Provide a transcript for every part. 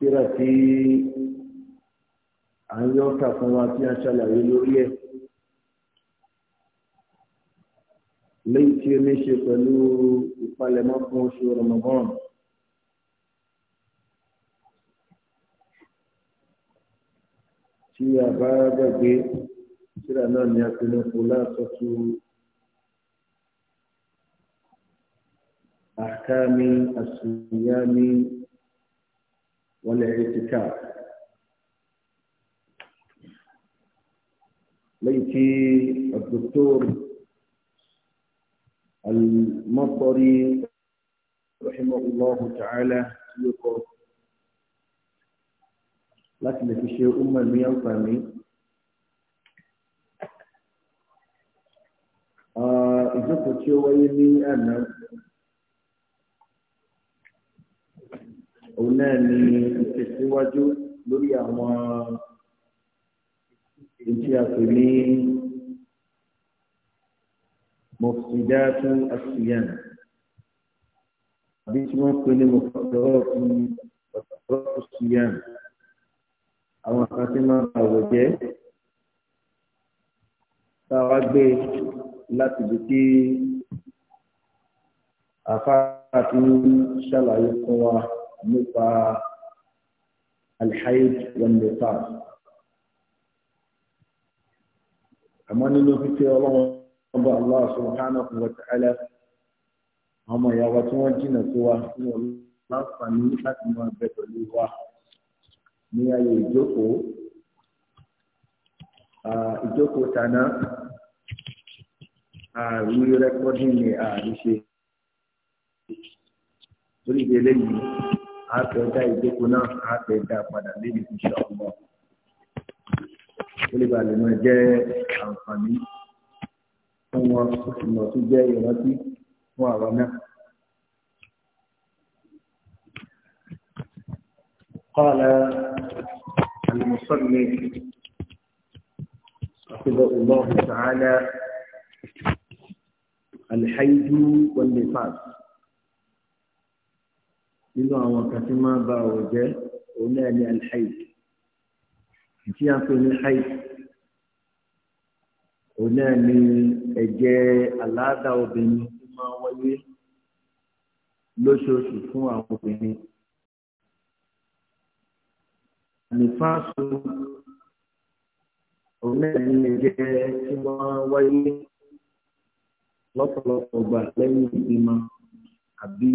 síra tí à ń yọ ọ́kà fún wa tí a ṣàlàyé lórí ẹ̀ léyìí tí ó ní ṣe pẹ̀lú ìpalẹ̀mọ́ fún oṣù Ramadan. tí a bá gbàgbé síra náà ni a pinnu kó láàtọ́tù àkámi àṣìyámi wọ́n lẹ etikaf lẹ́yìn tí ad-doktor al-Mattari rahimahullahu ta'ala yóò kọ́ láti lè fi ṣe umar ní àǹfààní. Ah, ìjókòó tí ó wáyé ní àná òun náà ni ìtẹ̀síwájú lórí àwọn ètí àpè ní mọ̀fìdátù àṣìyàn àbí tí wọ́n pè ní mọ̀fìdátù àṣìyàn àwọn kan máa ń àwọ̀ jẹ́ tá a wá gbé láti di kí àfáà ti ń ṣàlàyé fún wa nípa alhaid wandefar àmọ́ nínú fífẹ́ ọlọ́run ọba allah subhanahu wa ta'ala ọmọ ìyàwó tí wọ́n jìnnà tó wa fún ọlọ́láǹfààní láti máa bẹ pẹ̀lú wa ní ayé ìjókòó ìjókòó tàná àrí rẹ́kọ́dì ni ṣe lórí ìdílé yìí àtẹ̀dá ìjókòó náà àtẹ̀dá padà lébi iṣẹ́ ọmọ. ó lè balẹ̀ máa jẹ́ àǹfààní fún wọn ó sì mọ̀ tó jẹ́ ìrántí fún àwa náà. قال المصنف رحمه الله تعالى الحيد والنفاس nínú àwọn kan tí máa ń ba àwọ̀ jẹ́ òun náà ní alhaid tí a ń pè ní haid òun náà ní ẹ̀jẹ̀ aláàdá obìnrin tó máa ń wáyé lóṣooṣù fún àwọn obìnrin. nífàṣù òun náà ní ẹ̀jẹ̀ tí wọ́n wáyé lọ́pọ̀lọpọ̀ gbà lẹ́yìn ìbímọ àbí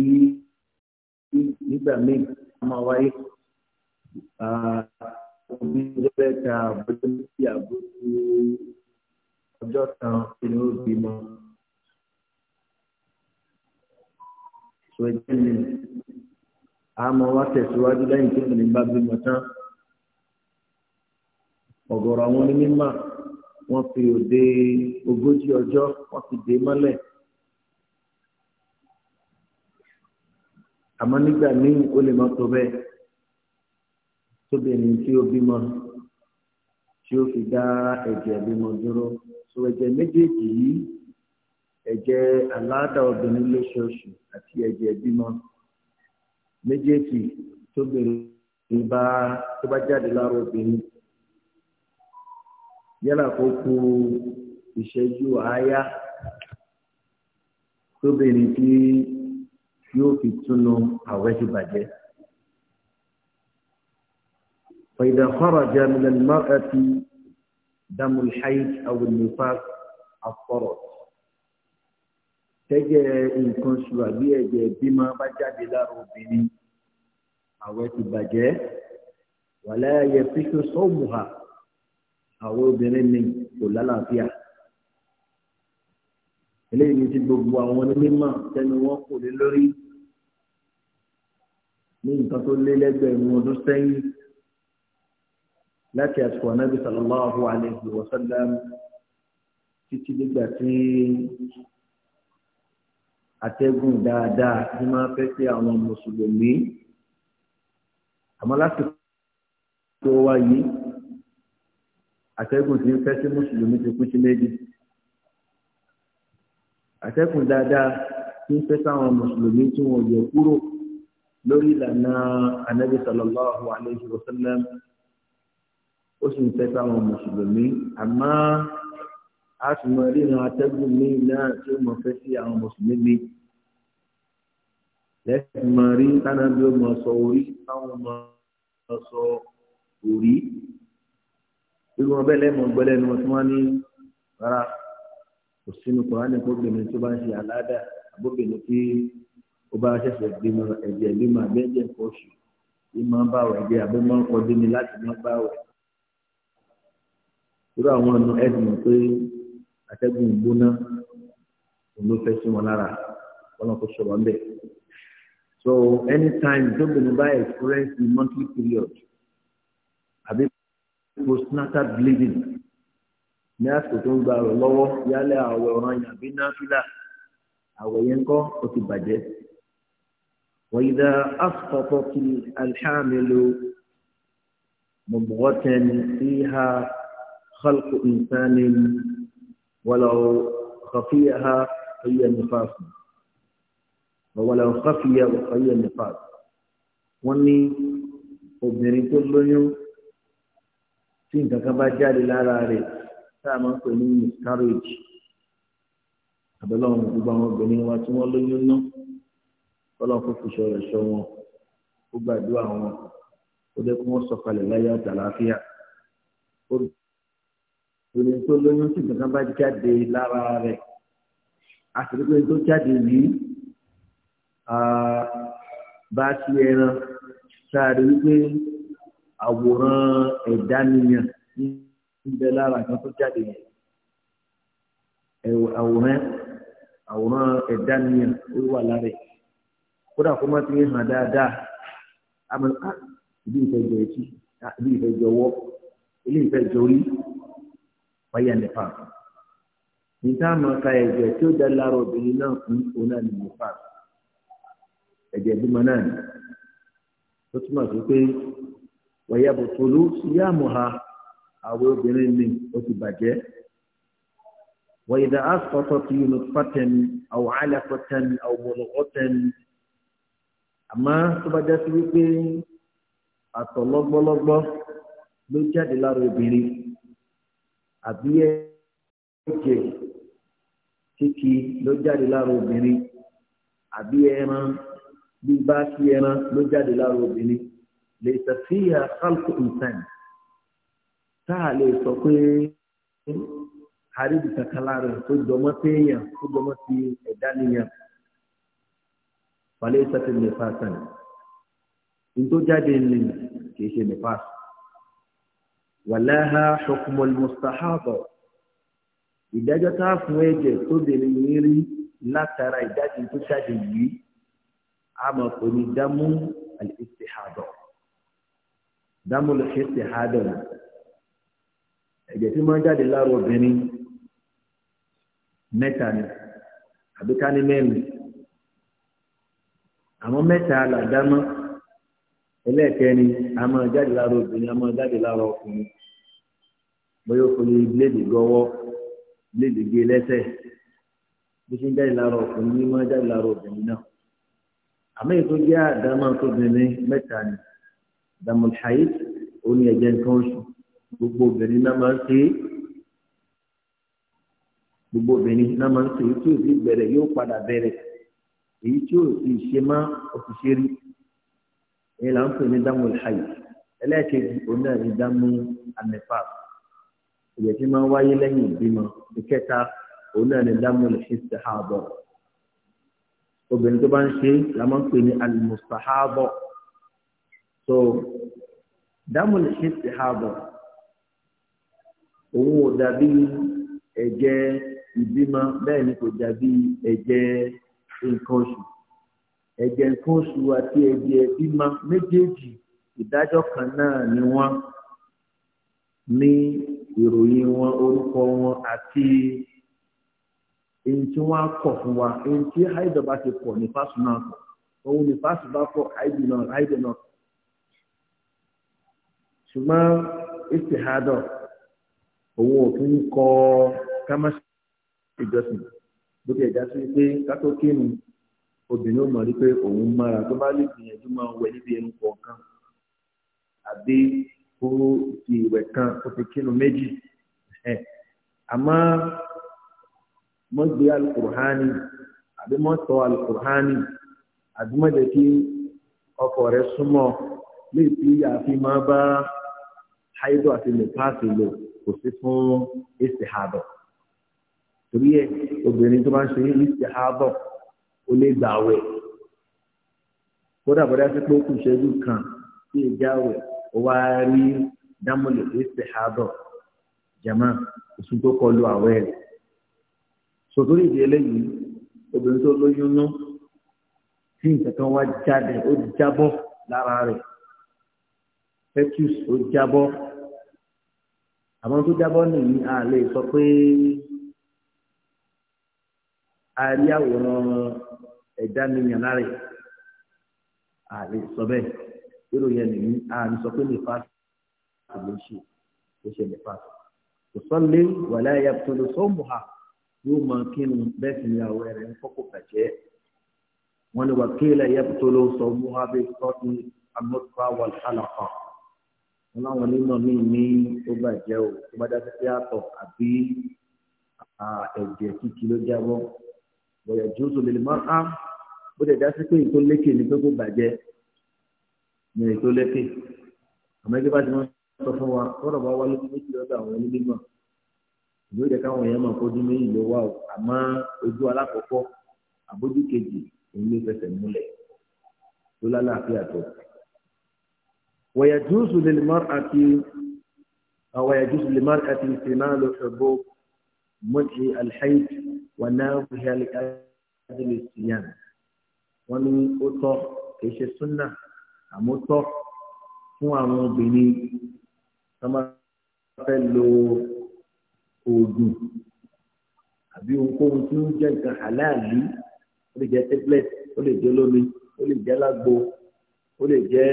tí nígbà míì a máa wáyé omi jẹ́ ta àbójú méjì àbójú ọjọ́ kan inú bímọ. Sọ̀rọ̀ ní àmọ́ wá tẹ̀síwájú lẹ́yìn tí obìnrin bá bímọ tán. Ọ̀gọ̀rọ̀ àwọn onímọ̀ wọ́n fi òde ogójì ọjọ́ wọ́n fi dé mọ́lẹ̀. àmọ́ nígbà míì ó lè má tó bẹ́ẹ̀ tóbìnrin tí ó bímọ tí ó fi dá ẹ̀jẹ̀ bímọ dúró so ẹ̀jẹ̀ méjèèjì yìí ẹ̀jẹ̀ aláàdá obìnrin lóṣooṣù àti ẹ̀jẹ̀ bímọ méjèèjì tóbìnrin bá tó bá jáde lára obìnrin yálà kó kú ìṣẹ́jú àáyá tóbìnrin tí tí ó fi túnú àwẹ̀ ti bàjẹ́. فإذا خرج من المرأة دم الحيض أو النفاس أفطرت tẹ́jẹ́ nǹkan oṣù àbí ẹ̀jẹ̀ bímọ bá jáde lára obìnrin àwẹ̀ ti bàjẹ́ wàlẹ́ ayẹ fíṣọ sọ́ọ̀mùhà àwọn obìnrin ni kò lálàáfíà eléyìí ti gbogbo àwọn onímọ̀ tẹnu wọn kò lé lórí ní nǹkan tó lé lẹ́gbẹ̀rún ọdún sẹ́yìn láti àsìkò anábì sallallahu alayhi wa sallam títí dìgbà tí atẹ́gùn dáadáa tí máa fẹ́ sí àwọn mùsùlùmí àmọ́ lásìkò tó wá yìí atẹ́gùn tí fẹ́ sí mùsùlùmí ti kún sí méjì atẹ́gùn dáadáa tí fẹ́ sáwọn mùsùlùmí tí wọ́n yẹ kúrò lórí ìlànà anabi sallallahu alayhi wa sallam ó sì ń tẹ́tà àwọn mùsùlùmí àmọ́ a sì mọ ríran atẹ́gùn mi náà tí ó mọ fẹ́ sí àwọn mùsùlùmí mi lẹ́sìn mọ rí tánàbí ó mọ sọ orí táwọn mọ sọ orí irú ọbẹ̀ lẹ́mọ̀ gbẹ́lẹ́nu tí wọ́n ní rárá kò sínú kọ́ra ní kó gbèmí tó bá ń ṣe àládà àbóbìnrin tí ó bá ṣẹ̀ṣẹ̀ bímọ ẹ̀jẹ̀ bímọ abẹ́jẹ̀ nǹkan oṣù ìmọ̀ bá wẹ̀ jẹ́ àbí mọ́ nǹkan dínní láti mọ́ bá wẹ̀. irú àwọn ọ̀nà ẹ̀dùn pé atẹ́gùn gbóná òun ló fẹ́ sí wọn lára wọn náà kó sọ̀rọ̀ ń bẹ̀. so anytime tóbìnrin bá experience the monthly period àbí postnatal bleeding ní àsìkò tó ń gba àwẹ̀ lọ́wọ́ yálẹ̀ àwẹ̀ ọ̀ràn yàbí náà fílà àwẹ̀ yẹn kọ́ ó ti bàjẹ́ وإذا أسقطت الحامل مضغة فيها خلق إنسان ولو خفيها فهي النفاس ولو خفي فهي النفاس wọ́n ní obìnrin tó lóyún tí nǹkan kan bá jáde lára rẹ̀ tá a máa ń pè ní miscarriage àbẹ̀lọ́run gbogbo àwọn obìnrin wa tí wọ́n lóyún náà kọ́lọ́n kó fi ṣọ̀rọ̀ ṣọ wọn ó gbàdúrà wọn ó jẹ́ kó wọ́n sọ̀kalẹ̀ láyé àti àlàáfíà ó lórí tó lóyún tí nǹkan bá jáde lára rẹ̀ àtìlẹ́gbẹ́ tó jáde yìí bá ti ẹran sáré wípé àwòrán ẹ̀dá nìyẹn bẹ lára nǹkan tó jáde yẹn àwòrán ẹ̀dá nìyẹn ó wà lára ẹ̀ kódà kó má ti ń hàn dáadáa àmọ́ ká ah, ibi ìfẹ́ jọ etí ah, ibi ìfẹ́ jọ ọwọ́ ilé ìfẹ́ jọ orí wáyà nípa níta máa ka ẹ̀jẹ̀ tí ó dá lára obìnrin náà fún òun náà nípa ẹ̀jẹ̀ bímọ náà ni ó túmọ̀ sí pé wàyà bòtòló síyáàmù ha àwọn obìnrin mi ó ti bàjẹ́ wàyà dá asọ́tọ̀ tí yóò nù pátẹ́ni àwọn àlàkọ́tẹ́ni àwọn mọ̀lọ́kọ́tẹ́ni àmọ́ tó bá já sí wípé àtọ̀ lọ́gbọ́lọ́gbọ́ ló jáde lára obìnrin àbí ẹ̀jẹ̀ kíkì ló jáde lára obìnrin àbí ẹran bí bá sí ẹran ló jáde lára obìnrin lè ṣàfihàn kálkù ìsàn tá a lè sọ pé àrídìí kankan lára tó jọmọ́ téèyàn tó jọmọ́ sí ẹ̀dá nìyẹn wàlẹ́ ìsẹ́tì nífàsà ní tó jáde ní kìí ṣe nífàsà wàlẹ́hà ṣọkùnmọ̀lì mùsàhábọ̀ ìdájọ́ tá a fún ẹ̀jẹ̀ tó bèrè yín rí látara ìdájọ́ tó jáde yìí a mọ̀ pé ní dámú àlìsèhádọ̀ dámú àlìsèhádọ̀ ẹ̀jẹ̀ tí máa jáde láàrọ̀ obìnrin mẹ́ta ni àbíká ní mẹ́rin àwọn mẹ́ta làdámọ́ ẹlẹ́ẹ̀kẹ́ni a máa jáde lára obìnrin a máa jáde lára ọkùnrin bóyá ọkùnrin bíléèdì gọwọ́ bíléèdì gé lẹ́sẹ̀ bí ṣe ń jáde lára ọkùnrin ní máa jáde lára obìnrin náà àmọ́ ètò jẹ́ àdámọ́ tóbìnrin mẹ́ta ni àdámọ́ ṣáyé òun ni nǹkan oṣù gbogbo obìnrin náà máa ń ṣe é gbogbo obìnrin náà máa ń ṣe é tí òbí bẹ̀rẹ̀ yóò padà bẹ̀rẹ̀ èyí tí ò sì ṣe mọ́ òkú ṣe rí èyí là ń pè ní dámú ìhàyè ẹlẹ́ẹ̀kejì òun náà ní dámú àmẹ́fà ìyẹ̀ tí máa ń wáyé lẹ́yìn ìbímọ ìkẹta òun náà ní dámú ìṣèṣàbọ̀ obìnrin tó bá ń ṣe la máa ń pè ní alimusahabọ̀ so dámú ìṣèṣàbọ̀ òun ò dàbí ẹ̀jẹ̀ ìbímọ bẹ́ẹ̀ ni kò dàbí ẹ̀jẹ̀ ìbímọ nǹkan oṣù ẹ̀jẹ̀ nǹkan oṣù àti ẹ̀jẹ̀ bímọ méjèèjì ìdájọ́ kan náà ni wọ́n ní ìròyìn wọn orúkọ wọn àti èyí tí wọ́n á kọ̀ fún wa èyí tí haidọ̀ bá ti pọ̀ ní fásitì náà kọ̀ òun ní fásitì bó ti ẹ̀dá sí pé kátó kírun obìnrin ó mọ̀ rí pé òun mára tó bá lè gbìyànjú máa wẹ̀ níbi ẹnu kọ̀ọ̀kan àbí kó ti ìwẹ̀ kan kó ti kírun méjì ẹ̀ àmọ́ mọ́ gbé alukur'ani àbí mọ́ tọ́ alukur'ani àbí mọ́ kí ọkọ̀ rẹ̀ súnmọ́ léè tí àfi máa bá haidu àti lè lò kò sí fún ìsìhàdọ̀ torí ẹ obìnrin tó bá ń ṣe ìṣe ààbọ̀ ó lè gbà wẹ̀ kódà bọ́dá sí pé ó kù ṣẹ́jú kan sí ìjà wẹ̀ ó wá rí dámọ̀lẹ̀ ìṣe ààbọ̀ jama oṣù tó kọlu àwẹ̀ rẹ̀ sòtúrú ìdí eléyìí obìnrin tó lóyún nú tí nǹkan kan wá jáde ó jábọ́ lára rẹ̀ fetus ó jábọ́ àmọ́ tó jábọ́ nìyí a lè sọ pé a rí àwòrán ẹ̀dá mi yàn lára ẹ̀ a lè sọ bẹ́ẹ̀ èrò yẹn nìyí a lè sọ pé nípa kò lè ṣe kò ṣe nípa kò sọ́lé wàlá ẹ̀yà tó lè sọ́ọ̀mù ha yóò máa kírun bẹ́ẹ̀ sì ni àwọ̀ rẹ̀ ń kọ́kọ́ bàjẹ́ wọ́n ní wà kéèlà ẹ̀yà tó lè sọ́ọ̀mù ha bẹ́ẹ̀ sọ́ọ̀tún amọ́tò àwọn àlàkà láwọn onímọ̀ míì ní ó bàjẹ́ o tó bá dájú pé àtọ̀ àbí ẹ̀jẹ̀ kíkí ló jábọ́ bọ̀yà jùzù lè mọ́ á bó tẹ̀ dá sí pé ètò lékè ní pé kó bàjẹ́ ní ètò lékè àmọ́ ẹgbẹ́ bá ti wọ́n sọ fún wa tọ́rọ̀ bá wá lójú méjì lọ́dọ̀ àwọn onímọ̀ ìlú ìjẹ́ káwọn èèyàn máa fojú méjì ló wà o àmọ́ ojú alákọ̀ọ́kọ́ àbójú kejì òun ló fẹsẹ̀ múlẹ̀ tó lálàáfíà tó. wọ̀yà jùzù lè mọ́ àti àwọn ẹ̀jùsù lè mọ́ àti ìsìn náà ló fẹ́ mọ́tì alhaid wà náà wíyálé ádìlẹ̀ síyàn wọ́n ní ó tọ́ kì í ṣe súnà àmọ́ tọ́ fún àwọn obìnrin tó máa fẹ́ lo oògùn àbí ohunkóhun tí ó jẹ́ nǹkan àláàlú ó lè jẹ́ tablet ó lè jẹ́ lómi ó lè jẹ́ lágbo ó lè jẹ́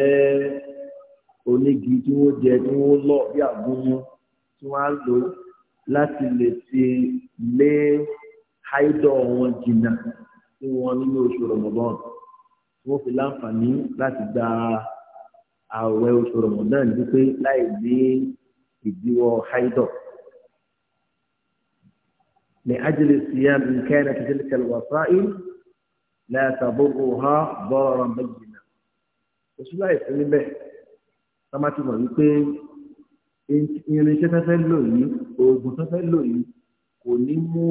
onígi tí wọ́n jẹ tí wọ́n lọ bí àgúnmu tí wọ́n á lò láti lè fi lé haidọ̀ wọn jìnnà sí wọn nínú oṣù rọmọdán wọn fi láǹfààní láti gba ààwẹ̀ oṣù rọmọdán wípé láì ní ìdíwọ́ haidọ̀. لأجل الصيام إن كانت تلك الوسائل لا تضرها ضررا بينا. وشو لا يسلم به؟ سمعت ما يقول irinṣẹ́ tó lò yìí oògùn tó lò yìí kò ní mú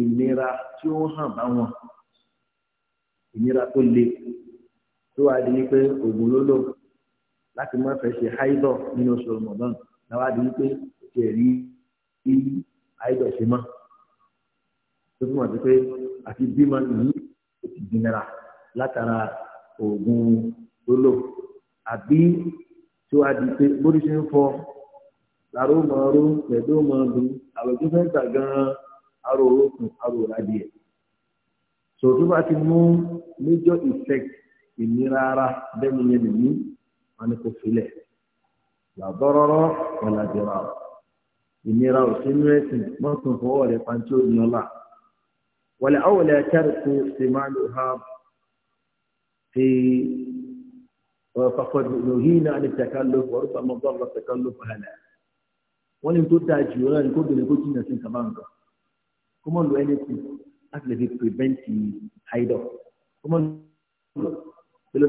ìnira tí ó hàn bá wọn ìnira tó le tó wá di wípé oògùn ló lò láti má fẹ́ ṣe háìdọ̀ nínú oṣù Ramadan láwá di wípé kò tiẹ̀ rí bí háìdọ̀ ṣe mọ́ tó túmọ̀ sí pé àti bímọ yìí kò ti látara oògùn tó lò àbí tí wá di pé bóríṣi fọ làró máa ró pẹ̀lú máa dùn àwẹ̀ tó fẹ́ tà gan-an aró orókùn aró ìradìẹ̀. sọ̀rọ̀ tó bá ti mú major effect ìnira ara bẹ́ẹ̀ni yẹn nìyí wọn ni kò filẹ̀ làbọ́rọ́rọ́ ọ̀làdìrà ìnira òsínú ẹ̀sìn mọ́tún fọwọ́ rẹ̀ pàǹtí òdìyànlá wọlé àwòlẹ̀ kẹ́rìkù sì máa lò ha fi فقد نهينا عن التكلف وربما ضر التكلف هلاك wọ́n ní tó da jù ọ́ náà ní kó bèrè kó jìnnà sí nǹkan máa ń gbà kó mọ̀ lọ ẹni tì láti lè fi prevent haidọ̀ kó mọ̀ lọ kí ló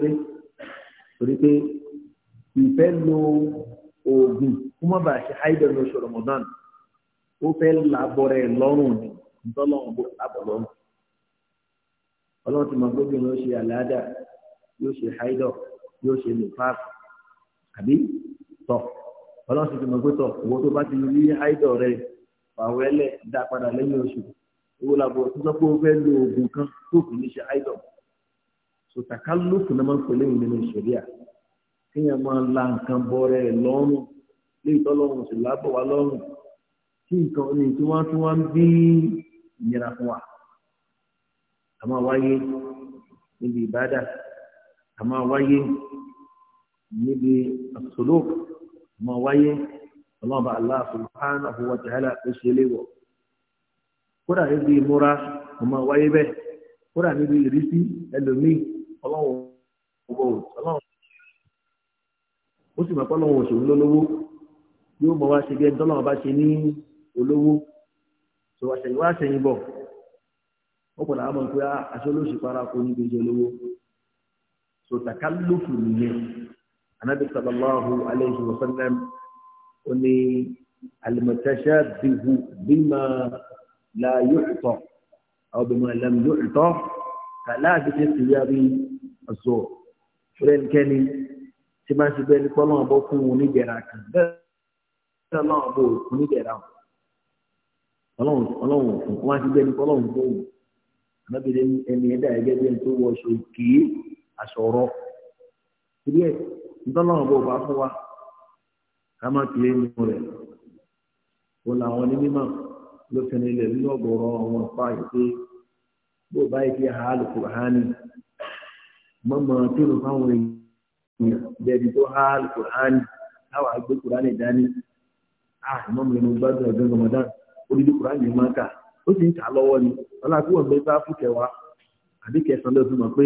torí pé ìfẹ́ lo oògùn kó bá ṣe haidọ̀ ní oṣù Ramadan ó fẹ́ labọ̀rẹ̀ lọ́rùn ni ntọ́lọ́run bó labọ̀ lọ́rùn ọlọ́run ti mọ gbogbo yóò ṣe àlàádà yóò ṣe haidọ̀ yóò ṣe lè fáàkì àbí tọ̀ ọlọ́run sì ti mọ̀ pé tọ̀ owó tó bá ti rí áìdọ̀ rẹ fàwọn ẹlẹ́ dá padà lẹ́yìn oṣù owó làbọ̀ tó sọ pé ó fẹ́ lo oògùn kan tó kì í ṣe áìdọ̀ so takalófù náà máa ń pè lẹ́yìn nínú ìṣẹ̀lẹ̀ à kéèyàn máa la nǹkan bọ́rẹ̀ lọ́rùn léyìí tọ́lọ́run sì lábọ̀ wá lọ́rùn kí nǹkan ní tí wọ́n tún wá bí ìnira fún wa a máa wáyé níbi ìbádà a máa wáyé níbi àsọlóòkù mọ̀ wáyé ọlọ́ọ̀bà Allah subhanahu wa ta'ala ó ṣe léwọ̀ kódà níbi ìmúra ọmọ wáyé bẹ́ẹ̀ kódà níbi ìrísí ẹlòmíì ọlọ́wọ̀n ọlọ́wọ̀n ó sì mọ̀ pé ọlọ́wọ̀n òṣèlú lólówó yóò mọ̀ wá ṣe bí ẹni tọ́lọ́wọ̀n bá ṣe ní olówó tó wá ṣẹ̀yìn wá ṣẹ̀yìn bọ̀ ó padà mọ̀ pé ah, aṣọ olóṣèpára kò ní gbèjọ olówó so tàkálùfù anabi sallallahu alayhi wa sallam ó ní alimutashabihu bima la yu'ta aw bima lam yu'ta kàláàbí ti tìyàrí ọ̀sọ̀ fúrẹ́nikẹ́ni tí máa ń ṣe bẹ́ẹ̀ ní pọ́lọ́n ọ̀bọ fún un nígbẹ̀rẹ̀ kan bẹ́ẹ̀ ọlọ́run ọ̀bọ òkun nígbẹ̀rẹ̀ àwọn ọlọ́run ọlọ́run òkun wọ́n á ti bẹ́ẹ̀ ní pọ́lọ́n ọ̀bọ òun anábìrin ẹni ẹ̀dá ẹ̀gẹ́ bẹ́ẹ̀ tó ntọ́lọ́wọ́n bò bá fún wa ká má pè é nínú rẹ̀ kó làwọn onímọ̀ ló fẹ́ni lẹ̀ nínú ọ̀gọ̀rọ̀ àwọn ọ̀pá yìí pé bó báyìí fi hà á lùkù hà ní mọ́mọ́ tó lù fáwọn èèyàn tó ha lùkù dání Ramadan kà ó sì ń kà ni bá fún kẹwàá àbí kẹsàn-án pé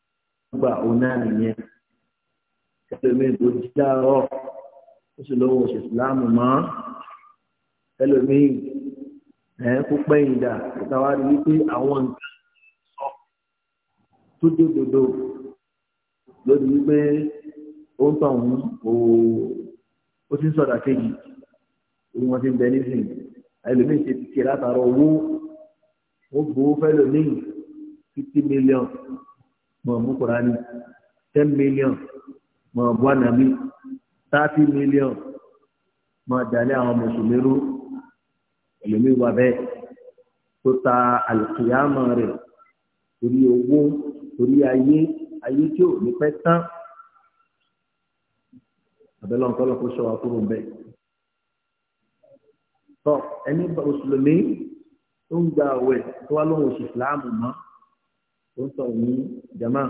gbà òun náà nìyẹn ẹlòmíì tó jí láàárọ̀ ó sì lọ́wọ́ oṣù ìsìláàmù mọ́ ẹlòmíì ẹ̀ kó pẹ́yìn dà ìta wá rí wípé àwọn nǹkan sọ tó dódodo lórí wípé ó ń tàn ó ti ń sọ̀dà kejì òun wọn ti ń bẹ nísìnyí ẹlòmíì ṣe ti ṣe látàárọ̀ owó ó gbowó fẹ́lòmíì fifty million mọ̀ mú kùránì ten million mọ̀ bọ́ ànàmí thirty million mọ̀ dàlẹ́ àwọn mùsùlùmí rú ẹlòmí wà bẹ́ẹ̀ tó ta àlùkìyàmọ̀ rẹ̀ torí owó torí ayé ayé tí ò ní pẹ́ tán àbẹ̀lẹ̀ ọ̀kọ́lọ́ kó sọ àkúrò ń bẹ̀. tọ́ ẹni mùsùlùmí tó ń gba àwẹ̀ tó wá lóhùn òṣìṣẹ́ láàmù mọ́ ó sọ ní jama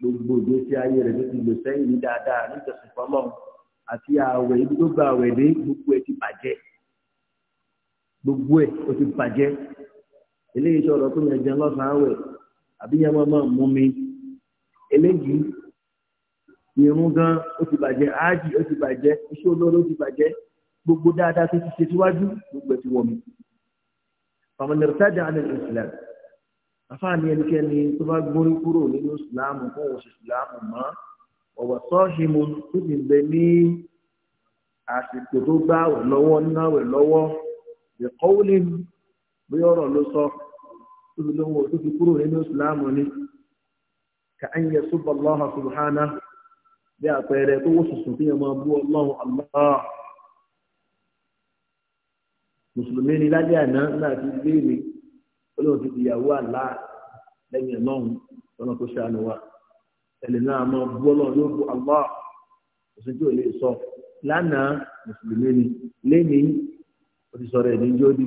gbogbo ìgbésí ayé rẹ̀ tó ti lò sẹ́yìn ní dáadáa níjọsìn fọlọ́ àti ààwẹ̀ ibi tó gba ààwẹ̀ dé gbogbo ẹ̀ ti bàjẹ́ gbogbo ẹ̀ ó ti bàjẹ́ eléyìí sọ̀rọ̀ tó yẹn jẹun lọ́sàn-án ààwẹ̀ àbí yẹn máa mú mi eléyìí irun gan ó ti bàjẹ́ áàjì ó ti bàjẹ́ iṣẹ́ olóró ó ti bàjẹ́ gbogbo dáadáa tó ti ṣe síwájú gbogbo ẹ̀ ti wọ̀ mi. fàmìlì rẹ̀ sáájà àná afáàní ẹnikẹ́ni tó bá gbórí kúrò nínú ìsìláàmù kó wọ́n ṣe ìsìláàmù mọ́ ọ̀wọ̀ sọ́ọ̀ṣìmù tó ti bẹ ní àsìkò tó gbá àwẹ̀ lọ́wọ́ nínú àwẹ̀ lọ́wọ́ ìkọ́wúlì bí ọ̀rọ̀ ló sọ tó fi lówó tó fi kúrò nínú ìsìláàmù ni ká ń yẹ súbọ̀ lọ́hà subhánà bí àpẹẹrẹ tó wọ́n sùn fi hàn máa bú ọlọ́run àlọ́ mùsùlùmí ni lálẹ́ àná náà ti gbé mi olóhùn ti ìyàwó àlá lẹ́yìn ọlọ́run lọ́nà tó ṣàánú wa ẹ̀lẹ́ náà máa bú ọlọ́run yóò bú àgbà òsì tí ò lè sọ lánàá mùsùlùmí ni lẹ́nìí ó ti sọ̀rọ̀ ẹ̀dín jódì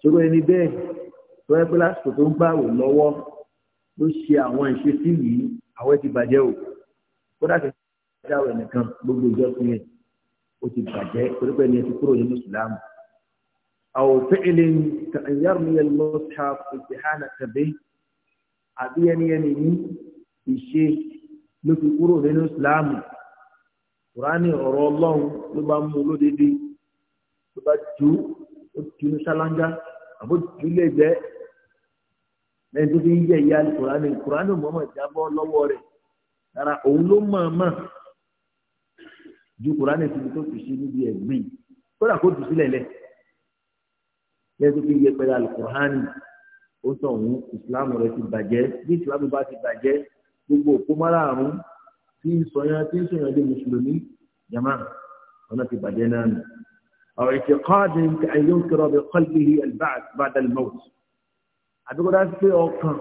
ṣùgbọ́n ẹni bẹ́ẹ̀ tó ẹ pé lásìkò tó ń gbàwò lọ́wọ́ ló ṣe àwọn ìṣesí yìí àwọn ti bàjẹ́ o kódà kí ẹ dáwọ̀ ẹnìkan gbogbo ìjọ fún yẹn ó ti bàjẹ́ torí pé ẹ ti kúrò ní mùsùlùmí أو فعل كأن يرمي المصحف استهانة به àbí ẹni ẹni ní ìṣe ló fi kúrò nínú ìsìláàmù kùránì ọ̀rọ̀ ọlọ́run ló bá mú olódede ló bá jù ó jù ní ṣáláńgá àbó jù lè jẹ́ lẹ́yìn tó fi ń yẹ ìyá kùránì kùránì mọ́mọ́ ìjábọ́ lọ́wọ́ rẹ̀ rárá òun ló mọ̀ mọ̀ ju kùránì síbi tó fi ṣe níbi ẹ̀gbìn kódà kó jù sílẹ̀ lẹ́yìn lẹ́sìn pé yẹpẹrẹ alukur'ani ó tàn wọ́n ìsìláàmù rẹ ti bàjẹ́ bí ìsìláàmù bá ti bàjẹ́ gbogbo òpó márààrún tí ń sọyàn tí ń sọyàn dé mùsùlùmí jama ọ̀nà ti bàjẹ́ náà nù. ọ̀rọ̀ ìṣèkọ́ọ̀dì ayé ń kẹrọ bẹ kọ́lbìhì albàdàlmọ́t àdúgbòdà pé ọkàn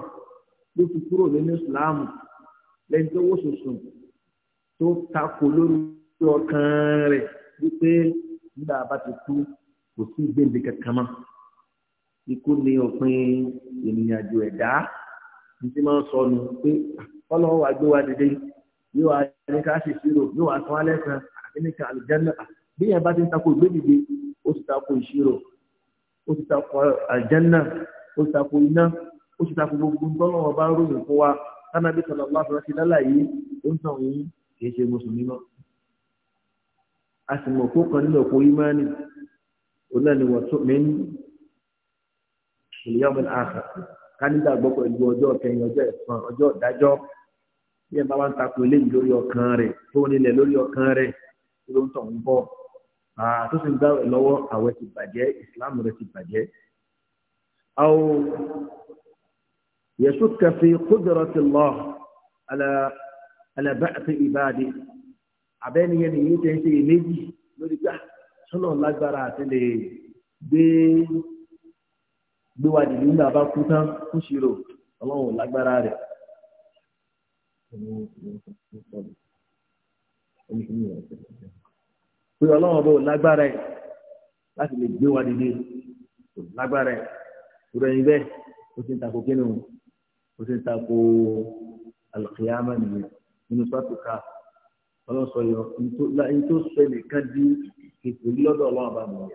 ló fi kúrò nínú ìsìláàmù lẹ́yìn tó wó sùsùn tó takò lórí ọkàn rẹ̀ wípé nígbà bá ti kú kò sí ìgbéǹde kankan ikú ni òpin ènìyàn àjò ẹ̀dá ní tí máa ń sọnù pé ah, ọlọ́wọ́ wa gbé wa dìde yóò wá ní ká ṣe ìṣirò yóò wá tán alẹ́ kan àti ní ká àlùjáná ah, bí yẹn bá ti ń takò ìgbédìde ó ti takò ìṣirò ó ti takò àlùjáná ó ti takò iná ó ti takò gbogbo ntọ́lọ́wọ́ bá ń ròyìn fún wa kánábì sọ̀rọ̀ láti rántí lálàyé ó ń tàn yín kì í ṣe mùsùlùmí náà a sì mọ̀ kó kan nínú òpó ìmánì òun náà ni wọ́n tó mí ìlúyọ́mù àhà kánídà gbọ́ pẹ̀lú ọjọ́ kẹyìn ọjọ́ ẹ̀san ọjọ́ ìdájọ́ bí ẹ bá wá ń takò eléyìí lórí ọkàn rẹ̀ tó nílẹ̀ lórí ọkàn rẹ̀ tó ló ń tọ̀ ń bọ̀ tó sì ń gbà rẹ̀ lọ́wọ́ àwẹ̀ ti bàjẹ́ ìsìláàmù rẹ̀ ti bàjẹ́. àwọn yẹ̀sù kẹfì kúdọ̀rọ̀ ti lọ alẹ́ bá ti ìbáàdì àbẹ́niyẹn nìyí tẹ́ ń ṣe méjì lórí gbà sọ́nà lágbára àti gbé gbé wa dìde nígbà bá kú tán kú ṣírò ọlọ́run ò lágbára rẹ̀. pé ọlọ́run ọba ò lágbára ẹ̀ láti lè gbé wa dìde kò lágbára ẹ̀ kúrò ẹni bẹ́ẹ̀ ó ti ń takò kínú ó ti ń takò alùkìyàmá nìyẹn nínú sọ́tùkà ọlọ́run sọ yọ ní tó sọ ẹnìkan di kékeré lọ́dọ̀ ọlọ́run ọba nìyẹn.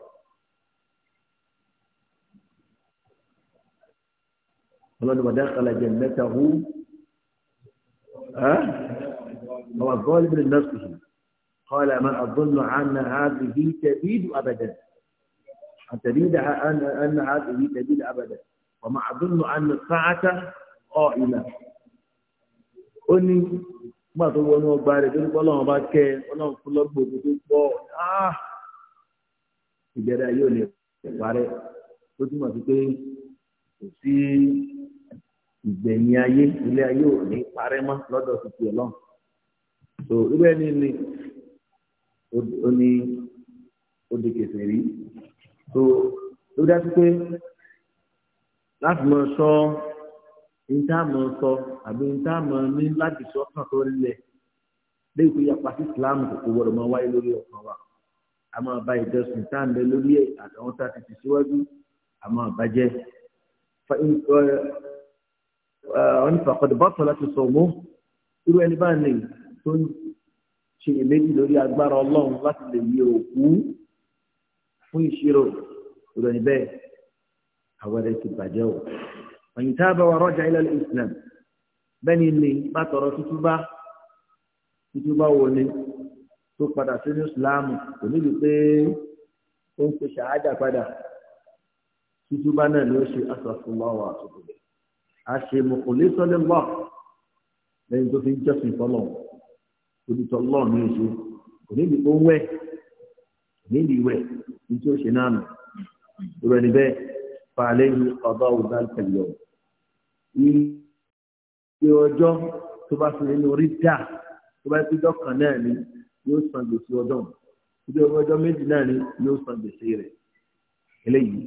ọlọ́ni wàdà kàlàjẹ mẹ́ta hu ọwọ́ gọ́ọ̀lì bẹ̀rẹ̀ nọ́ọ̀sì yìí kọ́ọ̀lì àmà àgbọ̀nù àna àbìyí tẹ̀bídù abẹ́dẹ̀ àtẹ̀bídà àna àbìyí tẹ̀bídù abẹ́dẹ̀ ọmọ àgbọ̀nù àna sáátà ọ̀ ìlà ó ní nígbà tó wọnú ọgbà rẹ̀ tó ní kọ́ lọ́wọ́ bá kẹ́ ọlọ́run fún lọ́gbọ̀ọ́gbọ̀ tó pọ̀ ah! ìgbẹ́rẹ́ yóò lè parẹ́ tó túmọ̀ sí pé kò sí ìgbẹ̀yìn ayé ilé ayé ò ní parẹ́ mọ́ lọ́dọ̀ títí ẹ̀ lọ́hùn. so irú ẹni ni ó ní ó di kẹsẹ̀ rí so ló dájú pé láti mọ sọ níta mọ sọ àbí níta mọ ní láti sọ ọkàn tó rílẹ̀ léyìí pé yàpá sí Islam kò gbọdọ̀ máa wáyé lórí ọkàn wa a máa ba ìjọsìn tá à ń bẹ lórí ẹ̀ àtàwọn tá a ti ti síwájú a máa bàjẹ́ onífàkọ́dé bọ́tọ̀ láti sọ mú irú ẹni bá ní tó ń ṣe èméjì lórí agbára ọlọ́run láti lè yẹ òkú fún ìṣirò irú ẹni bẹ́ẹ̀ àwọn ẹ̀rẹ́ ti bàjẹ́ o. ọ̀yìn tá a bá wa rọ́jà ilẹ̀ islam bẹ́ẹ̀ni ni bá tọrọ tútúbá tútúbá wo ni tó padà sínú islam kò níbi pé ó ń pe ṣàhádà padà tútúbá náà ló ṣe asàfùmáwà àtúntò bẹ́ẹ̀ àṣemùkù lẹ́sọ̀lẹ́ wà lẹ́yìn tó fi ń jọ́sìn tọ́lọ̀ olùtọ́ lọ́ ní ìṣe kò níbi ó wẹ̀ kò níbi wẹ̀ ní tí ó ṣe náà nù ìrọ̀ ẹni bẹ́ẹ̀ fa lẹ́yìn ọba ọba ìpẹ̀lẹ̀ ọ̀ iye ọjọ́ tó bá fi nínú orí dà tó bá fi dọ́kàn náà ni yóò san gbèsè ọdún ibi ọjọ́ méjì náà ni yóò san gbèsè rẹ̀ eléyìí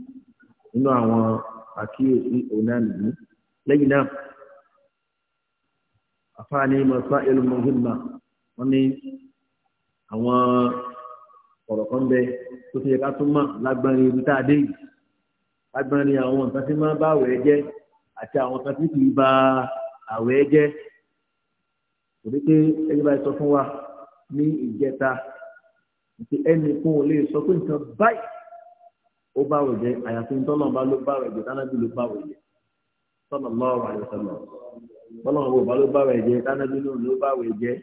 nínú àwọn àkíyèsí òun náà lẹ́yìn náà àfáàní mọ̀sá ìlú mọ̀hìnmá wọ́n ní àwọn ọ̀rọ̀ kan bẹ tó fi yẹ ká tún mọ̀ lágbárin ibi tá a dé yìí lágbárin àwọn nǹkan tí máa ń bá àwẹ̀ jẹ́ àti àwọn nǹkan tí kì í ba àwẹ̀ jẹ́ kò ní pé ẹni bá sọ fún wa ní ìjẹta ìpè ẹnì kan ò lè sọ pé nǹkan báyìí ó bá àwẹ̀ jẹ́ àyàfi ń tọ́lọ̀ bá ló bá àwẹ̀ jẹ́ tánàbí ló bá àwẹ̀ jẹ́ sallallahu alaihi wasallam bọ́lọ́wọ́ bò bá ló bá wẹ̀ jẹ́ tánàbí ló ló bá wẹ̀ jẹ́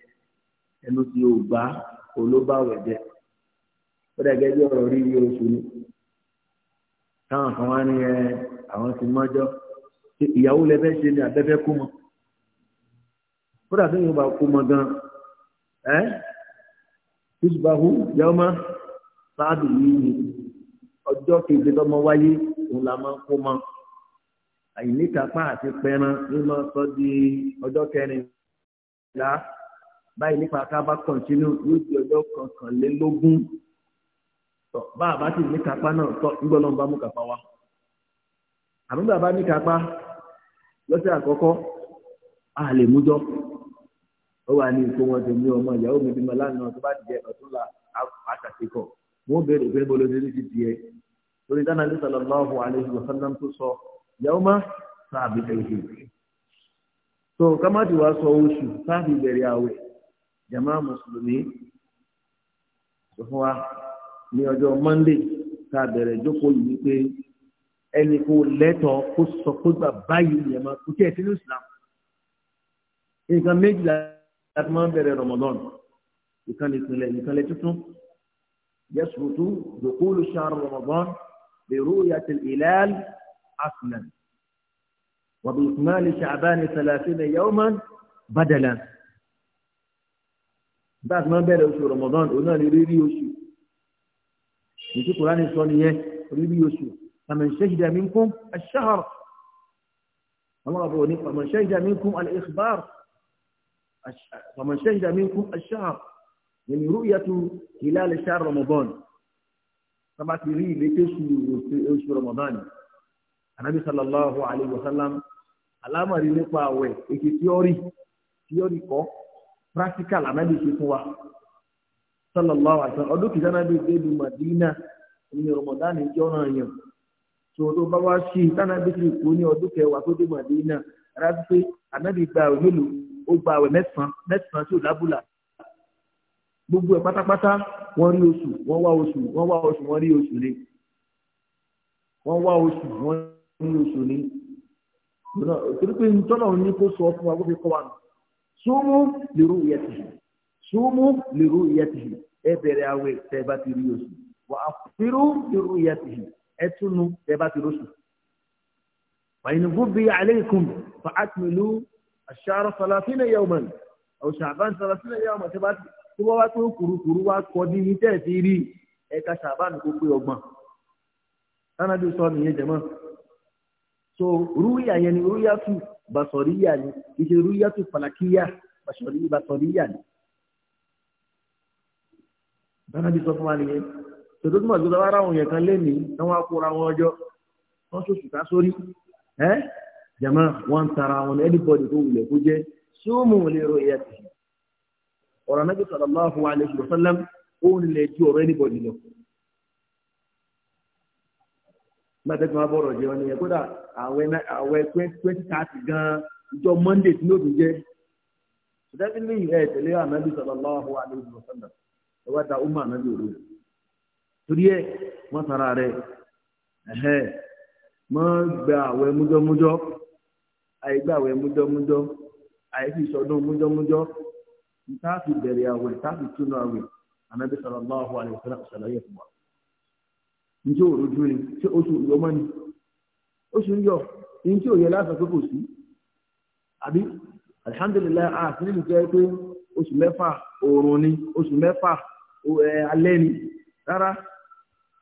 ẹnu tí o bá o ló bá wẹ̀ jẹ́ ó dàgẹ́ bí ọ̀rọ̀ rí yóò sùn ní táwọn kan wá ní ẹ àwọn ti mọ́jọ́ ìyàwó lẹ́fẹ́ ṣe ni àbẹ́fẹ́ kú mọ́ kódà tó yóò bá kú mọ́ gan ẹ́ tùsùbáhù yàwó má sáàdù yìí ọjọ́ kejì tọmọ wáyé òun là máa kú mọ́ àìníkapá àti pẹran ló lọ sọ di ọjọ́ kẹrìnlá báyìí nípa ká bá kọ̀ǹtínú yóò di ọjọ́ kọkànlélógún tọ bá a bá sì níkapá náà tọ nígbà lọ́nba mú kápá wa àmì bàbá níkapá lọ́sẹ̀ àkọ́kọ́ a lè mújọ́ ó wà ní ìkó wọn tó ní ọmọ ìyàwó mi bímọ lánàá tó bá ti jẹ ọ̀túnla àtàkìkọ wọn béèrè pé bolo ní ti tiẹ̀ torí dáná ní sallallahu alaihi wasallam tó sọ yàwó má sáàbì ẹ̀jẹ̀ so kámátì wá sọ oṣù sáàbì bẹ̀rẹ̀ àwẹ̀ jama mùsùlùmí sọ fún wa ní ọjọ́ monday tá a bẹ̀rẹ̀ jókòó yìí wípé ẹni kò lẹ́tọ̀ọ́ kó sọ kó gbà báyìí yẹn máa kú tiẹ̀ sínú islam nǹkan méjìlá láti máa ń bẹ̀rẹ̀ ramadan ìkan ìpínlẹ̀ ìkan lẹ tuntun yẹsùn tún dòkúlù sàr ramadan bẹ̀rù yàtì ìlẹ́ẹ̀lì. أصلاً، وبإكمال شعبان ثلاثين يوماً بدلاً. بعد ما بẹ̀rẹ̀ oṣù رمضان òun لريبي lè rí rí oṣù ètò Kùránì فمن شهد منكم الشهر الله أبو فمن شهد منكم الإخبار فمن شهد منكم الشهر من رؤية هلال شهر رمضان طبعا rí ìlétí oṣù رمضان anabi sallallahu alayhi wa sallam alámọ̀rí nípa àwẹ̀ èké tíọ́rì tíọ́rì kọ́ practical anabi ṣe fún wa sallallahu alayhi wa sallam ọdún kìí anabi débi madina ní ramadan jẹ́ ọ̀ràn yẹn tó tó bá wá sí anabi sì kú ní ọdún kẹwàá tó dé madina rárá pé anabi gba àwẹ̀ mélòó ó gba àwẹ̀ mẹ́sàn-án tí ò lábùlà gbogbo ẹ̀ pátápátá wọ́n rí oṣù wọ́n wá oṣù wọ́n rí oṣù lé wọ́n wá oṣù wọ́n nínú oṣù ni torí pé ntọ́nà ní kó sọ fún wa kó fi kọ́ wa nù súnmú lérò ìyẹ́ tì súnmú lérò ìyẹ́ tì ẹ bẹ̀rẹ̀ àwẹ̀ tẹ́ bá ti rí oṣù wà á fírú lérò ìyẹ́ tì ẹ túnú tẹ́ bá ti rí oṣù. وإن غبي عليكم فأكملوا الشهر 30 يوما أو شعبان 30 يوما تبات tó wá tó kúrú kúrú wá kọ ní yín tẹ̀ sí rí ẹ̀ka ṣàbánu kó pé ọgbọ̀n tánàbí sọ nìyẹn jẹ̀mọ́ so rúyà yẹn ni rúyà tù basọ̀ríyà ni kì í ṣe rúyà tù fàlàkíyà basọ̀ríyà ni. bára bí sọ fún wa nìyẹn tòtò tó mọ̀ tó dábàá ráwọn yẹn kan lẹ́nu náà wọ́n á kóra wọn ọjọ́ wọ́n ṣoṣù ká sórí ẹ́ jama wọ́n ń tara wọn anybody tó wulẹ̀ kó jẹ́ sóòmù lè ro ìyá tì ọ̀rọ̀ anábì sallallahu alaihi wasallam ó ń anybody lọ. gbàtẹ́ tí wọ́n bọ̀rọ̀ jẹ́ wọn nìyẹn kódà àwẹ̀ twenty thirty gan ọjọ́ monday tí ló dùn jẹ́ ṣùgbọ́n ẹ ẹ wá da ọmọ ànábì òru torí ẹ mọ sara rẹ ẹhẹ mọ gba àwẹ̀ mújọmújọ àyè gba àwẹ̀ mújọmújọ àyè fi sọdún mújọmújọ táàfì bẹ̀rẹ̀ àwẹ̀ táàfì túnú àwẹ̀ ànábì sallallahu fún wa. njẹ́ òrojú rẹ̀ ṣé oṣù yọ mọ́ ni oṣù ń yọ ní tí ò yẹ lásán pé kò sí àbí alihamdulilayi a sì nínú jẹ́ pé oṣù mẹ́fà oòrùn ni oṣù mẹ́fà alẹ́ ni rárá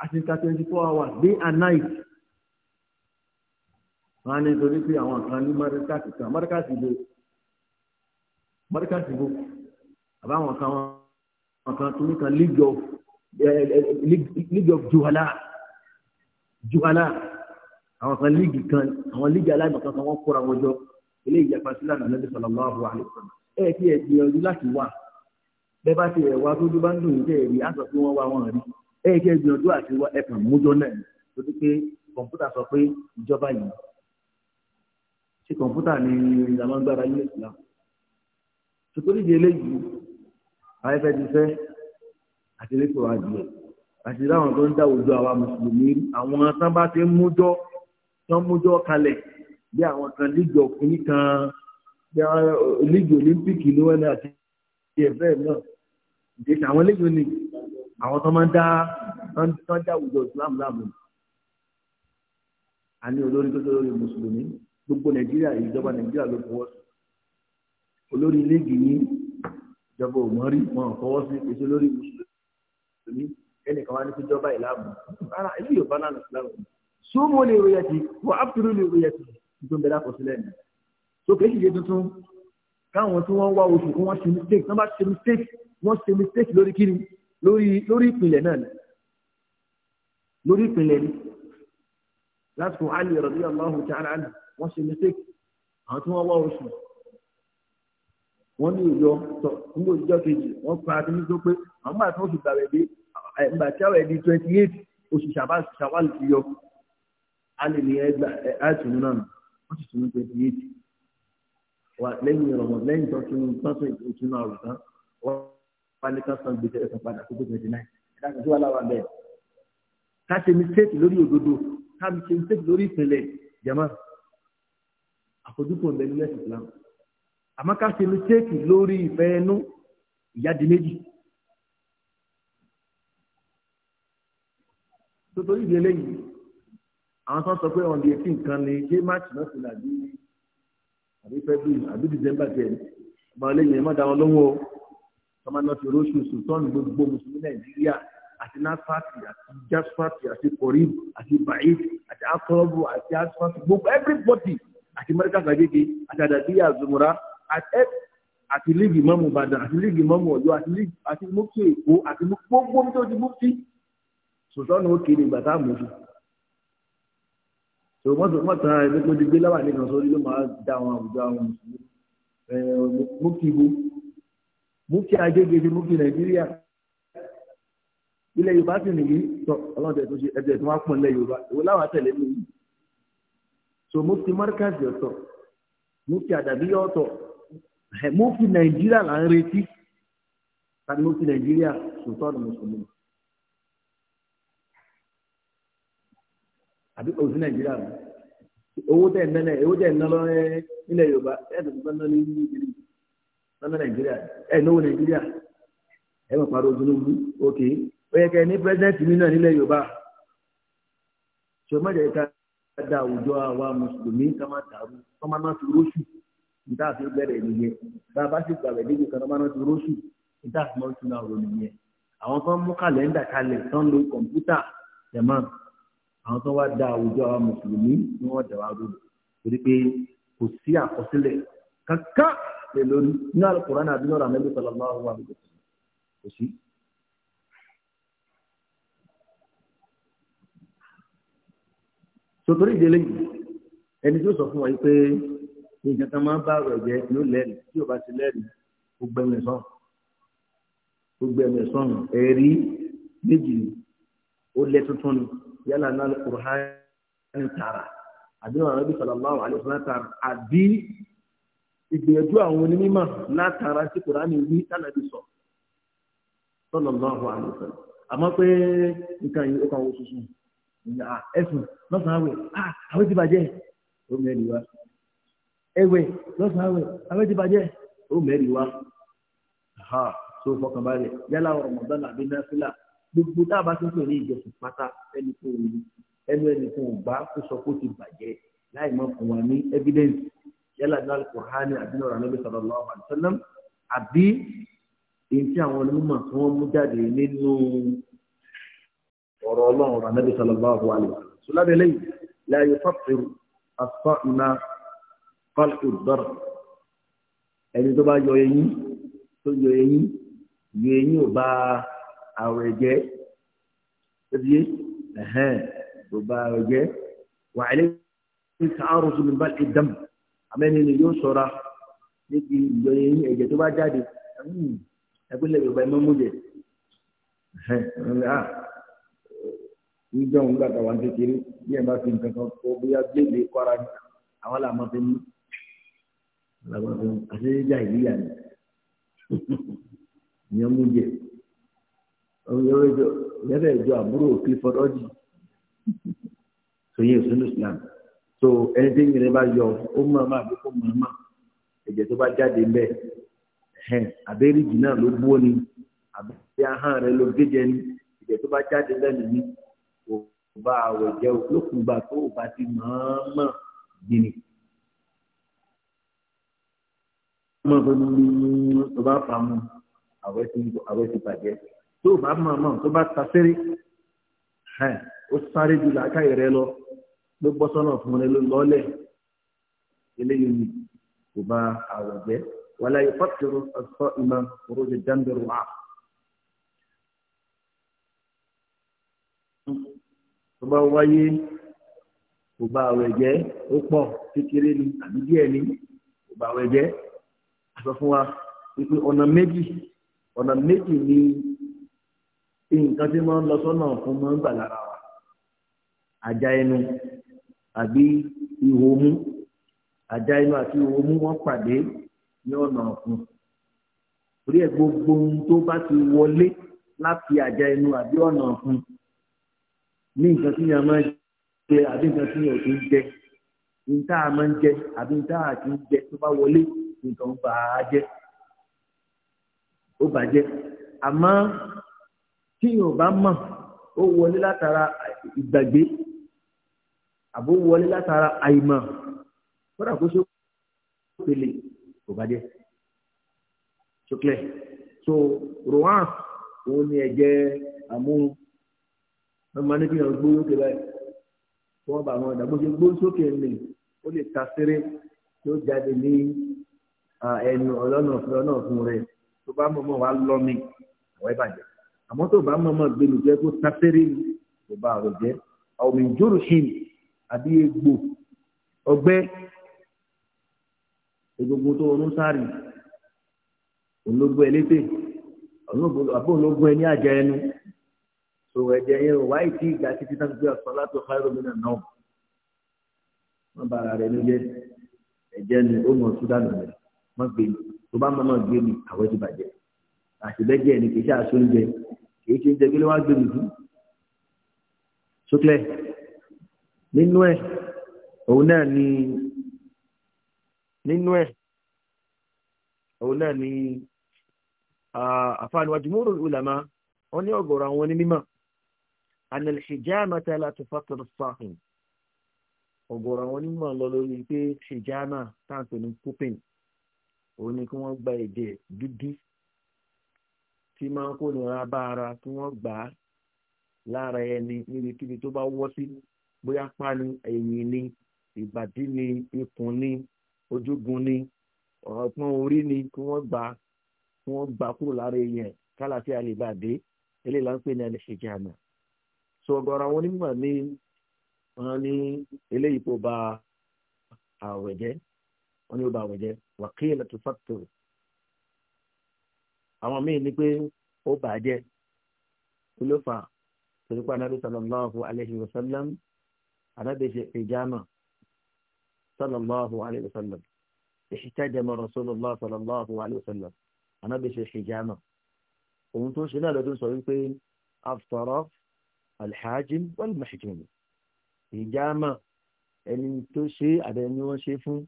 àtìkà twenty four hours day and night wọn á ní torí pé àwọn kan ní mọ́ríkàtì kan mọ́ríkàtì bo mọ́ríkàtì bo àbáwọn kan wọn kan tó ní kan league of league of juhala juhala àwọn kan líìgì kan àwọn líìgì aláìmọ̀kan kan wọ́n kóra wọn jọ ilé ìjàpá sílẹ̀ náà lẹ́bí sọ̀rọ̀ lọ́wọ́ àwọn àlejò ẹ̀ tí ẹ̀ gbìyànjú láti wà bẹ́ẹ̀ bá ti ẹ̀ wá tó bá ń dùn yín tẹ̀rí á sọ pé wọ́n wá wọn rí ẹ̀ kí ẹ gbìyànjú àti wá ẹ̀kàn mújọ náà tó ti pé kọ̀ǹpútà sọ pé ìjọba yìí ṣe kọ̀ǹpútà ní ìlànà ilé ìsìlá tòtòrí eléyìí ayẹfẹ́ ti fẹ́ àti elétò adìẹ àti láwọn tó ń dá òjò àwa mùsùlùmí àwọn tán bá ti ń mújọ́ tán mújọ́ kalẹ̀ bí àwọn kan lígì ọkùnrin kan bí àwọn lígì olímpíìkì ló wẹ́n àti ìfẹ́ náà ìdèkì àwọn léyìn ni àwọn tó máa ń dá tán dá òjò ìsìlámù láàmú a ní olórí tó lórí mùsùlùmí gbogbo nàìjíríà ìjọba nàìjíríà ló fọwọ́ sí olórí léyìn ní ìjọba òmọ́rí wọn fọwọ́ sí èso lórí mùsùlùmí ẹnìkan wá ní kíjọba ìlàmù rárá ìlú yorùbá náà ìsìlámù súnmọ́ lè ròyẹ ti wà ápùtúrú lè ròyẹ ti nítorí bẹ́ẹ̀ lákòó sílẹ̀ ni so kì í ṣiṣẹ́ tuntun káwọn tí wọ́n wá oṣù kí wọ́n ṣe mistake wọ́n bá ṣe mistake wọ́n ṣe mistake lórí kíni lórí lórí ìpìlẹ̀ náà ni lórí ìpìlẹ̀ ni lásìkò alì radiyallahu ta'ala anhu wọ́n ṣe mistake àwọn tí wọ́n wá oṣù wọ́n ní òjò sọ nígbà òjò kejì wọ́n pa adé nígbà pé àwọn bàtà oṣù gbàwẹ̀ dé ìgbà tí àwẹ̀ di twenty eight oṣù ṣàwálì ti yọ a lè ní ẹgbà ẹ àìsùn náà wọ́n sì tún twenty eight wa lẹ́yìn ìrọ̀mọ̀ lẹ́yìn tó tún tọ́sán ìtún náà rò tán wọ́n wá ní ká san gbèsè ẹ̀sán padà tó tó twenty nine ẹ̀dá kò sí wàhálà wà bẹ́ẹ̀ ká ṣe mistake lórí òdodo ká ṣe mistake lórí ìpìlẹ̀ jẹ̀mọ́ àfojúkò ń bẹ nílẹ̀ ìsìlámù. amaka ká lu mistake lórí ìfẹ́ ẹnu ìyáde méjì. tuntun ìdí eléyìí àwọn tó sọ pé on the eighteen kan ni dé march náà sì àbí february àbí december ten ọba eléyìí ẹ má dá wọn lọ́wọ́ ọmọ náà ti róṣù sùtọ́ọ̀nù gbogbo mùsùlùmí nàìjíríà àti nasfati àti jasfati àti korib àti baid àti akọrọbù àti asfati gbogbo everybody àti mẹ́ríkà gbàgede àti àdàbíyà zumura àti líìgì mọ́mù ìbàdàn àti líìgì mọ́mù ọ̀yọ́ àti mọ́kì èkó àti gbogbo bí tó ti mú sí sòtọ́nù ó kéde ìgbà táàmù oṣù tòun mọ́tò mọ́tò ara ẹgbẹ́ tó ti gbé láwà nìkan sórí ló máa da àwọn àwùjọ àwọn mùsùlùmí mọ́kì ibo mọ́kì ajégede mọ́kì nàìjíríà ilẹ̀ yorùbá sì nìyí tọ́ ọlọ́dẹ tó ṣe ẹgbẹ́ tó wá pọ̀ ilẹ̀ yorùbá èwo láwọn àtẹ̀lé mi yìí so mọ́kì márkàzì ọ̀tọ̀ mọ́kì àdàbíyọ̀ ọ̀tọ̀ mọ́fì nàìjíríà là ń retí tàbí mọ́fì nàìjíríà sòtọ́ ọ̀nà mùsùlùmí àbí òsì nàìjíríà rẹ̀ owó tẹ̀ ná owó tẹ̀ ná lọ́rẹ́ nílẹ̀ yorùbá ẹ̀ẹ́dùn tó ná ní nàìjíríà ná nàìjíríà ẹ̀ náwó nàìjíríà ẹ̀ mọ̀ pariwo tinubu òkè ó yẹ kẹ́ ní pírẹ́sidẹ́ntì mi náà nílẹ̀ yorùbá ṣọmọdé ká àwùjọ àwa mùsùlùmí ká má dàrú má má fi níta fi bẹ̀rẹ̀ nìyẹn bá a bá sì gbàgbẹ́ níbi kan bá náà ti róṣù níta fi máa ń tún àrò nìyẹn àwọn kan mú kàlẹ́ndà kalẹ̀ tán lo kọ̀ǹpútà tẹ̀mọ́ àwọn kan wá da àwùjọ àwọn mùsùlùmí ni wọ́n dà wá rú torí pé kò sí àkọsílẹ̀ kankan lè lórí nínú Al-Qur'an àbí nínú Ànábì sallallahu alaihi wasallam kò sí. sotori ìdílé yìí ẹni tó sọ fún wa yìí pé ní nǹkan kan máa ń bá ọ̀rọ̀ jẹ ló lẹ́rìí tí ò bá ti lẹ́rìí gbogbo ẹ̀mẹ̀ sọ̀n gbogbo ẹ̀mẹ̀ sọ̀n ẹ̀rí méjì ó lẹ́ tuntun ni yálà náà lè kúrò hàn tààrà àbí wọn àrẹ́bí sallallahu alaihi wasallam tààrà àbí ìgbìyànjú àwọn onímọ̀ látara sí kùránì wí tánàbí sọ sallallahu alaihi wasallam àmọ́ pé nǹkan yìí ó kàn wọ́n tuntun ẹ̀sùn lọ́sàn-án ah, àwẹ̀ àwọn ti bàjẹ́ ó mẹ́rin wá ẹ̀wẹ̀ lọ́sàn-án ẹ̀wẹ̀ abẹ́ ti bàjẹ́ ó mẹ́rin wá ha tó fọkànbalẹ̀ yálà ọmọdé àbí náfìlà gbogbo tá a bá tún pè ní ìjọsìn pátá ẹni tó wù ẹnu ẹni tó wù bá kó sọ kó ti bàjẹ́ láì mọ̀ fún wa ní evidence yálà ní alukur'ani àbí nọ̀rọ̀ anábì sallallahu alaihi wasallam àbí èyí tí àwọn onímọ̀ tí wọ́n mú jáde nínú ọ̀rọ̀ ọlọ́run anábì sallallahu alaihi wasallam sọlábẹ́lẹ́yìn láyé fàfẹ́rù àfọ́ kọ́lù ìdọ́rọ̀ ẹni tó bá yọ eyín tó yọ eyín yọ eyín ò bá àwẹ̀ jẹ́ ó di ẹ̀hẹ́n ò bá àwẹ̀ jẹ́ wà á lè ní sàárò tó ní bá ti dàm àmẹ́ni ni yóò sọ̀ra níbi ìyọ eyín ẹ̀jẹ̀ tó bá jáde hmm, ẹgbẹ́lẹ̀ yorùbá ẹ mọ́mú jẹ ah, níjọ́ òun gbàgbà wà kékeré bí ẹ bá fi nǹkan kan kó bóyá gbèlè kọ́ra àwọn làwọn fi mú làwọn fi àṣeyíjà ìlíyà ni ìyẹn mú jẹ yẹ́bẹ̀ ìjọ àbúrò òkè fọdọ́jì sọyìn ìsúnú Islam so ẹni tí yìnyín bá yọ ó máa máa bí kó máa máa ẹ̀jẹ̀ tó bá jáde ń bẹ̀ ẹ̀hẹ́n abẹ́rìjì náà ló bú ni àbí ahọ́n rẹ ló gé jẹ ni ẹ̀jẹ̀ tó bá jáde lẹ́nu ni kò bá àwẹ̀ jẹ́ o lókùngbà tó o bá ti máa máa gbìn ni. mọ̀ pé mo ní tó bá fà mọ́ àwẹ̀ ti àwẹ̀ ti bàjẹ́ tó bá mọ̀ mọ̀ tó bá ta fẹ́rẹ́ ẹ̀ ó sáré ju làákàyè rẹ lọ ló bọ́ sọ́nà fún rẹ ló lọ́lẹ̀ eléyìí ni kò bá àwẹ̀ jẹ́ wàlá ìfọ́tìrù ọ̀sọ́ ìmọ̀ òròjì dáńdẹ̀rù wà. tó bá wáyé kò bá àwẹ̀ jẹ́ ó pọ̀ kékeré ni àbí díẹ̀ ni kò bá àwẹ̀ jẹ́ àṣọ fún wa wípé ọ̀nà méjì ọ̀nà méjì ni nǹkan tí wọ́n ń lọ sọ́nà fún máa ń gbà lára wa àjà ẹnu àbí ihò mú àjà inú àti ihò mú wọ́n pàdé ní ọ̀nà ọ̀fun orí ẹ̀ gbogbo ohun tó bá ti wọlé láti àjà inú àbí ọ̀nà ọ̀fun ní nǹkan tí yàn máa ń jẹ àbí nǹkan tí yàn ò tún jẹ nǹkan tá a máa ń jẹ àbí nǹkan tá a ti ń jẹ tó bá wọlé nǹkan ó bà á jẹ́ ó bàjẹ́ àmọ́ tí yóò bá mọ̀ ó wọlé látara ìgbàgbé àbó wọlé látara àìmọ̀ kódà kó ṣe ó pèlè kò bàjẹ́ ṣókè so rohan òun ni ẹ̀jẹ̀ àmúhun wọ́n máa ní kí wọ́n gbóyó kébà yìí wọ́n bá wọn dàgbò ṣe gbó sókè ní o lè ta séré tí ó jáde ní ẹnu ọlọ́nà fún ọlọ́nà fún rẹ tó bá mọ̀mọ́ wa lọ́ mi àwọn ẹ̀ bàjẹ́ àmọ́ tó bá mọ̀mọ́ gbẹnu jẹ́ kó sáfẹ́rẹ́ mi kò bá ọ̀rọ̀ jẹ́ àwọn ìjòrò ṣì ń àbí egbò ọgbẹ́ egbogbo tó ronú sáré ológbó ẹlẹ́tẹ̀ àbó ológbó ẹni àjẹ ẹnu tó ẹ̀jẹ̀ yẹn wà á ti ìgbà títí náà wọ́n bá ara rẹ̀ ló jẹ́ ẹ̀jẹ̀ ni ó mọ̀ sódà rẹ̀ mọ́ gbé mi tó bá mọ́ náà gbé mi àwẹ̀ ti bàjẹ́ àtìbẹ́jẹ́ ni kì í ṣe aṣọ oúnjẹ kì í ṣe oúnjẹ kí ló wá gbé mi fún. sókè nínú ẹ̀ òun náà ni nínú ẹ̀ òun náà ni àfààní wajumuru ulama wọn ní ọ̀gọ̀rọ̀ àwọn onímọ̀ anilhijamata la tufatir sahin ọ̀gọ̀rọ̀ àwọn onímọ̀ lọ lórí pé hijama táǹpẹ̀ ní kúpìn òun ni kí wọ́n gba ẹ̀jẹ̀ dúdú tí máa ń kó nira bá ara kí wọ́n gbà á lára ẹni níbikíbi tó bá wọ́ sí bóyá páni ẹ̀yìn ni ìbàdí ni ikùn ni ojúgun ni ọ̀pọ̀n orí ni kí wọ́n gbà á kí wọ́n gbà kúrò lára èèyàn kálàfíà lè bá dé eléyìí là ń pè ní àlẹ́ṣẹ̀jẹ̀ àná. sọ̀gọ̀rọ̀ àwọn onímọ̀ ní wọ́n ní eléyìí kò ba àwẹ̀ jẹ́ wọ́n ní ó ba àwẹ̀ wàkíyèlè tó fàtòrò àwọn míì ní pé ó bàjẹ́ olófà torípa anábì sallallahu alayhi wa sallam anábì ṣe ìjàmà sallallahu alayhi wa sallam ìṣìṣẹ́jẹmọ rasulullah sallallahu alayhi wa sallam anábì ṣe ìjàmà òun tó ń ṣe náà lọ́dún sọ wípé aftara alhajim wal mahjum ìjàmà ẹni tó ṣe àbẹ̀ni wọ́n ṣe fún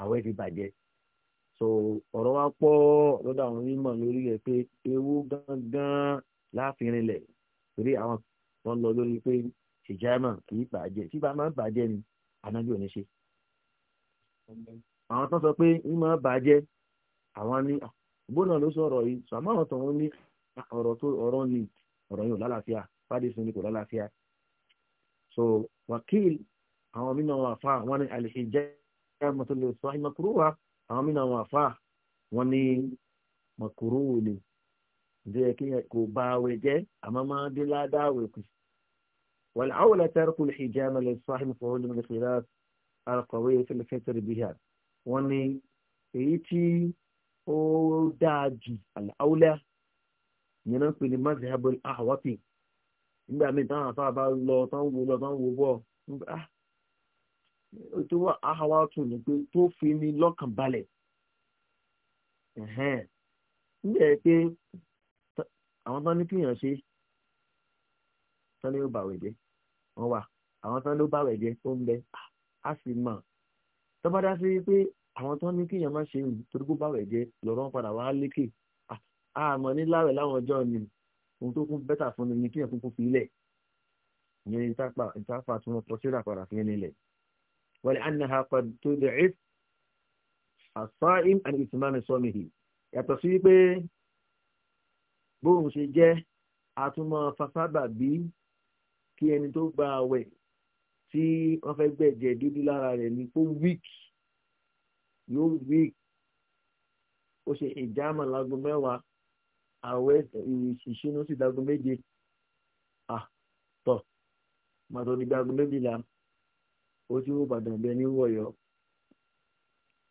àwẹ̀ ti bàjẹ́ so ọ̀rọ̀ wa pọ̀ lọ́dọ̀ àwọn onímọ̀ lórí rẹ̀ pé ewu gangan láàfin rinlẹ̀ torí àwọn kan lọ lórí pé ìjàmà kì í bàjẹ́ tí bá máa ń bàjẹ́ ni anájú ò ní ṣe àwọn tó sọ pé ń máa bàjẹ́ àwọn ní gbóná ló sọ̀rọ̀ yìí sàmọ́ àwọn tòun ní ọ̀rọ̀ tó ọ̀rọ̀ ni ọ̀rọ̀ yìí ò lálàáfíà fàdísùn ni kò lálàáfíà so wakil àwọn mìíràn wà fún àwọn àlèṣe jẹ́ mọ̀tòlè sọ ìmọ̀kúrú wa àwọn mìíràn àwọn àfa wọn ní mọ̀kúrú ni ǹjẹ́ yẹ kí yẹn kò bá àwẹ̀ jẹ́ àmọ́ máa dé ládàá àwẹ̀ kù. wàlẹ̀ àwọn ọ̀lẹ́ tẹ́rù kù ìjàmọ̀ lè sọ àìmọ̀ fọwọ́ lómi lẹ́fẹ̀ẹ́rẹ́ àkọ̀wé fẹ́lẹ́fẹ́tẹ̀rẹ̀ bí yà wọ́n ní èyí tí ó dáa jù àlẹ́ àwùlẹ́ yẹn náà pè ní mazhabul ahwati nígbà míì táwọn bá lọ tán wo lọ tán wo bọ̀ tó wà áháwá tún ní pé tó fi ní lọ́kàn balẹ̀ nígbà yẹn pé àwọn tán ní kíyàn ṣe tán ní ó bàwẹ̀ jẹ́ wọ́n wà àwọn tán ló bàwẹ̀ jẹ́ tó ń bẹ á sì mọ̀ tó bá dá sí pé àwọn tán ní kíyàn má ṣe torí kó bàwẹ̀ jẹ́ lọ́rọ́ ń padà wá lékè àmọ́ níláwẹ̀ láwọn ọjọ́ ni ohun tó kún bẹ́tà fún mi ni kíyàn kúkú fi ilẹ̀ ìyẹn ìtàpá tí wọ́n kọ síra padà fi ń nílẹ̀. ولأنها قد تضعف الصائم عن إتمام صومه yàtọ̀ sí pé bóun ṣe jẹ́ àtúmọ̀ fasábà bí kí ẹni tó gba àwẹ̀ tí wọ́n fẹ́ gbẹ̀jẹ̀ dúdú lára rẹ̀ ní fún wíìkì yóò wíìkì ó ṣe ìjàmà láago mẹ́wàá àwẹ̀ ìṣúná sí láago méje àtọ̀ ah, màtọ́ nígbà láago méjìlá ó ti wó Ìbàdàn bí ẹni wọ̀yọ́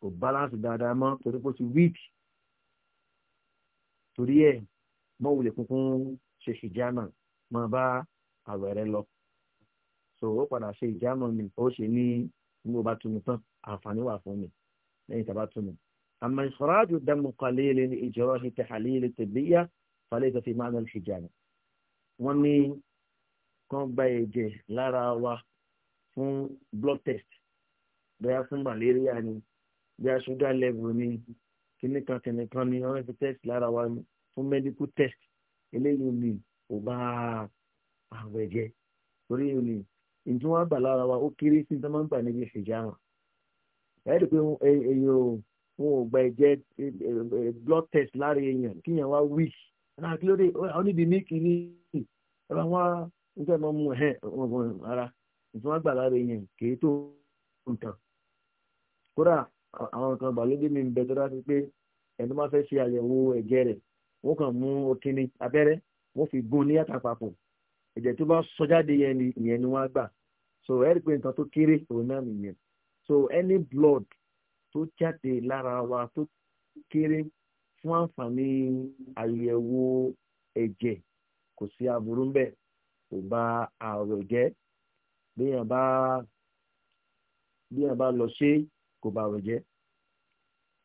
kò balance dáadáa mọ́ torí pé ó ti weak torí ẹ̀ mọ́ wulẹ̀ kúnkún ṣe ṣìjáàmà máa bá àwẹ̀ rẹ lọ so ó padà ṣe ìjáàmà mi ó ṣe ní nígbà bá tunu tán àǹfààní wà fún mi lẹ́yìn tá a bá tunu. àmọ́ ìfọ̀rájú dẹ́mu kọ́lé ní ìjọ́rọ̀ ní tẹ̀hálí ní tẹ̀bíyà falẹ́ ìtọ́fẹ́ máa ń lọ ṣìjáàmà wọ́n ní kán gba ẹ̀jẹ̀ lára wa fún blood test bóyá fún malaria ni bóyá sugar level ni kíní kan kíní kan ni wọ́n fi test lára wa ni fún medical test eléyìí ni kò bá àwẹ̀ jẹ́ torí ni ìtún wọn gbà lára wa ó kéré sí tó máa ń gbà níbi ìṣèjáwọn ẹ̀rí pé èèyàn wọn ò gba ẹ̀jẹ̀ blood test lára èèyàn kíyàn wá wí náà kí ló dé onídìí ní kìíní ẹ̀rọ wọn ń fẹ́ mọ́ mú ẹ̀ ọ̀gbọ̀n ara tuntun wọn gbà lára èèyàn kìí tó nǹkan kódà àwọn nǹkan ìgbàlódé mi ń bẹ tó dá sí pé ẹni tó máa fẹ́ ṣe àyẹ̀wò ẹ̀jẹ̀ rẹ̀ wọ́n kàn mú okínní abẹ́rẹ́ wọ́n fi gún ní àtàpapọ̀ ẹ̀jẹ̀ tó bá sọ jáde yẹn ni ìyẹn ni wọ́n á gbà so ẹ rí i pé nǹkan tó kéré òun náà nìyẹn so any blood tó jáde lára wa tó kéré fún àǹfààní àyẹ̀wò ẹ̀jẹ̀ kò sí aburú ń bẹ̀ kò bà ààrọ̀ jẹ́ béèyàn bá béèyàn bá lọ ṣe kò bá wẹ̀ jẹ́.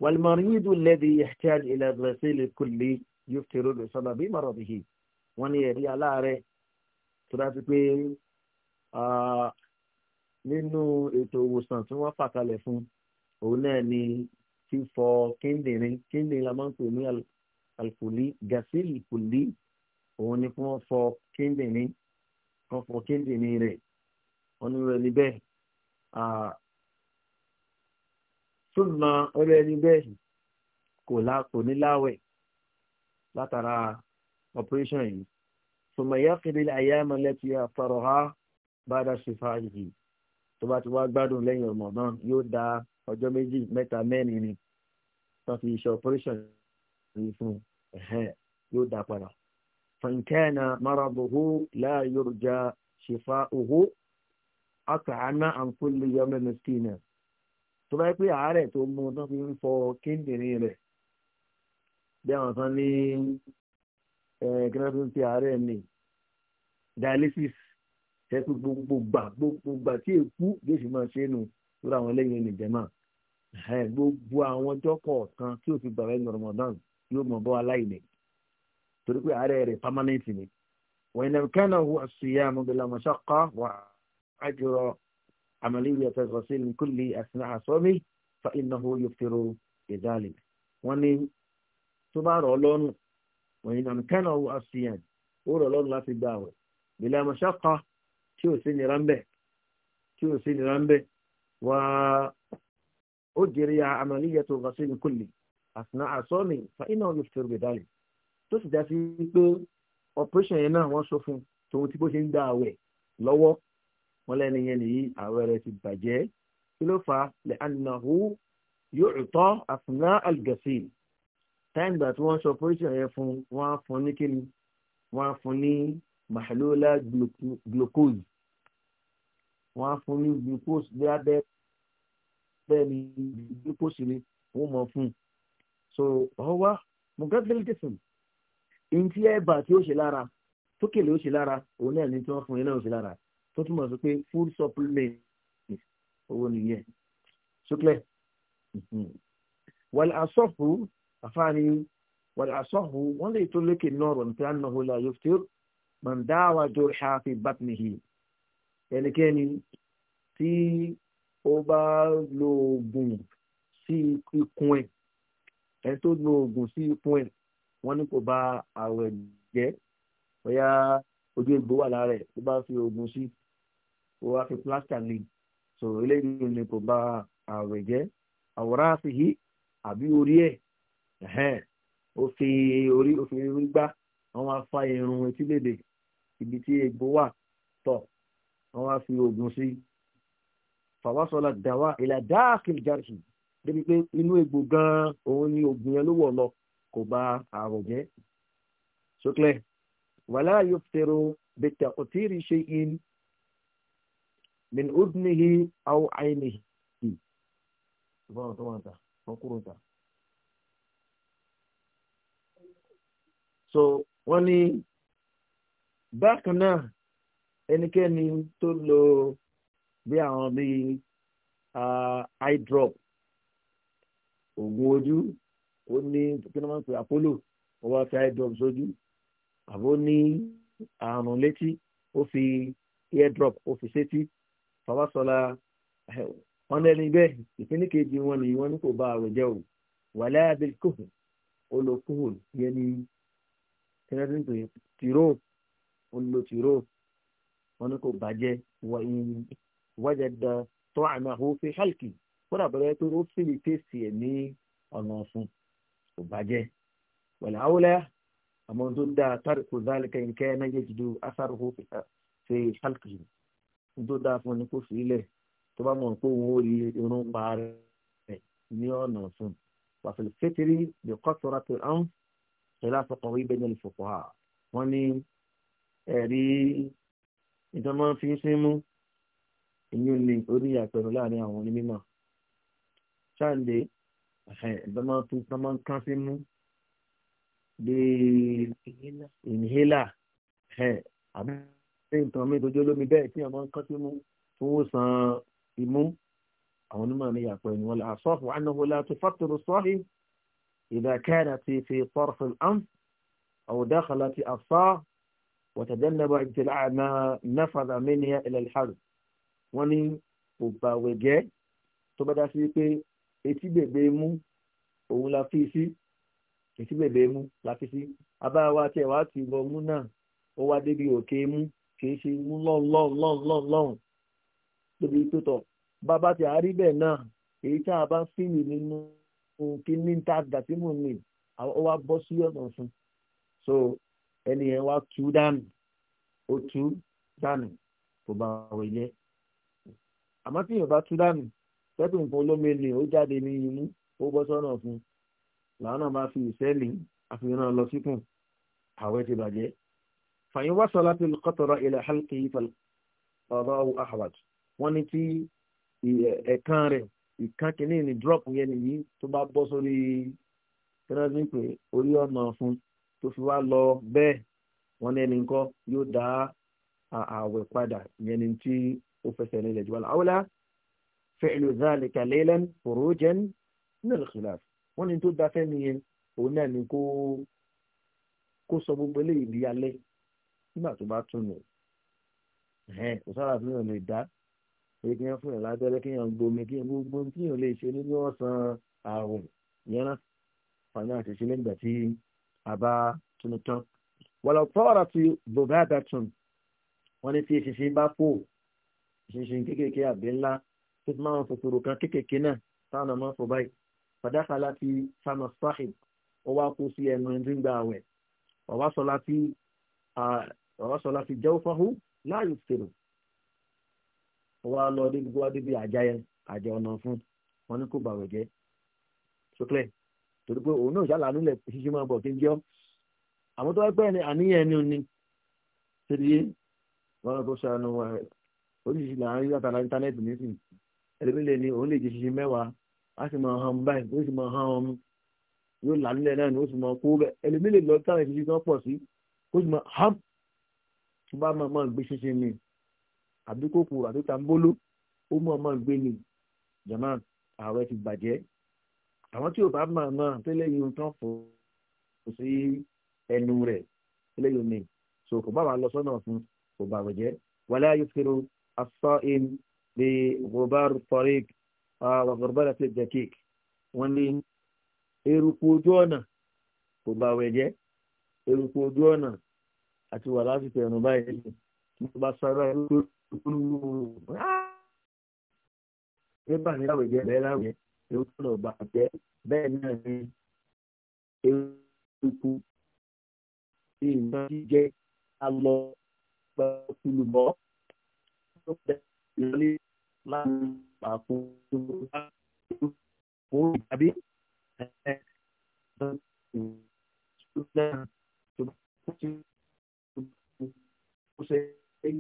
والمريض الذي يحتاج إلى الغسيل الكلي يفتر بسبب مرضه wọ́n ní ẹ̀rí aláàárẹ̀ tó dájú pé nínú ètò ìwòsàn tí wọ́n fà kalẹ̀ fún òun náà ni fífọ kíndìnrín kíndìnrín la máa ń pè ní alkùlí gàsílì kùlí òun ni kí wọ́n fọ kíndìnrín wọ́n fọ kíndìnrín rẹ̀ wọn ní rẹ níbẹ̀ ṣùgbọ́n ọrẹ níbẹ̀ kò ní láwẹ̀ látara operation yìí ṣùgbọ́n ìyá kiri ayé amọ̀lẹ́tì àfọ̀rọ̀ ha bá dá ṣe fàájì tó bá ti wá gbádùn lẹ́yìn ọmọ náà yóò da ọjọ́ méjì mẹ́ta mẹ́rin ni wọ́n fi ṣe operation yìí fún yóò da padà. فإن كان مرضه لا يرجى شفاؤه àtàánà àǹfọ̀lẹ̀ yọmọ mẹ́sìkìnà tó bá yẹ pé àárẹ̀ tó mú tó fi ń fọ kíndìnrín rẹ̀ bí àwọn kan ní kíndìnrín ti àárẹ̀ ní dialysis tẹ́kù gbogbo gbà gbogbo gbà tí èkú yóò sì máa ṣe é nù lórí àwọn eléyìí ní ìjẹ́mà gbogbo àwọn ọjọ́ kọ̀ọ̀kan tí ò fi gbàgbé ní Ramadan yóò mọ̀ bọ́ aláìní torí pé àárẹ̀ rẹ̀ permanent ni wọ́n ìnàkánná hu àṣìyá mọ̀gbẹ́lá mọ̀ṣáká wà á. أجر عملية الغسيل كل أثناء صومه فإنه يفطر بذلك ومن تبار لون وإن أمكنه الصيام أولى لون لا تداوي بلا مشقة شو سن رمبه شو سن رمبه و أجري عملية الغسيل كل أثناء صومه فإنه يفطر بذلك تسدى في operation yẹn náà wọ́n sọ fún tòun wọ́n lẹ́ni yẹn nìyí àwẹ̀ rẹ̀ ti bàjẹ́ kí ló fà á lẹ́ anahu yóò tọ́ àfúnná algasil táyìn gbà tí wọ́n sọ pọ́lísì yẹn fún wọ́n á fún ní kíni wọ́n á fún ní mahalóla glucose wọ́n á fún ní glucose bí abẹ́ bẹ́ẹ̀ ni glucose ni wọ́n mọ̀ fún un so ọwọ́ mọ̀gádẹ́lẹ́dẹ́sìn ìntí ẹ̀bà tí ó ṣe lára tókèlè ó ṣe lára òun náà ní tí wọ́n fún yín náà ó ṣe lára tó túmọ̀ sí pé full supplement owó nìyẹn sókè wàlẹ̀ àsọ̀fù àfáàní wàlẹ̀ àsọ̀fù wọ́n lè tó lékè náà rọ̀ nípa àná hólà yóò fi màá dáwà jọ ṣáfi bàtìmìhì ẹnikẹ́ni tí ó bá lo oògùn sí ikùn ẹ̀ ẹni tó lo oògùn sí ikùn ẹ̀ wọ́n ní kò bá àwẹ̀ jẹ́ bóyá ojú egbò wà lára ẹ̀ tó bá fi oògùn sí ó wá fi plaster lè so eléyìí ni kò bá àwẹ̀ jẹ́ àwòrán àfihì àbí orí ẹ̀ ó fi orí ó fi irun gbá wọ́n wá fa irun etílédè ibi tí egbò wà tọ̀ wọ́n wá fi oògùn sí fàwọ́sọ̀lá dàwa ìlà dáàkìlì jàrìsì débi pé inú egbò gan-an òun ni oògùn yẹn ló wọ̀ lọ kò bá àrùn jẹ́ sókè wàlá yóò bẹ́tẹ̀ ọ̀tí rí ṣe in min udnihi aw aynihi so wọ́n ní bákan náà ẹnikẹ́ni tó lo bí àwọn bíi eye drop oògùn ojú ó ní kí ni wọ́n ń apollo ó wá fi eye drop sójú àbó ní àrùn létí ó fi ear drop ó fi sétí fọwọ́sọlá wọn lẹ́ni bẹ́ẹ̀ ìpínlẹ̀ kejì wọn ni wọn ní kò bá àwẹ̀ jẹ́ o wàlẹ́ abilkohun olókohun yẹn ni tẹ́lẹ̀tì ń pè tìró olùlò tìró wọn ní kò bàjẹ́ wájà da tọ́ àmì àhófẹ́ ṣálkì kódà bẹ̀rẹ̀ pé ó fìlì tèsì ẹ̀ ní ọ̀nà ọ̀fun kò bàjẹ́ wàlẹ́ àwòlẹ́ àmọ́ tó dáa tàrí kò zálẹ̀ kẹ́ńkẹ́ náà yẹ jùlọ asáròfò fi ṣálkì yìí tó dáa fún ni kó fìlẹ̀ tó bá mọ̀ pé òun ó rí irun pa rẹ̀ ní ọ̀nà fún un wàfẹ̀lẹ̀ fẹ́tẹ̀rì lè kọ́ sọ́ra tó ń ṣẹlẹ̀ àfọkànwé bẹ́ẹ̀ ní ìfọ̀kọ̀ ha wọ́n ní ẹ̀rí ìdánmọ́ fi ń sín mú ìyún ni orí àpẹẹrẹ láàrin àwọn onímọ̀ sáǹdé ìdánmọ́ tó tánmọ́ ń kán sí mú bíi inhaler àbí sí nǹkan mi ìtọ́jú olómi bẹ́ẹ̀ tí ọmọ nǹkan tí mú tó ń san imú àwọn onímọ̀ ní yàpọ̀ ẹni wọn lọ àsọ́fù anáwó láti fàtòrò sọ́ọ̀hìn ìdàkẹ́rẹ́ ti fi pọ́rọ̀fù àm àwòdákàlà ti àfá wọ̀tẹ̀dẹ́nàbọ̀ ìtìlá àmà náfàdà mẹ́niyà ìlẹ̀lẹ́hàrù wọ́n ní kò bàwẹ̀ jẹ́ tó bá dá sí pé etí bèbè mú òun la fi sí etí bèbè mú la fi sí abáwa tí ẹ̀ wá ti wọ mú náà ó wá débi òkè mú kìí ṣe irú lọ́nlọ́nlọ́nlọ́n tóbi tó tọ̀ bàbá ti àárí bẹ́ẹ̀ náà èyí tá a bá fìlì nínú kíní tá a dà mò ń nì ó wá bọ́ sí ọ̀nà fún so ẹni yẹn wá tú dànù ó tú dànù kò bá wọ ilé àmọ́ tí yorùbá tú dànù pẹ́pẹ́ nǹkan olómi ni ó jáde ní inú ó bọ́ sọ́nà fún làwọn náà bá fi ìṣẹ́lì àfihàn lọ síkùn àwẹ̀ ti bàjẹ́ fàyín wasalat al-qatra ila halqihi fal-qada'u ahwaj wọ́n ní tí ẹ̀kan rẹ̀ ìkan kìíní ni drop yẹn nìyí tó bá bọ́ sórí tẹ́lẹ̀sì pé orí ọ̀nà fún tó fi wá lọ bẹ́ẹ̀ wọ́n ní ẹni nǹkan yóò dá ààwẹ̀ padà yẹn ni tí ó fẹsẹ̀ nílẹ̀ jù wọ́n àwòlá fi'lu dhalika laylan khurujan min al wọ́n ní tó dáfẹ́ nìyẹn òun náà ni kó sọ gbogbo eléyìí nígbà tó bá tún nù kò sára tí yóò lè dá èyí kí wọ́n fún yàn lábẹ́rẹ́ kí yàn gbomi kí yàn gbogbo tí yàn lè ṣe nínú ọ̀sán àrùn yẹn náà fani àti ṣe nígbà tí a bá tunu tán. wọ́n lọ tọ́ra ti bòbá àbẹ̀tún wọ́n ní tí ìṣinṣin bá fò ìṣinṣin kéékèèké àbí ńlá tó máa ń fòfòrò kan kéékèèké náà táwọn ọmọ fò báyìí fàdákà láti sàmà sáhìb ó wá sí ẹnu ẹni tí ń gba àwẹ̀ ọ̀wá sọ láti ọ̀rọ̀sọ̀lá fi jẹ́ òfahù láàyò fèrò wọ́n á lọ débi wá débi àjà yẹn àjẹ ọ̀nà fún wọn ní kò bàwẹ̀ jẹ́ sókè torí pé òun náà ṣàlàyé nílẹ̀ ṣíṣe máa bọ̀ kí n jẹ́ àwọn tó wá pẹ́ ni àníyàn ẹni ni ṣèlú yé wọn kò ṣàánú wa oríṣiríṣi là ń rí látara íńtánẹ́ẹ̀tì nísìnyí ẹlẹ́mílẹ̀ ni òun lè jẹ́ ṣíṣe mẹ́wàá á sì máa hàn báyìí ó sì máa hàn ọmú yóò là nílẹ̀ náà ni ó sì máa kó bẹ́ẹ̀ ẹlẹ́mílẹ̀ lọ táwọn ìṣiṣẹ́ kan pọ̀ sí ó sì máa hàn tó bá máa máa gbé ṣinṣin ni àbí kòkòrò àti tambolo ó máa máa gbé ni jama ààrẹ ti bàjẹ́ àwọn tí ò bá máa máa tẹ́lẹ̀ yìí ń tán fò sí ẹnu rẹ̀ tẹ́lẹ̀ yìí ni so kò bá wà lọ sọ́nà fún kò bá wẹ̀jẹ́ wàlẹ́ ayé asọ́in bí gobar tariq wà gobar àti dakik wọ́n ní eruku ojú ọ̀nà kò bá wẹ̀jẹ́ eruku ojú ọ̀nà àti wà lásìkò ẹ̀rùn báyìí ní bá sára olúwo nígbà níláwẹ̀ jẹ́ bẹ́ẹ̀ láwẹ̀ ewu tó lọ bà jẹ́ bẹ́ẹ̀ náà ni eruku tí ìgbà jíjẹ alọ gba olùbọ́ tó bẹ ìrọ̀lẹ́ láàrin àpò òun tàbí ẹ̀ẹ́dẹ́gbẹ̀rún tó bá ti deliberately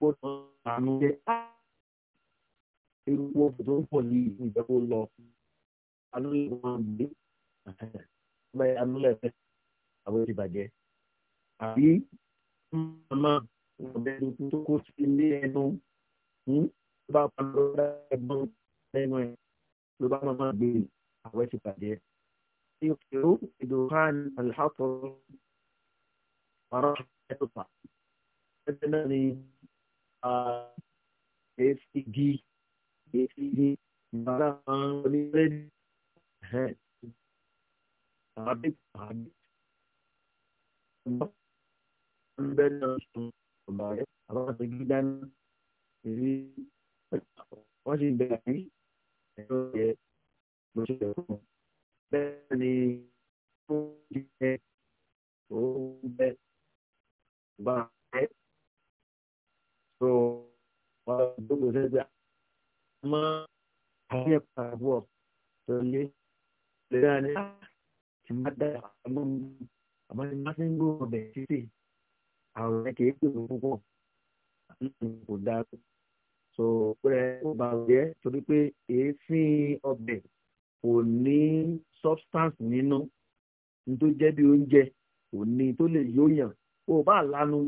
put on the irú owó tó ń pọ̀ ní ìlú ìjẹ́ kó lọ alóyè wọn gbé bẹ́ẹ̀ amúlẹ̀fẹ́ àwọn ti bàjẹ́ àbí màmá ọ̀bẹ tuntun tó kó sí ilé ẹnu bá pa lọ́dọ̀ ẹgbọ́n lẹ́nu ẹ̀ ló bá máa máa gbé àwẹ̀ ti bàjẹ́. ìrú ìdòkàn àlùhàtọ̀ ọ̀rọ̀ ẹ̀tọ́ta ẹgbẹ́ náà ni acd acd ìbára àwọn onírẹ́dì àbí àbí ń bẹ́ náà sùn ọ̀bàrẹ́ àwọn àti gíga ní ìrí wọ́n sì bẹ̀rẹ̀ ẹ̀rọ yẹ lóṣù lẹ́kọ̀ọ́ bẹ́ẹ̀ ni ó jẹ òun bẹ bá ẹ tó ọdún sẹgbẹ mọ àyè pàbọ tó lé lẹ́yìn àná tí má dá àgbọn àmọ́ ní má ti ń gbọ́ ọbẹ̀ títì àwọn ẹ̀kẹ́ pè púpọ̀ àti kò dáa tó so pé ó bá jẹ́ torí pé èéfín ọbẹ̀ kò ní substance nínú ní tó jẹ́ bí oúnjẹ kò ní tó lè yóyàn ó bá lanu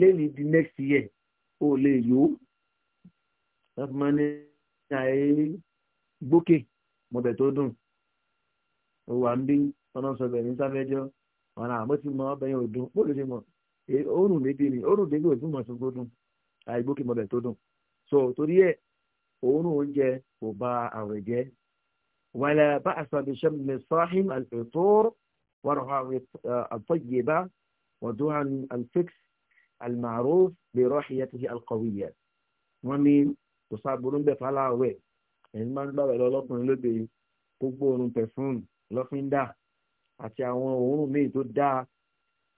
lẹ́ni di next year ó lè yó ẹ̀fọ́nmọ́ni àyè gbókè mọ̀bẹ̀ tó dùn ó wà ń bí ọ̀nà sọ̀bẹ̀ ní sáfẹ́jọ́ ọ̀nà àmọ́ ti mọ ọbẹ̀ yẹn ò dùn bó ló ṣe mọ̀ òórùn méjì ni òórùn méjì ò tún mọ̀ ṣùgbọ́n dùn àìgbókè mọ̀bẹ̀ tó dùn so torí ẹ̀ òórùn oúnjẹ kò ba àwẹ̀ jẹ́ wàlẹ bá àṣàbí sẹmìlẹ sọhìn àlùfẹtọ wàrà àtọyẹbá wàdúhàn àlùfẹks àlùmàrúf bẹrọ àyẹtìhì àlùkọwìyẹ wọn ní kò sábòrò ń bẹ fàlà àwẹ̀ ẹni máa ń gbàwẹ̀ lọlọkùnrin lóde gbogbo òórùn pẹfúm lọ́fíńdà àti àwọn òórùn míì tó dáa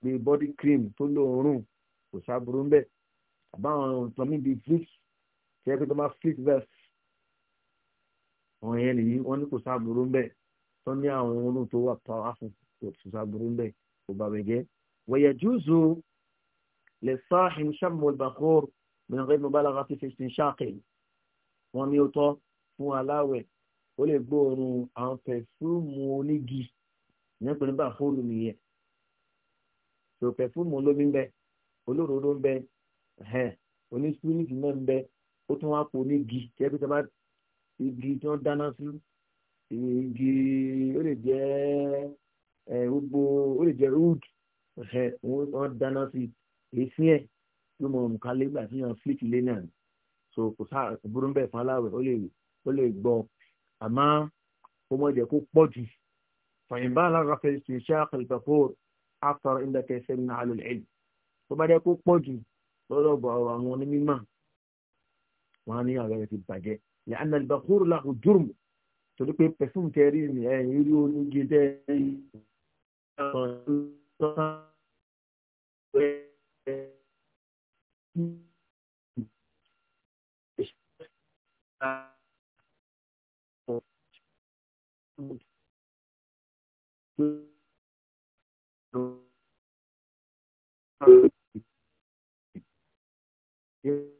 bíi body cream tó lóòórùn kò sábòrò ń bẹ àbáwọn nǹkan mi bíi vicks ṣe é pé tó bá split verse àwọn yẹn nìyí wọ́n ní kò sáàbùrú ń bẹ̀ tó ní àwọn ohun tó wà pa á fún kò sáàbùrú ń bẹ̀ kò bàbá jẹ́ wẹ̀yẹ̀ júùsù lè sá ìṣàmù ìbàkúr mìíràn kí wọ́n bá lára fi fi ṣáàkì wọ́n ní ó tọ́ fún aláwẹ̀ ó lè gbóòórùn àwọn pẹ̀fúmù onígi ìyẹn bá fóònù nìyẹn so pẹ̀fúmù olómi ń olóró ló ń náà ń ó tún wá po ní igi jẹ́ pé tí a bá igi tí wọ́n dáná sí igi ó lè jẹ́ gbogbo ó lè jẹ́ wood wọ́n dáná sí èéfín ẹ̀ ló mọ nǹkan lẹ́gbà tí wọ́n flit lé náà so kò sá burú bẹ́ẹ̀ fún aláwẹ̀ ó lè ó lè gbọ́ àmọ́ ó mọ̀ jẹ́ kó pọ̀ jù fàyìnbá alára fẹ́ ṣe iṣẹ́ àkàlùfẹ́fọ́ after indakẹ́sẹ̀ ní alùlẹ̀ ẹ̀ tó bá jẹ́ kó pọ̀ jù lọ́dọ̀ bọ̀ àwọn onímọ̀ wọ́n á ní àwọn ẹ̀rọ ti bàjẹ́ ní àná ìbàkúrò làwọn jùrùm torí pé pẹ̀fúm tẹ rí ni ẹ̀ ń rí onígi tẹ rí Thank you.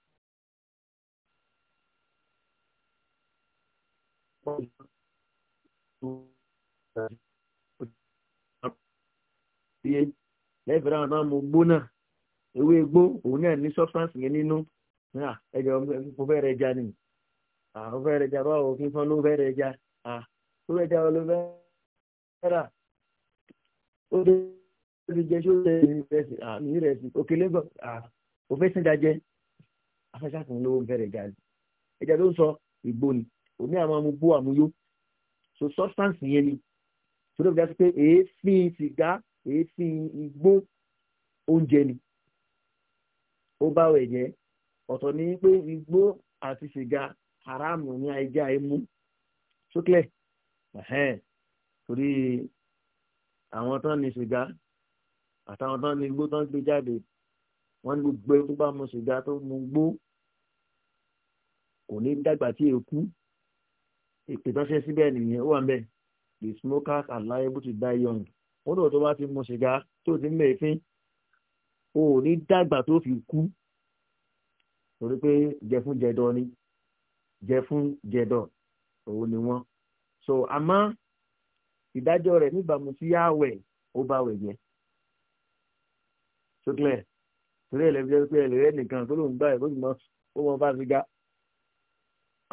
lẹ́fẹ̀ẹ́ àwọn náà mo gbóná ewé igbó òun náà ní substance yẹn nínú ẹjọ mo fẹ́ rẹ ja ni mo fẹ́ rẹ ja báwo kí n fọ́n ló fẹ́ rẹ ja ó fẹ́ ja ọ ló fẹ́ rà ó dé ó ti jẹ ṣó ṣe ìrẹsì ìrẹsì òkèlè gbọ òfẹ́ sínú ìdájẹ́ afẹ́sàkùn ló fẹ́ rẹ ja ni ẹja tó ń sọ ìgbó òní àwọn amúgbó àmúyó so substance yẹn ni tó ló fi dá sí pé èéfín sìgá èéfín igbó oúnjẹ ni ó bá wẹ̀ jẹ́ ọ̀tọ̀ ni pé igbó àti sìgá haramu ní àìjá imú sókè torí àwọn tán ni sìgá àtàwọn tán ni igbó tán gbé jáde wọ́n ní gbogbo tó bá mu sìgá tó mu gbó kò ní dàgbà tí èkú ìpètọ́ṣẹ́ síbẹ̀ nìyẹn ó wà ń bẹ̀ the smokers are liable to die young wọ́n lọ́wọ́ tó bá ti mu sìgá tó ti ń mẹ̀ fín o ò ní dàgbà tó fi kú torí pé jẹfúnjẹdọ ni jẹfúnjẹdọ òun ni wọ́n so àmọ́ ìdájọ́ rẹ̀ níbàámu sí àwẹ̀ ó bá wẹ̀ yẹn sókè torí ẹ̀ lẹ́bi jẹ́ pé ẹ̀ lè rẹ́ nìkan tó lóun gbà ẹ̀ kó sì mọ́ ó mọ́ fásitì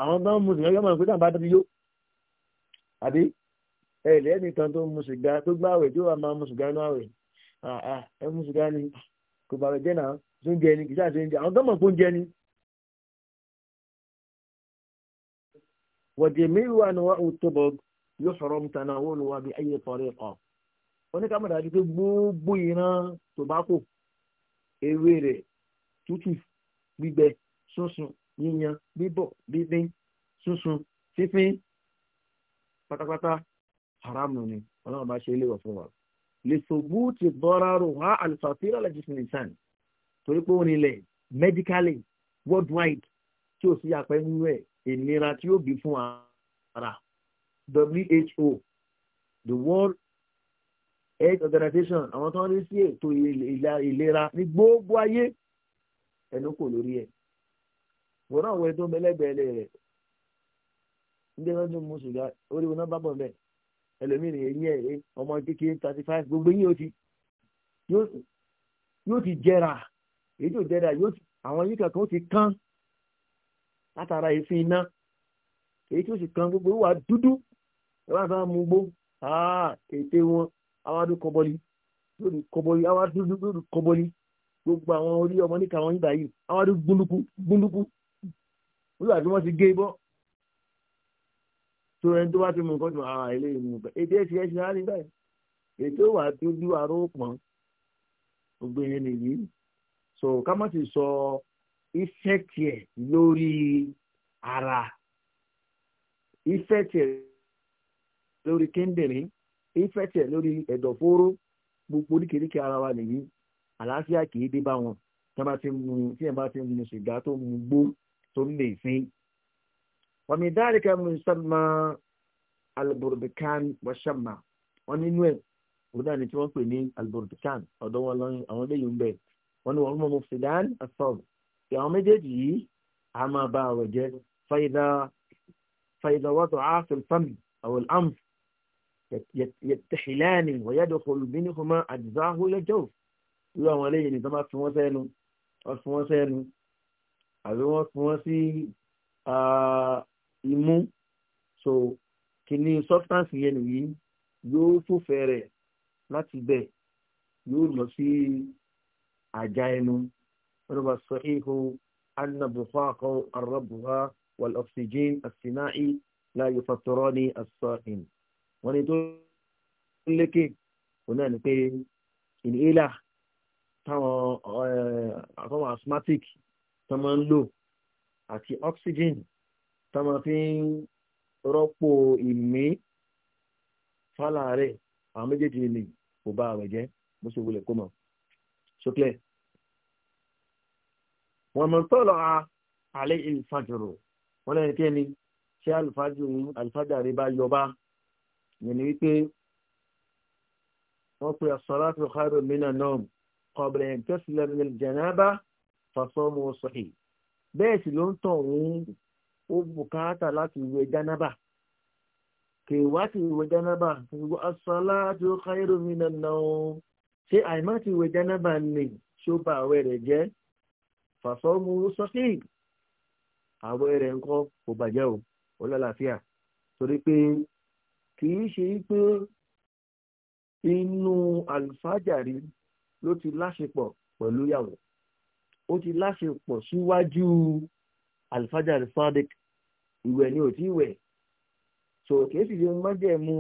àwọn bá ń mu sìgá yọmọ ìpínlẹ̀ bá dájú yó àbí ẹ̀lẹ́ nìkan tó mu sìgá tó gbá àwẹ̀ tó wà máa mu sìgá inú àwẹ̀ ẹ mu sìgá ni kò bá rẹ̀ jẹ́ tó ń jẹ ni kì í ń jẹ àwọn tó mọ̀ pé ó ń jẹ ni. wọ̀dì mi wà ní wàá tó bọ̀ yóò sọ̀rọ̀ mu tàn náà wọ́n wà bí ayé tọ́rẹ́ kọ́ oníkàmọ́ dájú yíyan bíbọ̀ bíbín sísun fífín pátápátá haramu ni ọlọ́run bá ṣe léwọ̀ fún wa lè ṣògbú ti bọ́ra rò wá àlùfàfíà lọ́jọ́ sí nìsan torí pé ó nílẹ̀ medically worldwide tí ò sí apẹ́ nínú ẹ̀ ìnira tí ó bí fún ara WHO the world health organization àwọn tó ń rí sí ètò ìlera ní gbogbo ayé ẹnu kò lórí ẹ̀ wọ́n náà wọ ẹni tó ń bẹ lẹ́gbẹ̀ẹ́ rẹ̀ ndé wọn tún mú sùgá orí wọn bá bọ̀ mẹ́ ẹlòmíì rè eyín ẹ̀ ọmọ kékeré thirty five gbogbo yín yóò ti jẹrà èyí tó jẹrà àwọn yín kankan ó ti kán látara èéfín iná èyí tó sì kan gbogbo wà dúdú ẹ bá fẹ́ mú gbó ète wọn àwọn adó lórí kọbọlì àwọn lórí kọbọlì gbogbo àwọn orí ọmọ níka wọn yìí àwọn adó gbúndúkú gbúndúkú wíwà tí wọ́n ti gé bọ́ tó ẹni tó bá ti mú nǹkan tó àwọn ah, ilé ìmú bẹ́ẹ̀ ètò ẹ̀sì ẹ̀sì náà ní báyìí ètò ìwà tó ju àrò pọ̀n gbogbo yẹn nìyí so ká má ti sọ iṣẹ́ tiẹ̀ lórí ara iṣẹ́ tiẹ̀ lórí kíndìnrín iṣẹ́ tiẹ̀ lórí ẹ̀dọ̀fóró gbogbo oríkèéríkèé ara wa nìyí àlàáfíà kì í dé bá wọn tí wọn bá ti mú sìgá tó mú gbó tó ń lè sí. wàmí dáríkà mùsàlùmá alburbikan wàṣàmà wọn nínú ẹ wọn náà ni tí wọn pè ní alburbikan ọ̀dọ̀ wọn lọrin àwọn eléyìí ń bẹ wọn ni wọn mú mu sudan asọb ti àwọn méjèèjì yìí a máa ba àwẹ̀ jẹ́ fàyidà fàyidà wàtò àfẹl fami àwọn amf yẹtẹhìlẹ́ni wọ́yẹ́dọ̀kọ̀lù bí ní kò máa àdìsáhó lẹ́jọ́ àwọn eléyìí ni tó máa fi wọ́n sẹ́nu àbí wọ́n fi wọ́n sí imú so kìíní substance yẹn nìyí yóò fòfẹ́ rẹ̀ láti bẹ̀ yóò lọ sí àjà ẹnu wọn bá sọ ihu annabufa kan arabuha wal oxygen asinai láàyò fàtọrọ ní asọ́ìn wọn ni tó lékè òun náà ni pé inhaler táwọn asthmatic tó máa ń lò àti oxygen tó máa fi ń rọ́pò ìmí fálà rẹ̀ àwọn méjèèjì lè kò bá àwẹ̀ jẹ́ bó ṣe wulẹ̀ kó mọ̀ ṣókè. wọ́n mọ̀ tó lọ àlẹ́ ìfàjòrò wọ́n lẹ́yìn tí ẹni ṣé àlùfájàre bá yọba yẹn ni wípé wọ́n pe as-salatu khairun minan nawm qabla an tasila min al-janaba fàṣọ́mù sọ̀hìn bẹ́ẹ̀ sì ló ń tọ̀ òun ó bùkátà láti wẹ̀ jánábà kèwà ti wẹ̀ jánábà gbogbo asọ́lá tí ó ká èrò mi nànà o ṣé àìmá ti wẹ̀ jánábà ni ṣó bá àwẹ̀ rẹ̀ jẹ́ fàṣọ́mù sọ̀hìn àwẹ̀ rẹ̀ ńkọ́ kò bàjẹ́ o ó lálàáfíà torí pé kì í ṣe pé inú àlùfáàjà rí ló ti láṣepọ̀ pẹ̀lú ìyàwó ó ti láṣepọ̀ síwájú alifájàre sadik, ìwẹ̀ ni ò tí wẹ̀ so kìí sì ṣe mọ́jẹ̀mú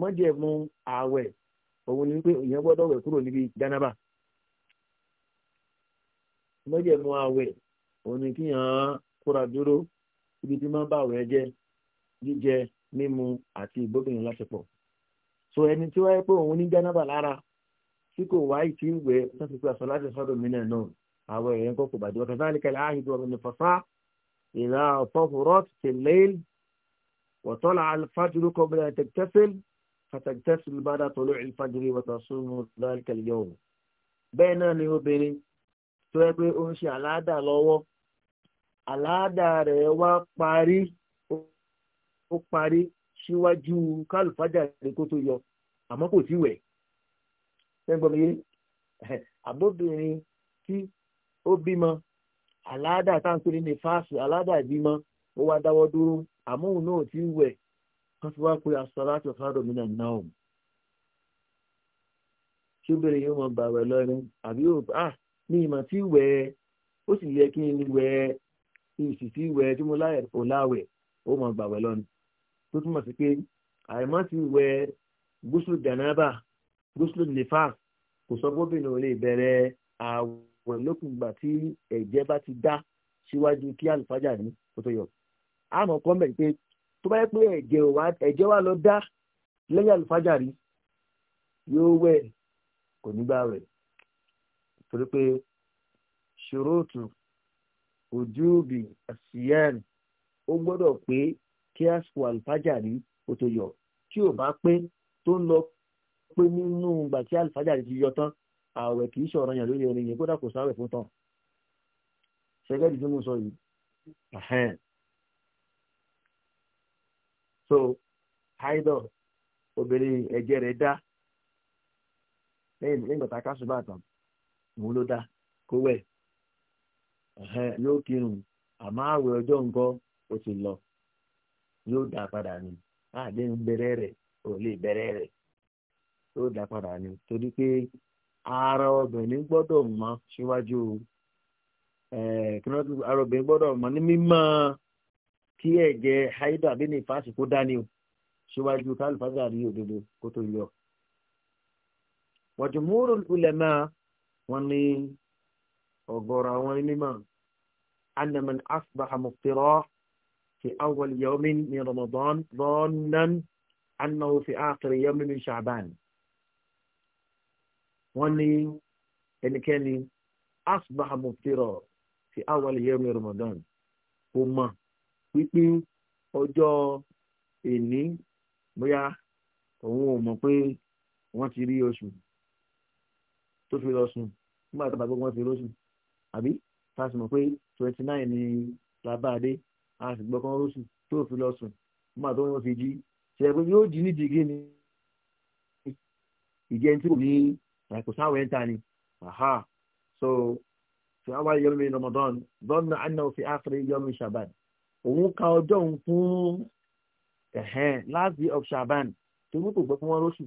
mọ́jẹ̀mú ààwẹ̀ òun ni pé ìyẹn gbọ́dọ̀ wẹ̀ kúrò níbi jánábà mọ́jẹ̀mú ààwẹ̀ òun ni kíyàn kóra dúró ibi tí máa ń bá àwẹ̀ jẹ jíjẹ mímu àti ìbóbìnrin láṣepọ̀ so ẹni tí wáyé pé òun ní jánábà lára tí kò wáyé tí ń wẹ̀ tó ti pé aṣọ láti sọ́dọ̀ mí náà náà àwọn èèyàn kò kò bàjẹ́ wọn kẹfà nìkan láàyè tó wọn fọ́fá ìlà ọ̀tọ́fùrọ́t tìlẹ́l wọ̀tọ́lá alifájúrú kọ́bílẹ̀ tẹ̀tẹ́fẹ́l fàtẹ̀tẹ́fẹ́l bá dà tọ́lú ìfájúrú wọ́tà súnmù lálẹ́kẹ̀l yọ̀wò. bẹ́ẹ̀ náà ni obìnrin tó yẹ pé ó ń ṣe àládà lọ́wọ́ àládà rẹ̀ wá parí ó parí síwájú kálùfájà rẹ̀ kó tó yọ àmọ́ kò tí wẹ̀ ṣẹ́gbọ́n yé àbóbìnrin tí ó bímọ aláàdà tá à ń pè ní fáàsì aláàdà ìbímọ ó wá dáwọ́ dúró àmóhùn náà ti ń wẹ̀ wọ́n ti wá pé asọ́láṣọ fáàdọ̀ mi náà náà ṣóbìnrin yóò mọ bàwẹ̀ lọ́rin àbí yóò à ní ah, ìmọ̀ tí wẹ̀ ó sì yẹ kí n wẹ̀ ìsì tí wẹ̀ tí mo láyẹ̀ ò láwẹ̀ ó mọ bàwẹ̀ lọ́rin tó túmọ̀ sí pé àìmọ́ ti wẹ̀ gúúsù jànáàbà gúúsùlù nìfà kò sọ gómìnà lè bẹ̀rẹ̀ àwẹ̀ lókun ìgbà tí ẹ̀jẹ̀ bá ti dá síwájú kí àlùfájà ní kó tó yọ. àmọ́ kọ́mẹ̀ pé tó bá yẹ pé ẹ̀jẹ̀ wa lọ dá lẹ́yìn àlùfájà rí yóò wẹ̀ kò ní gbà wẹ̀ torí pé ṣòrótù ojúbi àṣìyàn ó gbọ́dọ̀ pé kí àsìkò àlùfájà rí kó tí ò bá pé tó ń lọ pé nínú ìgbà tí alifájà ti yọ tán ààwẹ̀ kì í ṣọ̀rọ̀ yàn lórí ẹni yẹn kódà kò sáwẹ̀ fún tán ṣẹgẹ́dì tí mo sọ yìí so haidọ obìnrin ẹ̀jẹ̀ rẹ̀ dá lẹ́yìn lẹ́yìn bàtà kásùbà tán òun ló dá kó wẹ̀ yóò kírun àmọ́ àwẹ̀ ọjọ́ nǹkan ó ti lọ yóò dá padà ní àdéhùn bẹ̀rẹ̀ rẹ̀ ò lè bẹ̀rẹ̀ rẹ̀ yóò dá padà ni torí pé ara obìnrin gbọ́dọ̀ mọ́ síwájú kíndọ́tù ara obìnrin gbọ́dọ̀ mọ́ ní mímọ́ kí ẹ̀jẹ̀ haida bí ní ìfàsì kó dání o síwájú kálífàsà rí òdodo kó tó yọ. wàjúmúrò ulẹ̀mà wọn ní ọ̀gọ̀rọ̀ àwọn onímọ̀ anaman asbaha muftira fi awwal yawmin min ramadan dhannan annahu fi akhir yawmin min sha'ban wọ́n ní ẹnikẹ́ni asbaha muftira fi awal yawmi Ramadan kò mọ̀ wípé ọjọ́ èní bóyá òun ò mọ̀ pé wọ́n ti rí oṣù tó fi lọ sùn nígbà tó bá gbogbo wọn fi lóṣù àbí tá a sì mọ̀ pé twenty nine ni labáadé a sì gbọ́ kán lóṣù tó fi lọ sùn nígbà tó wọ́n fi jí ṣe é pé yóò jí nídìí gé ìjẹun tí kò ní kò sáwẹ̀ ń ta ni aha so fi awa yomi Ramadan dọ́nà àná fi àkèrè yomi Shaban òun ka ọjọ́ òun fún ẹ̀hẹ́n last day of Shaban tó mú kò gbọ́ fún wọn lóṣù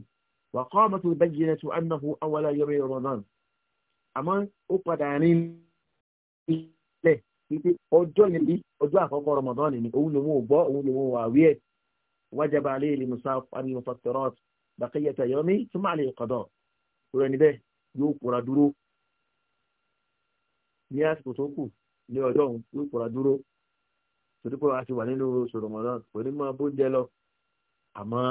wà kọ́ ọmọ tó bẹ́ẹ̀ jìnnà tó àná fún awala yomi Ramadan àmọ́ ó padà rìn ilẹ̀ wípé ọjọ́ níbi ọjọ́ àkọ́kọ́ Ramadan ni òun lòun ò gbọ́ òun lòun ò wà wí ẹ̀ wájaba alayhi musaf an yufattirat baqiyata yomi thumma alayhi qada rẹ níbẹ̀ yóò pòrà dúró ní àsìkò tó kù ní ọjọ́ òun yóò pòrà dúró torí pé a ti wà nínú oṣù rọmọdán kò ní máa bóúnjẹ lọ àmọ́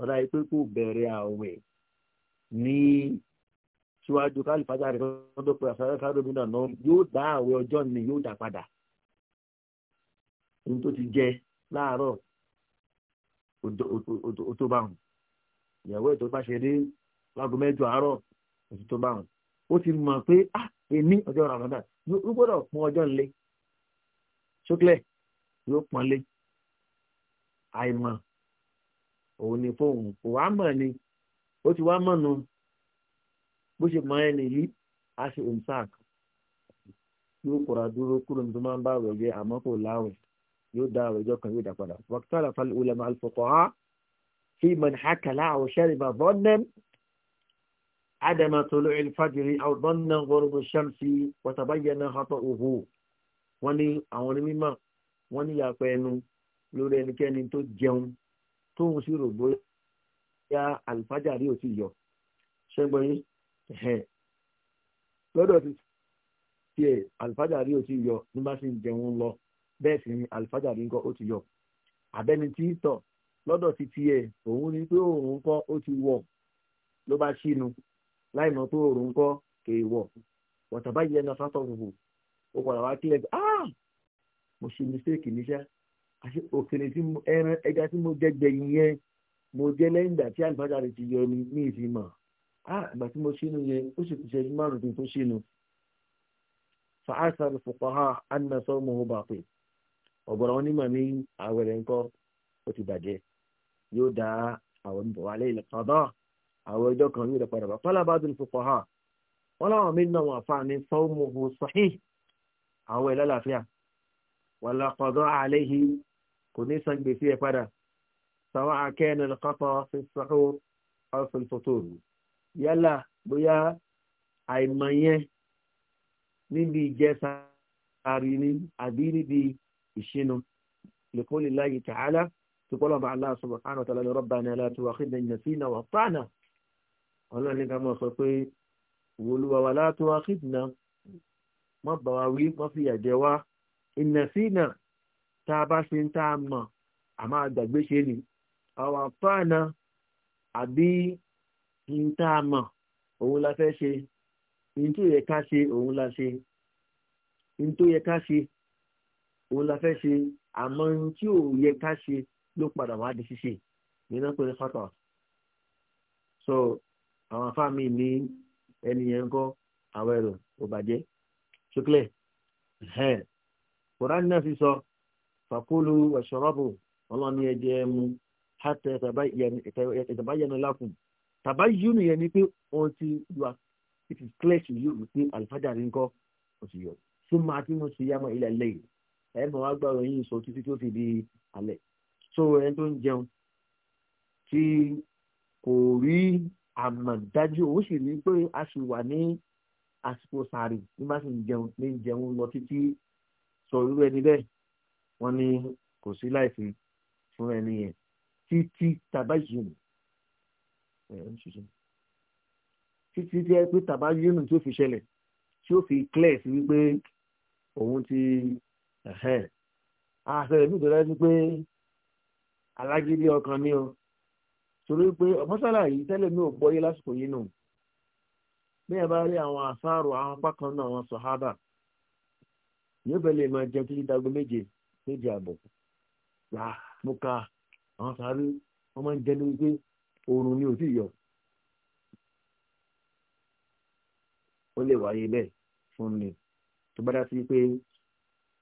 ọ̀dà yìí pé kò bẹ̀rẹ̀ àwẹ̀ ní síwájú kálífàjà rẹ̀ tó tó pé àfẹ́rẹ́ kárọ̀mínà náà yóò dá àwẹ̀ ọjọ́ ni yóò dá padà ohun tó ti jẹ láàárọ̀ òtó bá hùn ìyàwó ètò bá ṣe rí láago mẹ́jọ àárọ̀ oṣù tó bá wọn ó ti mọ̀ pé ah èmi ọjọ́ Ramadan ló gbọ́dọ̀ pọn ọjọ́ ńlẹ̀ ṣókèlè yóò pọn lé àìmọ̀ òun ni fóun kò wá mọ̀ ni ó ti wá mọ̀ nu bó ṣe mọ ẹni yìí a ṣe òǹsàk yóò kóra dúró kúrò ní tó máa ń bá àwẹ̀ jẹ àmọ́ kò láwẹ̀ yóò dá àwẹ̀ jọ kan yóò dá padà wàkútàlà falẹ̀ ulama al-fuqaha fi man hakala aw shariba dhannan عدم طلوع الفجر أو ظن غروب الشمس وتبين خطأه wọ́n ní àwọn onímọ̀ wọ́n ní yàpẹ̀ ẹnu lórí ẹnikẹ́ni tó jẹun tóun sì rò bóyá àlùfájà rí òtí yọ ṣẹ́gbọ́n yín lọ́dọ̀ ti tiẹ̀ àlùfájà rí òtí yọ ní bá sì ń jẹun lọ bẹ́ẹ̀ sì ni àlùfájà rí nǹkan ó ti yọ àbẹ́ni tí tọ̀ lọ́dọ̀ ti tiẹ̀ òun ni pé òun kọ́ ó ti wọ̀ ló bá ṣínu láì mọ̀ pé òòrùn ń kọ́ kèé wọ̀ wọ̀tàbá yẹn náà sátọ̀ òhù ó padà wá kílẹ̀ ah mo ṣe mistake níṣẹ́ àti òkèlè tí mo ẹran ẹja tí mo jẹ gbẹ̀yìn yẹn mo jẹ lẹ́yìn ìgbà tí àlùfáàjà rẹ ti yọ ni ní ìfimọ̀ ah ìgbà tí mo ṣínú yẹn ó sì kùsẹ̀ ní márùn tuntun ṣínú. fàásà fòkànhà àná sọ́mọ́ ọba pé ọ̀gbọ̀rọ̀ onímọ̀ ní àwẹ̀rẹ̀ ńkọ́ ó ti bàjẹ́ yóò dá àwọn ìbọ̀wálé ìlẹ̀kọ̀ọ́dọ́ àwọn ẹjọ́ kan yóò padà bá pálábàdùn fuqaha wọn láwọn mí náà wọn àfààní sawmuhu sahih àwọn ẹ̀ lálàáfíà wà lápọ̀dọ́ àléhi kò ní san gbèsè ẹ̀ padà sàwọn akẹ́ni lọ́kọ́tọ̀ fi sahur ọ̀fìn fòtòrò yálà bóyá àìmọ̀ yẹn níbi ìjẹsàárì ni àbí níbi ìṣinu lèkólè láyé tààlà tukọ́lọ́ba aláṣọ bàkánà tààlà lọ́rọ̀ bá ní aláṣọ wàhídẹ̀ ìyẹn ọlọ́run ní ká máa sọ pé wòlúwa wà látó akíndìnà má bà wá wí má fìyà jẹ wá ìnàsínà tá a bá ṣe ń tá a mọ̀ àmọ́ àgbàgbé ṣe ni àwọn àfáànà àbí ń tá a mọ̀ òun la fẹ́ ṣe ní yẹ ká ṣe òun la ṣe ní yẹ ká ṣe òun la fẹ́ ṣe àmọ́ tí ò yẹ ká ṣe ló padà wá di ṣíṣe ìyẹn náà pé ní fata so àwọn afáàmì ní ẹni yẹn kọ́ àwọn ẹ̀rọ ò bàjẹ́ ṣókèlè kòrán náà fi sọ fàkúlù ẹ̀ṣọ́rọ́bù ọlọ́ni ẹ̀jẹ̀ mu hàtẹ́ ìtàbáyẹnu lákùn tàbáyẹnu yẹn ni pé wọ́n ti wà it is clear to you pé àlùfáàjà rí nǹkan ó ti yọ súnmọ́ àti mo sì yàmọ̀ ilẹ̀ lẹ́yìn ẹ̀ mọ̀ wá gbàgbọ́ yín sọ títí tó fi di alẹ́ so ẹni tó ń jẹun tí kò rí àmọ̀ dájú òun sì rí pé a sì wà ní àsìkò sàárì ní bá sì ń jẹun ní jẹun lọ títí sọ irú ẹni bẹ́ẹ̀ wọ́n ní kò sí láìsí fún ẹni yẹn títí tabayinu títí tí ẹ pé tabayinu tó fi ṣẹlẹ̀ tí ó fi clear sí wípé òun ti àṣẹ ìlú ìdọ́lá pé alágídí ọkàn ni o torí pé mọ́sálà yìí tẹ́lẹ̀ mi ò gbọ́yé lásìkò yìí nù bí ẹ bá rí àwọn àsáàrò àwọn apá kan náà àwọn sọ̀hábà yóò bẹ̀lẹ̀ máa jẹun títí dago méje méje àbọ̀ là mo ka àwọn sáré wọ́n máa ń jẹ́ ní wípé oorun ni ò sì yọ. ó lè wáyé bẹ́ẹ̀ fún mi tó bá dá sí pé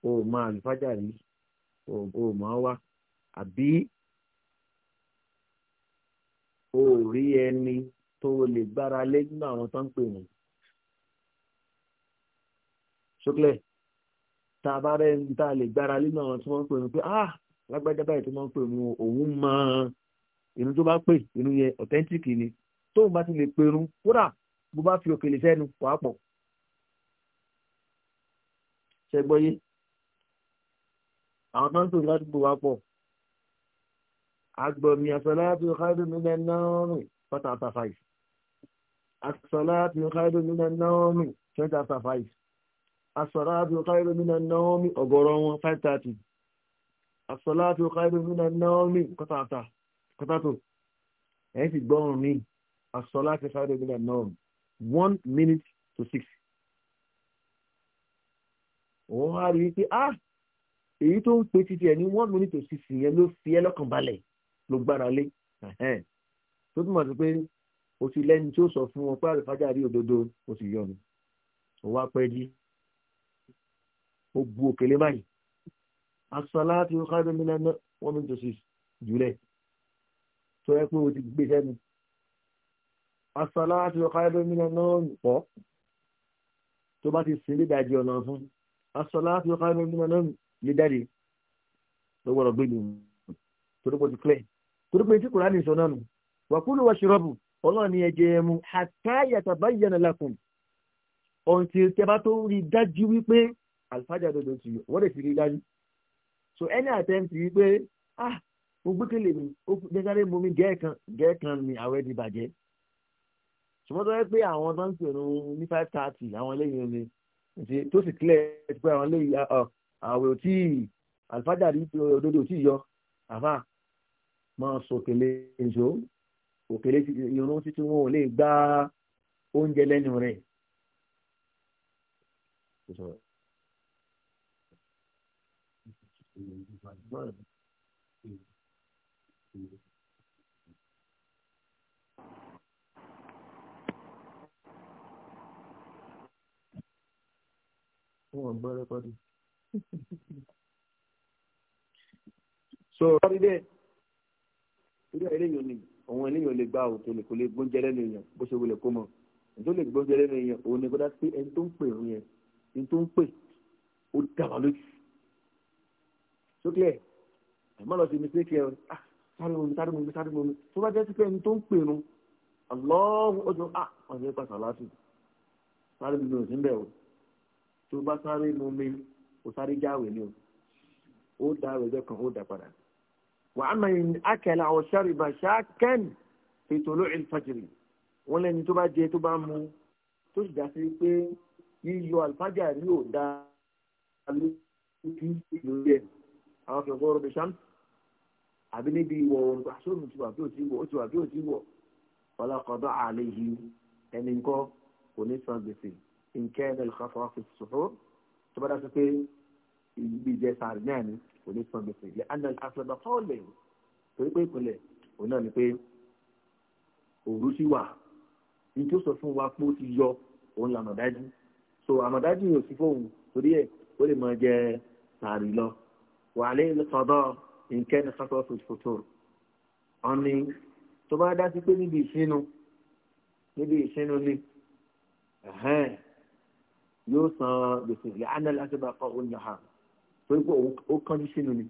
o máa lùfájà rí o máa wá àbí o ò rí ẹni tó o lè gbára lé nínú àwọn tó ń pè wọ́n. ṣókèlè tá a bá rẹ ní tá a lè gbára lé nínú àwọn tí wọ́n pè wọ́n pé ah lágbájá báyìí tí wọ́n ń pè wọ́n òun mọ inú tó bá pè inú yẹn authentic ni tóun bá ti lè perun kódà bó bá fi òkèlè sẹ́nu wàá pọ̀. ṣẹgbọ́n yé àwọn tó ń pè ládùúgbò wá pọ̀ agbọ̀mí àsọ̀láàtì ọ̀kádù nílẹ̀ náà rìn quarter after five àsọ̀láàtì ọ̀kádù nílẹ̀ náà rìn twenty after five àsọ̀láàtì ọ̀kádù nílẹ̀ náà rìn ọ̀gọ̀rọ̀ wọn five thirty àsọ̀láàtì ọ̀kádù nílẹ̀ náà rìn quarter after quarter two ẹ̀yìn sì gbọ́rùn mi àsọ̀láàtì ọ̀kádù nílẹ̀ náà rìn one minute to six òun á rí i pé ah èyí tó ń pe títí ẹ̀ ní one minute to six yẹn ló fi ẹ́ lọ́kàn balẹ̀ ló gbára lé hmm. tó túmọ̀ sí pé o ti lẹ́ni tí ó sọ fún wọn pé àlùfájà rí òdodo o sì yọnu o wá pẹ́ jí o bu òkèlè báyìí asọ́lá tí o kájọ mi lẹ́nu wọ́n mi tòṣì jùlẹ̀ tó yẹ pé o ti gbé sẹ́nu asọ́lá tí o kájọ mi lẹ́nu pọ̀ tó bá ti sin dídájí ọ̀nà fún asọ́lá tí o kájọ mi lẹ́nu lè jáde tó gbọ́dọ̀ gbé lù clear torí pé tí kùránì sọ náà nù wàkúlù wàṣírọ́bù ọlọ́run ni ẹ̀jẹ̀ ẹ̀mú àtàyàtà báyìí yẹn lákùn ọ̀ǹtì tẹ́bá tó rí dájú wípé alifájà dodo ti yọ wọ́n lè fi rí dájú so any attempt wípé ah mo gbẹ́kẹ̀lé mi ó dẹ́sáré mú mi gẹ́ẹ̀kan gẹ́ẹ̀kan mi àwẹ̀ di bàjẹ́ ṣùgbọ́n tó yẹ pé àwọn tó ń pèrò ní five thirty àwọn eléyìí ni tó sì clear pé àwọn eléyìí ah, ah, àwẹ̀ ò tí alifájà rí òdodo ò tí yọ àfáà máa sòkèlè ìjó òkèlè irun títí wọn ò lè gba oúnjẹ lẹ́nu rẹ̀. Wọ́n gbọ́dọ̀ pàdé. So, what is torí ẹ léyìn ni òun eléyìn lè gba òkè kò lè gbóúnjẹ lẹ́nu èèyàn bó ṣe wulẹ̀ kó mọ̀ ẹni tó lè gbóúnjẹ lẹ́nu èèyàn òun ni kó dá sí ẹni tó ń pè òun yẹn ẹni tó ń pè ó dàbà lójú sókè ẹ àmọ́ lọ sí mi sí ẹ ah sáré omi sáré omi sáré omi tó bá jẹ́ sí pé ẹni tó ń pè òun àlọ́ọ̀hún ó jọ ah wọn pàṣẹ aláṣù sáré omi ò sí ń o tó bá sáré omi ò sáré jáwèé ni o ó dá àwẹ̀jọ kan ó dá padà وعمن أكل أو شرب شاكا في طلوع الفجر wọ́n lẹ́ni tó bá jẹ tó bá mu tó sì dásí pé yíyọ àlùfájà rí ò dá lójú lórí ẹ̀ àwọn akẹ́kọ̀ọ́ ọ̀rọ̀ bẹ̀sán àbí níbi ìwọ̀ oòrùn tó àṣọ òun ti wà bí ó ti wọ̀ ó ti wà bí ó ti wọ̀ ọlọ́kọ̀ọ́dọ́ àlẹ́ yìí ẹni nǹkan kò ní san gbèsè nǹkẹ́ ẹ̀ lọ́kọ̀ fọwọ́ fi sọ̀rọ̀ tó bá dásí pé ìbí jẹ sàrì náà ni kò ní san gbèsè ilẹ̀ anna àfẹnà fọ́ọ̀lẹ̀ torí pé ìpínlẹ̀ òun náà ni pé òru ti wà ní tí sọ fún wa pé ó ti yọ òun lànà dájú so àmọ̀ dájú yóò sí fóun torí ẹ̀ ó lè máa jẹ sàárì lọ wàhálẹ́ ìlọ́sọ̀dọ̀ nǹkẹ́ ní sọ́tọ̀ fòtò ọ̀ni tó bá dá sí pé níbi ìsinu níbi ìsinu ni yóò san gbèsè ilẹ̀ anna àfẹnà fọ́ọ̀lẹ̀ torí pé òun ó kánjú sínú ni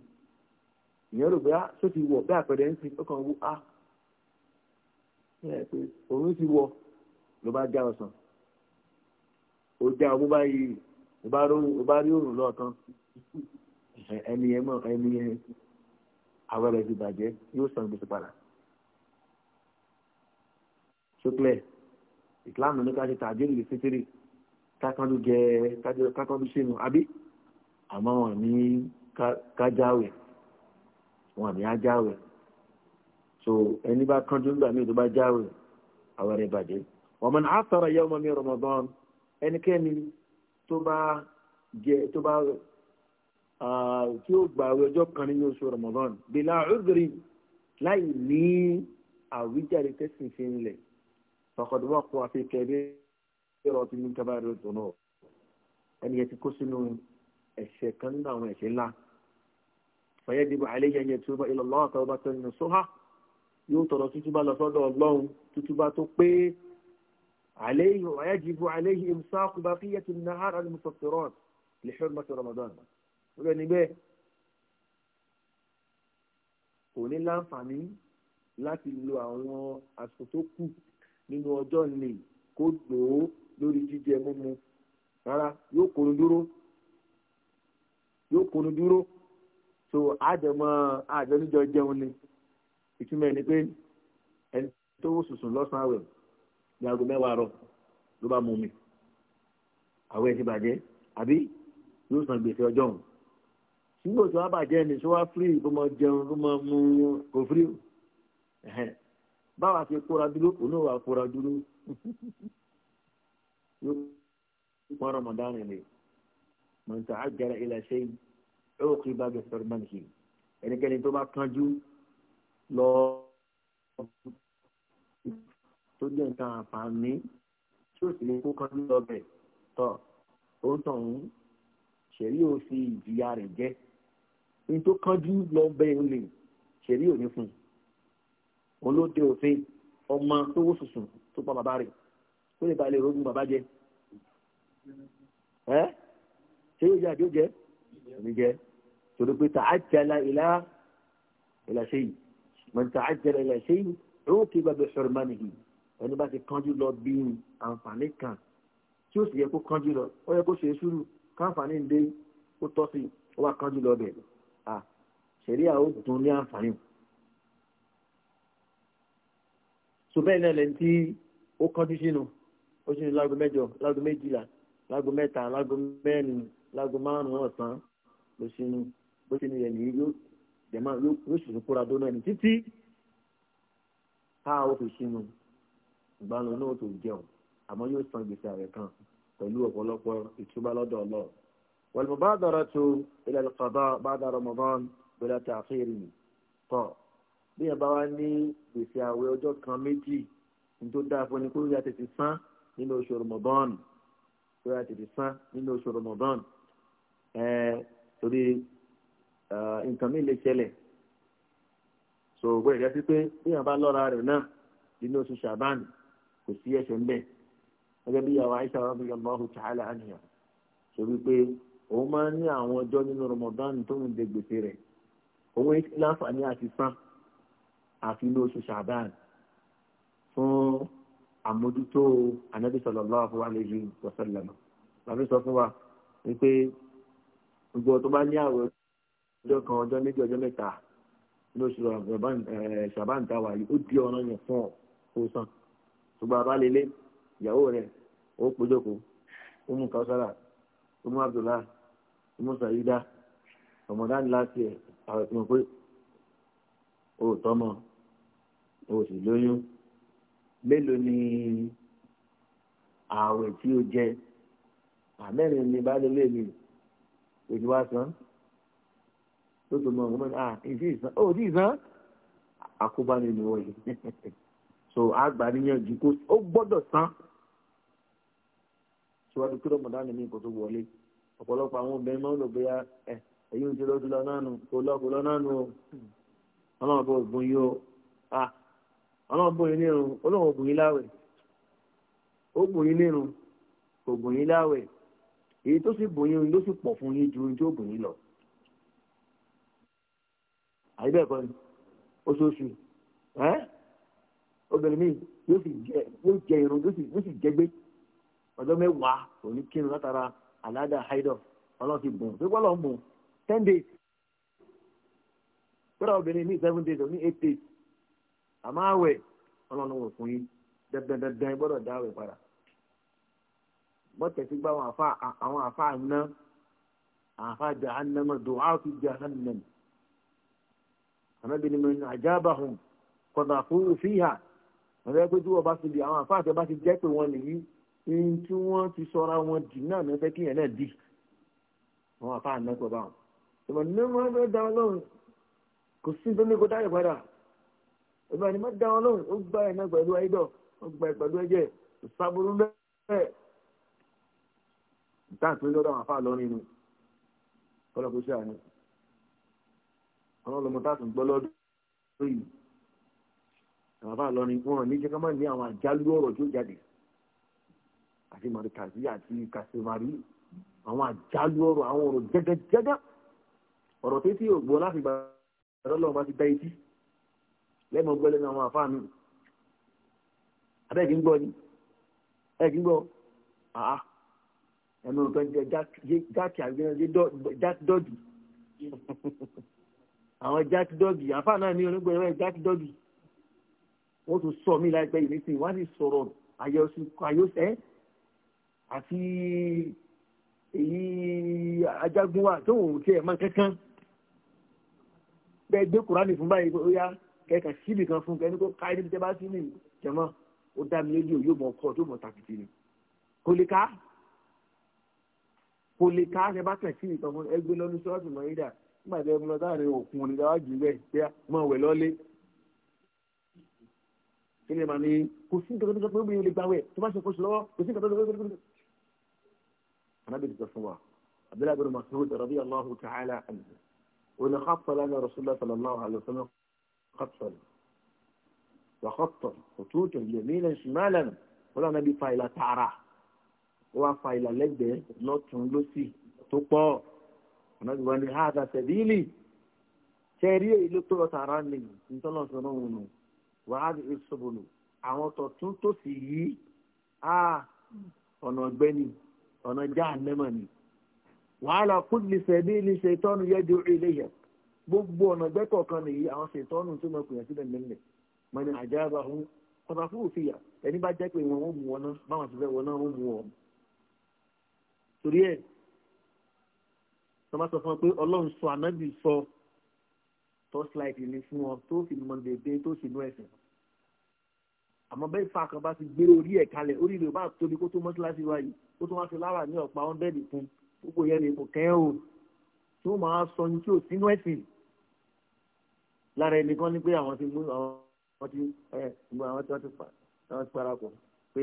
ìyẹn rò pé á ah, tó ti wọ̀ bí àpẹẹrẹ ń sin ó kàn wú á ah. pé òun ti wọ ló bá já ọsàn ó já ọmú báyìí ó bá rí òrùn lọ́ọ̀kan ẹni yẹn mọ ẹni yẹn àwọn ẹ̀rọ ti bàjẹ́ yóò san gbèsè padà ṣókèlè ìsìláàmù ní ká ṣe tàbí ìlú fitiri kákanú jẹ kákanú sínú àbí àmọ́ wọn ní kájáwé wọn ní ajáwé so ẹni bá kánjú nígbà míì tó bá jáwé àwọn rẹ̀ bàjẹ́ wọn mọ̀ ní àtọ̀rọ̀ yẹ́ ọmọ mi Ramadan ẹnikẹ́ni tó bá jẹ tó bá tí ó gba àwọn ọjọ́ kan nínú oṣù Ramadan bìlà ọ̀gẹ̀rì láì ní àwíjàre tẹ̀sìn fi ń lẹ̀ fàkọ̀dúnwà kó àfi kẹ́ẹ́bí ẹ̀rọ ti ní kábàárẹ̀ tó náà ẹni yẹn ti kó sínú ẹ̀ṣẹ̀ kan nínú àwọn ẹ̀ṣẹ̀ ńlá fọyẹ́ dìbò àìlẹ́yẹ yẹn tó bá ilẹ̀ lọ́wọ́ àtàwọn bá tó nínú sóhá yóò tọrọ tútúbá lọ sọ́dọ̀ ọlọ́run tútúbá tó pé àìlẹ́yìn ọ̀yẹ́ dìbò àìlẹ́yìn ìmùsáàkù bá fíyẹ́ ti nà hàrà ní mùsọ̀tìrọ̀n lè fẹ́ mọ́tò ramadan rẹ̀ níbẹ̀ kò láǹfààní láti lo àwọn àsìkò tó kù nínú ọjọ́ nì kó lò lórí jíjẹ mímu rárá yóò kóró dúró yóò kunu dúró so àjẹmọ́ àjẹnújọ jẹun ni ìtumọ̀ ẹni pé ẹni tó sùsùn lọ́sàn-án rẹ̀ ní aago mẹ́wàá rọ̀ ló bá mú mi àwọn ẹ̀sìn bàjẹ́ àbí yóò san gbèsè ọjọ́ òun sígbò tí wọ́n bàjẹ́ ni sọ wá fírí kó mọ jẹun kó mọ mú kó fírí báwa ṣe kóra dúró òun náà wà kóra dúró yóò pọn rọmọdánù ni mọ̀ntàn àjẹrẹ ilẹ̀ ṣẹ́yìn ó kì í bá bẹ sọ̀rọ̀ máa nìyí ẹnikẹ́ni tó bá kánjú lọ tó jẹ́ nǹkan àǹfààní tí ó sì lè kó kánjú lọ bẹ̀ tọ̀ ó ń tàn ń ṣẹ̀rí ò fi ìjìyà rẹ̀ jẹ́ ní tó kánjú lọ bẹ̀ ó lè ṣẹ̀rí ò ní fún un olóde òfin ọmọ tó wó sùsùn tó ba lè rogún bàbá jẹ ẹ́ ṣé yóò torí pé tàájàlá ìlà ìlà ṣéyìn mọ̀ tàájàlá ìlà ṣéyìn ó kí bàbá sọ̀rọ̀ máa nìyí ẹni bá ti kánjú lọ bí àǹfààní kan tí ó sì yẹ kó kánjú lọ ó yẹ kó ṣe sùúrù káǹfààní ń dé ó tọ́ sí ó wá kánjú lọ bẹ̀rẹ̀ à ṣẹ̀rí à ó dùn ní àǹfààní. so bẹ́ẹ̀ náà lẹ́yìn tí ó kánjú sínú ó sínú láago mẹ́jọ láago méjìlá láago mẹ́ta láago mẹ́rin láago márùn-ún ọ̀sán ló sínú bó ṣe nìyẹn nìyí yóò jẹ̀mọ́ yóò sì kóra dó náà ní títí tá a ó fi sínú ìgbàlọ́ náà tó jẹun àmọ́ yóò san gbèsè rẹ̀ kan pẹ̀lú ọ̀pọ̀lọpọ̀ ìtúbà lọ́dọ̀ ọlọ́run wọ̀lùmọ̀ bá dára tó ilẹ̀ ìkọ̀dọ̀ bá dára mọ̀dán bẹ̀rẹ̀ tà àfihàn mi tọ̀ bí ẹ bá wá ní gbèsè àwẹ̀ ọjọ́ kan méjì ní tó dáa fún ni kó yà tètè san nínú oṣù rọmọdán kó yà tètè san nínú oṣù rọmọdán ẹ torí Eh, nǹkan mi lè ṣẹlẹ̀ so gbọ́dọ̀ ìjẹ́ sí pé bíyàn bá lọ́ra rẹ̀ náà nínú oṣù ṣàbáàmì kò sí ẹ̀ṣẹ̀ ń bẹ̀ gẹ́gẹ́ bí àwọn Aisha rabi allahu ta'ala aniyan ṣe wípé òun máa ń ní àwọn ọjọ́ nínú Ramadan tó ń de gbèsè rẹ̀ òun láǹfààní àti san àfi ní oṣù ṣàbáàmì fún àmójútó anabi sallallahu alayhi wa sallam làbí sọ fún wa wípé gbogbo tó bá ní àwẹ̀ ọjọ́ kan ọjọ́ méjì ọjọ́ mẹ́ta ní oṣù ṣàbáǹ táwa yìí ó di ọ̀ràn yẹn fún ọ kó san ṣùgbọ́n abá lélẹ̀ ìyàwó rẹ̀ ó péjọpọ̀ ó mú kausara ó mú abdullahi ó mú sayida ọmọdán láti ẹ̀ àwọn ìpinnu pé ó tọ́mọ ó sì lóyún mélòó ni ààwẹ̀ tí ó jẹ àmẹ́rin ni baálé mi òjò wá san lótò mọ ọmọ ah, ìdí ìsàn ó ìdí ìsàn àkóbá ni ni wọ́n yìí so àgbà níyànjú kó ó gbọ́dọ̀ san síwájú kí lọ́mọdá ni mí kò tó wọlé ọ̀pọ̀lọpọ̀ àwọn obìnrin máa ń lò bóyá ẹ ẹ̀yìn ti lọ́dún lọ náà nù kó lọ́kùn lọ náà nù o ọlọ́run bó ògùn yìí o à ah, ọlọ́run bó yìí nírun ọlọ́run ògùn yìí láwẹ̀ ògùn yìí nírun ògùn yìí láwẹ̀ èyí tó sì bùn yín ló sì pọ̀ fún yín ju ohun tí ògùn yìí lọ àyè bẹ́ẹ̀ kọ́ ni oṣooṣù obìnrin míì yóò sì jẹ yóò jẹ irun yóò sì jẹgbé ọjọ́ mẹ́wàá òní kírun látara àládà haidọ̀ ọlọ́run ti bùn pípọ́ lọ́n bùn ten days pẹ́rọ obìnrin míì seven days òní eight days àmọ́ àwẹ̀ ọlọ́run wò fún yín dandandandan gbọ́dọ̀ dá àwẹ̀ padà bọ́tẹ̀sí gba àwọn àfa àná àwọn àfa àná àfa jahannama dùn to jahannama ànábì ni mẹ́rin àjábàhùn kọ̀dà fúru fíhà ọ̀rẹ́ pé tí wọ́n bá ti di àwọn àfáà tẹ bá ti jẹ́ pé wọ́n nìyí ní tí wọ́n ti sọra wọn dì náà ní fẹ́ kíyàn náà dì wọ́n àfáà náà pọ̀ báwọn. ìmọ̀ ní wọ́n fẹ́ da ọlọ́run kò sí tó kó dáyẹ̀ padà ìmọ̀ ní wọ́n da ọlọ́run ó gbá ẹ̀ náà pẹ̀lú ẹ̀dọ̀ ó gbá ẹ̀ pẹ̀lú ẹ̀jẹ̀ ìsàbùrù bẹ́ẹ̀. ìtàn àwọn ọlọmọ tá a tún gbọ́ lọ́dún lóyìn àwọn bá lọ ní wọn ní jẹ́ ká má ní àwọn àjálù ọ̀rọ̀ tó jáde àti màdìkàsí àti kàṣemàrí àwọn àjálù ọ̀rọ̀ àwọn ọ̀rọ̀ jẹ́gẹ́jẹ́gẹ́ ọ̀rọ̀ tó tí ò gbọ́ láti gbà lọ́lọ́run bá ti dá etí lẹ́mọ̀ gbẹ́lẹ́ ní àwọn àfáà mi abẹ́ẹ̀kì gbọ́ ni ẹ̀kì gbọ́ àá ẹnu nǹkan jẹ́ jákè àgbẹ̀rẹ̀ dọ́ọ̀dì àwọn jákì dọ́gì àfa náà ní onígbọ̀n ẹ̀rọ jákì dọ́gì wọ́n tún sọ mí láìpẹ́ yìí nísìnyí wọ́n á sì sọ̀rọ̀ àyọ̀sẹ̀ àti èyí ajagun wa tó wọ́n tiẹ̀ máa kankan bẹ́ẹ̀ gbé kúránì fún báyìí ó yá kẹ́kàn síbì kan fún kẹ́ni kó káyé níbi tẹ́ bá sí nìyí jẹ̀mọ́ ó dá mi lójú yóò mọ̀ ọkọ̀ tó mọ̀ tàkìtì ni kò lè ká kò lè ká ẹ bá kàn sí ìtàn ẹgbẹ́ lọ́nu sọ́ọ̀tù mọ́ gbàdé ọmọ láàrin òkun ní dáwà jù bẹ́ẹ̀ pé mọ̀ wẹ̀ lọ́lé kí ni màá ní kò sí nǹkan tó pé obìnrin lè gbà wẹ̀ tó bá ṣe kóṣù lọ́wọ́ kò sí nǹkan tó pé obìnrin lè gbà anábìrì sọ fún wa abdullahi bin masud rabi allahu ta'ala anhu wọn ni xafa lana rasulillah sallallahu alayhi wa sallam xafal wa xafal kutuutan yaminan shimalan wọn làwọn nabi fa ìlà tààrà wọn fa ìlà lẹ́gbẹ̀ẹ́ lọ́tùn lósì tó pọ̀. ànábì wọn ni hàdà sẹ̀bílì ṣe rí èyí ló tó ọ̀tà ara ni nítorí ọ̀sán náà wọn nù wàhálà ìṣòbòlù àwọn tọ̀tún tó sì yí ọ̀nà ọ̀gbẹ́ni ọ̀nà jáàmẹ́mọ̀ ni wàhálà kúndì sẹ̀bílì ṣètọ́nù yẹ́dì iléyẹ gbogbo ọ̀nà gbẹ́kọ̀ọ̀kan nìyí àwọn ṣètọ́nù tó mọ̀ kùyà sílẹ̀ nílẹ̀ mọ̀ni àjábà hún kọ̀tà wọ́n bá sọ fún ọ pé ọlọ́run sọ ànábì sọ torchlight ni fún ọ tó sì mọ dèdè tó sì nú ẹsẹ̀ àmọ́ bẹ́ẹ̀ fa kan bá ti gbé orí ẹ̀ kalẹ̀ orí rẹ̀ bá tóbi kó tó mọ́ṣáláṣí wa yìí kó tó wá sí lára ní ọ̀pá ọ̀ndẹ́ẹ̀dì fún gbogbo yẹn ni kò kẹ́ o tí wọ́n máa sọ ní tí ò sínú ẹ̀sìn lára ẹni kan ní pé àwọn ti mú àwọn ti ẹ gbogbo àwọn tí wọ́n ti parapọ̀ pé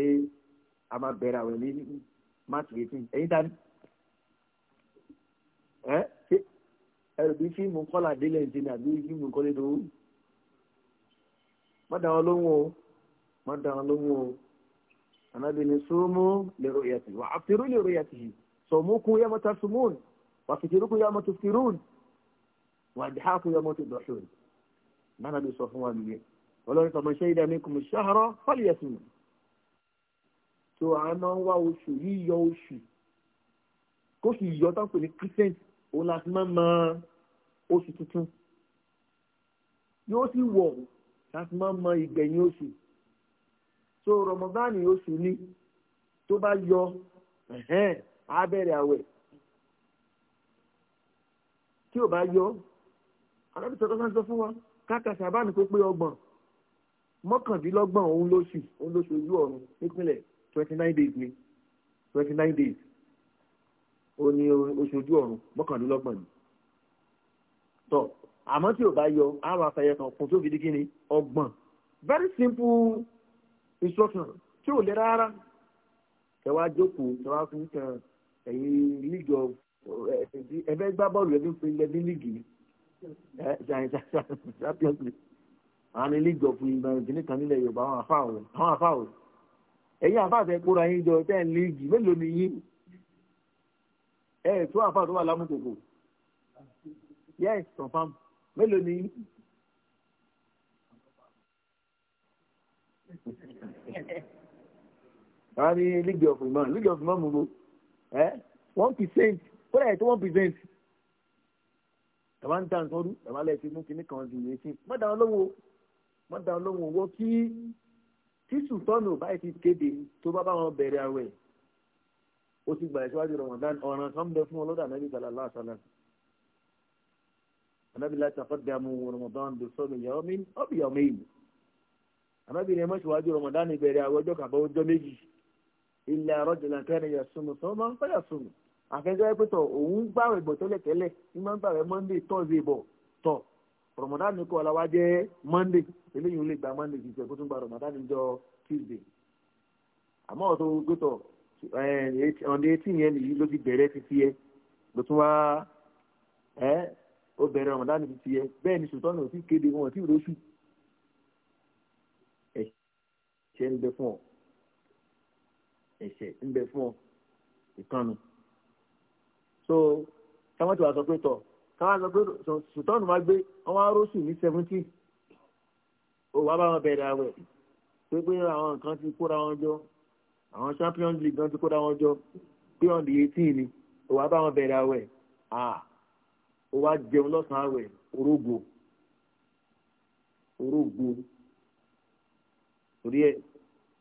a máa bẹ̀rẹ̀ àwẹ̀ ní march eighteen ẹ̀yin ta ẹ̀rù bí fíìmù kọ́là délẹ̀ ń ṣe ni àbí fíìmù kọ́lé tó wù má dáwọn lóhùn o má dáwọn lóhùn o anábìnrin sọ́mú lèrò yàtì wà á fìrú lèrò yàtì sọ̀mùkún yàmọ̀ tá sùmùn wà fìtìrúkún yàmọ̀ tó fìrún wà dìhákún yàmọ̀ tó dọ̀ṣùn nánà bí sọ fún wa nìyẹn ọlọ́run tọmọ iṣẹ́ ìdá mi kò mú ṣáhárọ́ fọ́lì yẹtì mi tó a wá oṣù yíyọ oṣù kó sì yọ tán pè ní òun la fi máa mọ oṣù tuntun yóò sì wọ̀ láti máa mọ ìgbẹ̀yìn oṣù so rọmọbáàni oṣù ni tó bá yọ á bẹ̀rẹ̀ àwẹ̀ tí ò bá yọ alábìtọ́ tó sọ fún wa káàkà sàbáàni kó pé ọgbọ̀n mọ́kàndínlọ́gbọ̀n òun lóṣù òun lóṣù ojú ọ̀run nípínlẹ̀ twenty nine days ni twenty nine days ó ní oṣoojú ọ̀run mọ́kànlélọ́gbọ̀n ni tọ́ àmọ́ tí ò bá yọ àwọn afẹ́yẹ kan kún tó gidi kíni ọgbọ̀n very simple instruction tí ò lè rárá ẹ wá jókòó ẹ wá fún kan ẹ̀yin league of ẹ̀fẹ́ gbá bọ́ọ̀lù ẹ̀mí fún ilẹ̀ ní league ni champions league àwọn ní league of ìgbìnì kan nílẹ̀ yorùbá àwọn afáwọ̀ ẹ̀yin afáfẹ́ kóra yín jọ ten league mélòó ni yín ẹ̀ tó àfà tó wà lámùkòkò yes confam mélòó ni wọ́n ní league of imam league of imam gbogbo ẹ̀ one percent ó rẹ̀ tó one percent tàbá ń ta nǹkan rú tàbá lẹ́yìn tí mú kinní kan ju yẹn sí mọ́dà ọlọ́wọ́ mọ́dà ọlọ́wọ́ wọ́n kí tí sùtọ́nù báyìí ti kéde tó bá bá wọn bẹ̀rẹ̀ àwẹ̀ ó ti gbà ìṣíwájú ramadan ọ̀ràn kan bẹ fún ọlọ́dà nàbí sàlálà àṣàlà anábì láti àfọ́dàmú ramadan bí sọ́nù yọmín ọ́bì yọmín anábì ní ẹmọ́ ìṣíwájú ramadan ìbẹ̀rẹ̀ àwọn ọjọ́ kàbọ̀ ọjọ́ méjì ilẹ̀ àrọ́jọ̀lá kẹ́rin yà sunu sọ́mọ́ fẹ́yà sunu àfẹ́jọ́ pẹ́tọ̀ òun gbàwẹ̀ bọ̀ tẹ́lẹ̀tẹ́lẹ̀ ní máa ń gbàwẹ̀ monday thursday bọ̀ tọ̀ ramadan kọ́ ọ̀la wá jẹ́ monday eléyìí ó lè gba monday kìí kó tún gba ramadan jọ tuesday àmọ́ ọ̀tọ̀ gbẹ́tọ̀ ọ̀nà eh, etí yẹn nìyí ló ti bẹ̀rẹ̀ títí yẹ ló tún wá ẹ́ ó bẹ̀rẹ̀ ramadan títí yẹ bẹ́ẹ̀ ni sùtọ́nù ò sì kéde wọn tí ìrọ́sù ẹ̀ṣẹ̀ ń bẹ fún ọ ẹ̀ṣẹ̀ ń bẹ fún ọ ìkànnì so táwọn ti wà sọ pé tọ̀ káwọn sọ pé sùtọ́nù wá gbé wọn wá ní seventy ó wá bá wọn bẹ̀rẹ̀ àwẹ̀ pé pé àwọn nǹkan ti kóra wọn jọ àwọn champions league náà ti kó dáwọn jọ pé on the eighteen ni ó wá bá wọn bẹ̀rẹ̀ àwẹ̀ ah ó wá jẹun lọ́sàn-án àwẹ̀ orógbó orógbó torí ẹ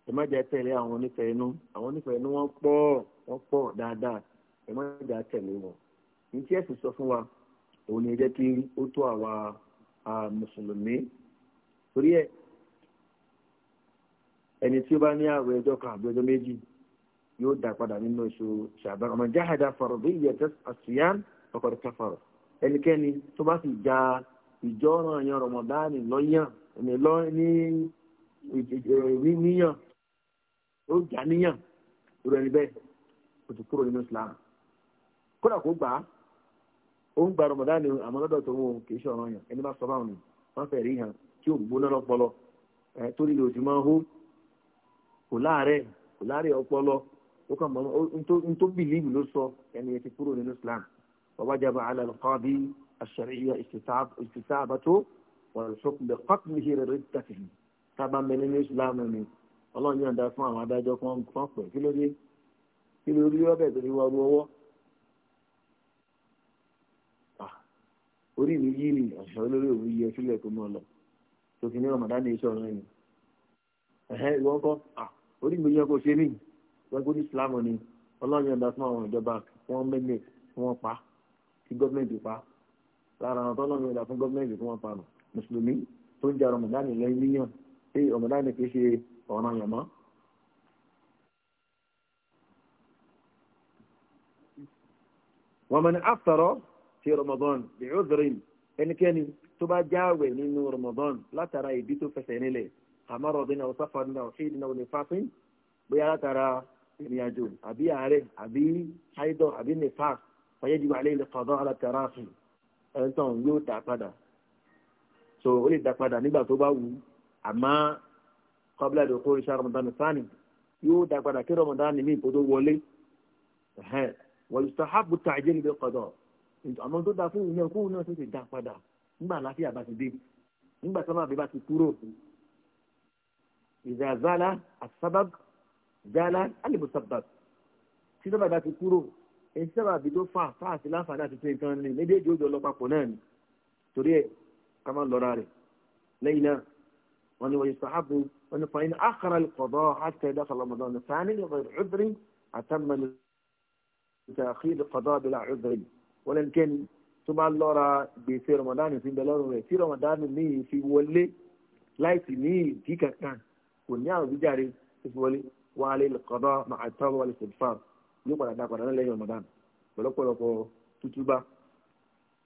ẹ má jẹ́ tẹ̀lé àwọn onífẹ̀ẹ́ inú àwọn onífẹ̀ẹ́ inú wọ́n pọ̀ wọ́n pọ̀ dáadáa ẹ má jẹ́ tẹ̀lé wọn ní tí ẹ̀sìn sọ fún wa òun ni ẹ jẹ́ kí ó tó àwa mùsùlùmí torí ẹ ẹni tí ó bá ní àwẹ̀ ọjọ́ kan àbí ọjọ́ méjì yóò dá padà nínú oṣù ṣàbá ọmọ jáhàdá fọrọ bí ìyẹ tẹ àṣìyàn ọkọọdẹ káfọrọ ẹnikẹ́ni tó bá sì ja ìjọ ọ̀ràn yan rọmọdánì lọ́yàn ẹni lọ ní ìwé níyàn ó jà níyàn irú ẹni bẹ́ẹ̀ ó ti kúrò nínú Islam kódà kó gbà á ó ń gba rọmọdánì àmọ́ lọ́dọ̀ tó wọn kì í ṣe ọ̀ràn yàn ẹni bá sọ báwọn ni wọ́n fẹ́ rí hàn tí ò gbóná lọ́pọlọ ẹ̀ tó lílo òsì máa ń hó kò láàárẹ̀ kò láàárẹ̀ ọpọlọ ó kàn mọ́ n tó bìlíìbù ló sọ ẹni yẹn ti kúrò nínú islam bàbá jaba alalqaadi asariya istitaabato wàlúṣọkùnbẹ kọtùmíhì rẹ rẹ tàkìlì tábà mẹ nínú islam ni ọlọ́run yóò dá fún àwọn adájọ́ kan kan kí ló dé kí ló rí ọbẹ̀ tó ru ọwọ́ orí mi yí ni àṣà olórí òun yẹ sílẹ̀ tó lọ tòkì ní ní iṣẹ́ ọ̀rọ̀ yìí ẹ̀hẹ́ ìwọ́n kọ́ orí mi yẹ kó ṣe mí gbẹgbẹ ní islam ni ọlọ́run yọ̀ǹda fún àwọn ìjọba wọn mẹ́lẹ̀ fún wọn pa tí gọ́ọ̀mẹ̀ntì pa lára àwọn tọ́lọ́run yọ̀ǹda fún gọ́ọ̀mẹ̀ntì fún wọn pa nù mùsùlùmí tó ń jà rọmọdánì lẹ́yìn níyàn pé rọmọdánì kì í ṣe ọ̀ràn yàn mọ́. wọ́n mọ̀ ní àfẹ́rọ́ ti rọmọdán bìí ó dìrín ẹnikẹ́ni tó bá jáwèé nínú rọmọdán látara ìdí tó fẹsẹ̀ nílẹ̀ àmọ́rọ̀ bí náà sáfà náà ṣé ìdí náà ní fásin bóyá látara ìrìn àjò àbí àárẹ̀ àbí haidọ̀ àbí nífà fàyẹ́ jù àlẹ́ ilẹ̀ kọ̀dọ̀ alátara fún ẹ̀ńtàn yóò dá padà so ó lè dá padà nígbà tó bá wù àmọ́ kọ́bílà ìdókòwò iṣẹ́ ramadan sani yóò dá padà kí ramadan ní ìbò tó wọlé wọ́n ìsọ̀hábù tàjẹ́ níbi kọ̀dọ̀ àmọ́ tó dá fún ìyẹn kóhùn náà ti dá padà nígbà àlàáfíà bá ti dé nígbà sábà bí bá ti kúrò إذا زال السبب زال المسبب سيدنا بدا تقولوا إن سبب بدو فا فا سلا فا ناس تقولين إن سبب جو جو لبا كونان تريه كما لوراري لينا وانو يستحب وانو فإن آخر القضاء حتى دخل رمضان الثاني غير عذر أتم تأخير القضاء بلا عذر ولكن ثم اللورا بيصير رمضان يصير بلا رمضان رمضان مي في ولي لا يصير في كتان kò ní àwọn ìbíjáre tó fi wọlé wọn alẹ́ kọ́dọ́ màá tọ́ wọlé sèfàm yóò padà dá padà lẹ́yìn ọmọdán pọ̀lọpọ̀lọpọ̀ tútúbá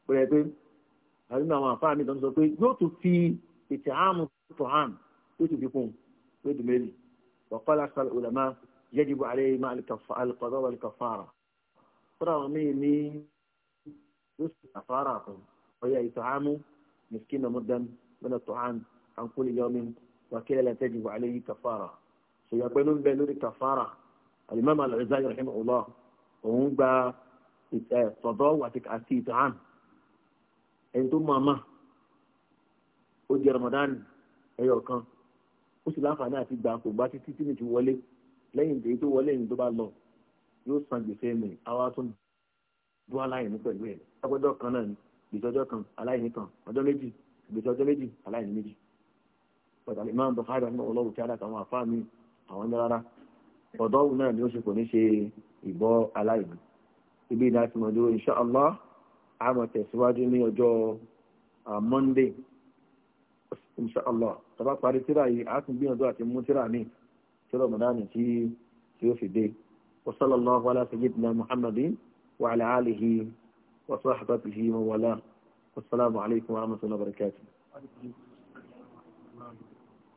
ó yẹ pé àdúgbò àwọn àfáà mi tọ́jú sọ pé yóò tún fi ètò àmú tó hàn yóò tún fi kún pé dùmẹ́lì wàkọ́lá sàlẹ̀ òlàmá yẹ́jìbù alẹ́ máa alìkọ́dọ́ wọlé kàfàrà fúnra wọn mí ní yóò sì kàfàrà fún ọyà ètò àmú mìsíkì nàmúdán mẹ́nà tó hàn àǹkólé yọmí وكلا لا تجب عليه كفارة سيقبلون بلوري كفارة الإمام العزاي رحمه الله وهم با صداء وتكأسي طعام أنتم ماما ودي رمضان أيوة كان ó sì láǹfààní àti gbà kò gbá títí tí mi ti wọlé lẹ́yìn èyí tó wọlé yìí tó bá lọ yóò san gbèsè mi àwa tún dún aláìní pẹ̀lú ẹ̀ ọgbọ́dọ̀ kan náà ni gbèsè ọjọ́ kan aláìní kan ọjọ́ méjì gbèsè ọjọ́ méjì aláìní méjì pẹ̀lú Imam Bukhari àti ọlọ́run tí aláàtàwọn àfáà mi àwọn ní rárá ọ̀dọ́ òun náà ni ó ṣe kò ní ṣe ìbọ aláìní ibi ìdá ti mọ̀ dúró insha Allah a máa tẹ̀síwájú ní ọjọ́ Monday insha Allah tọ́ba parí tíra yìí a tún gbìyànjú àti mú tíra mi tí Ramadan tí tí ó fi dé wa sallallahu ala sayyidina Muhammadin wa ala alihi wa sahbihi wa wala wassalamu alaikum wa rahmatullahi wa barakatuh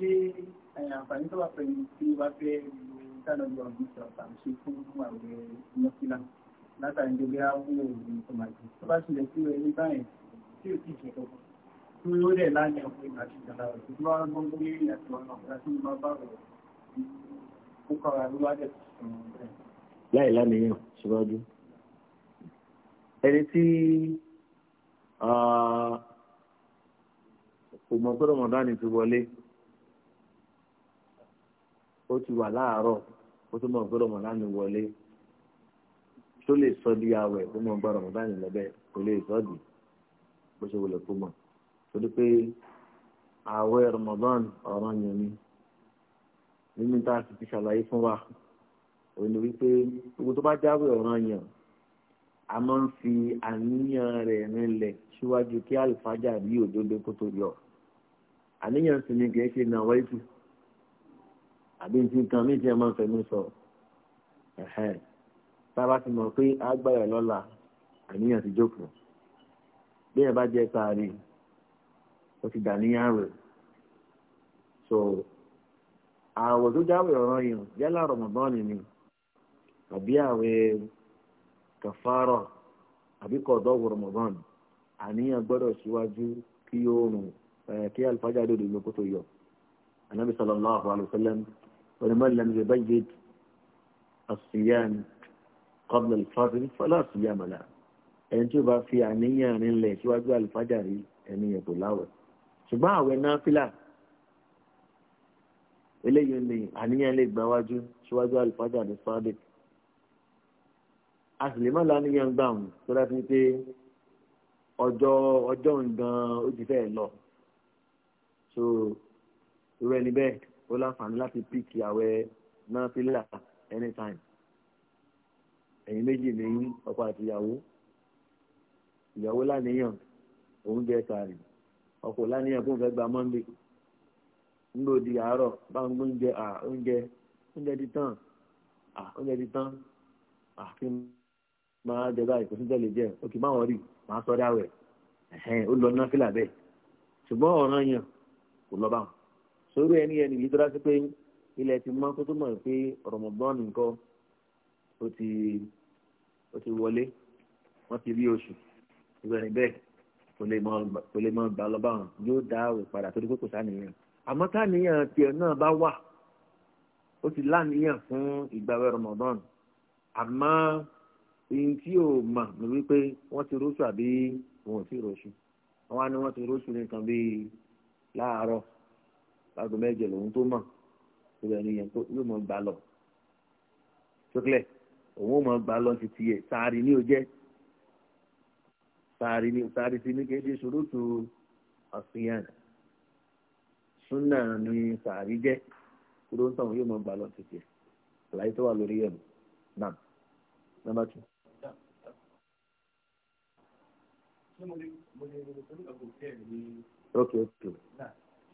ṣé àǹfààní tó wà pẹ̀lú tí wọ́n fẹ́ lo ìtàlọ́jú ọ̀gbìn ṣe ọ̀tà ṣe fún àwẹ̀ mọ́sílá látàrí gbogbo àwọn òògùn ìtọ́màjì tó bá ṣẹlẹ̀ sí ẹni báyìí tí ò tí ì ṣe kọ́kọ́ tó yóò dẹ̀ láàyè ọ̀pọ̀ ìgbà tí ìjọba rẹ̀ tó bá gbọ́n gbé àti ọ̀nà ọ̀gá tó máa bá rẹ̀ ó kọ́ra ló wá dẹ̀ ẹni tí ah, kò mọ̀ pé ti wọlé ó ti wà láàárọ̀ ó tún mọ̀ gbọ́dọ̀ mọ̀ láàánú wọlé tó lè sọ di awẹ̀ tó mọ̀ gbọ́dọ̀ mọ̀ láàánú lọ́bẹ̀ kò lè sọ di bó ṣe wọlé kó mọ̀ torí pé àwẹ̀ Ramadan ọ̀ràn yẹn ni nínú tá a sì ti ṣàlàyé fún wa òun ni wípé gbogbo tó bá jáwé ọ̀ràn yẹn a máa ń fi àníyàn rẹ̀ rinlẹ̀ síwájú kí àlùfáàjà rí òdodo kó tó yọ àníyàn sì ni kì í ṣe nàwẹ́ jù àbí ti kan mí tí ẹ máa ń fẹnu sọ tá a bá ti mọ̀ pé agbára lọ́la àníyàn ti jókòó bí ẹ bá jẹ́ sáárì ó ti dà níyàn rẹ̀ so àwọ̀ tó jáwé ọ̀ràn yìí yálà rọ̀mọ̀dọ́ọ̀nì ni àbí àwẹ̀ kàfárọ̀ àbí kọ̀dọ̀ rọ̀mọ̀dọ́ọ̀nì àníyàn gbọ́dọ̀ síwájú kí oòrùn kí alifájà dòdò lóko tó yọ anábì sallallahu alaihi wasallam ولمن لم يبيد الصيام قبل الفجر فلا صيام له ẹni tí ó bá fi àníyàn rinlẹ̀ síwájú àlùfájàrí ẹni ẹ̀bùn láwẹ̀ ṣùgbọ́n àwẹ̀ náfìlà eléyìí ni àníyàn lè gbà wájú síwájú àlùfájàrí sọ́dẹ̀ a sì lè má láníyàn gbà wọn tó dájú pé ọjọ́ ọjọ́ nǹkan ó ti fẹ́ lọ so irú ẹni bẹ́ẹ̀ ó láǹfààní láti píìkì àwẹ̀ náfìlà anytime ẹ̀yin méjì ní ọkọ àti ìyàwó ìyàwó láníyàn òun jẹ sàárì ọkọ láníyàn kó n fẹ́ gba monday ńlò di àárọ̀ bá ń gbóúnjẹ à oúnjẹ oúnjẹ ti tán à oúnjẹ ti tán à kí n máa jẹ báyìí kò sí tẹ́lẹ̀ jẹ òkè máwọn rí màá sọ dáwẹ̀ ẹ̀hẹ́n ó lọ náfìlà bẹ́ẹ̀ ṣùgbọ́n ọ̀ràn yàn kò lọ báwọn sórí ẹni ẹni yìí tọ́lá sí pé ilẹ̀ ti mọ́ kó tó mọ̀ pé Ramadan nǹkan ó ti ó ti wọlé wọ́n ti rí oṣù ìgbẹ̀rin bẹ́ẹ̀ kò lè mọ gbà lọ báwọn yóò dá àwẹ̀ padà torí pé kò sáníyàn àmọ́ táníyàn tiẹ̀ náà bá wà ó ti láníyàn fún ìgbàwẹ̀ Ramadan àmọ́ èyí tí ò mọ̀ ní wípé wọ́n ti róṣù àbí wọn ò tí ì á ní wọ́n ti róṣù nìkan bíi láàárọ̀ aago mẹ́jọ lòun tó mọ̀ ìwé ẹni yẹn tó yóò mọ̀ gbà lọ sókèlè òun ò mọ̀ gbà lọ títí yẹ sáárì ní o jẹ́ sáárì ní sáárì sí ní kéde ṣòrótù àfihàn súnà ní sáárì jẹ́ kúrò ń tàn yóò mọ̀ gbà lọ títí yẹ àlàyé tó wà lórí ẹ̀ náà nọ́mbà tù. Okay, okay.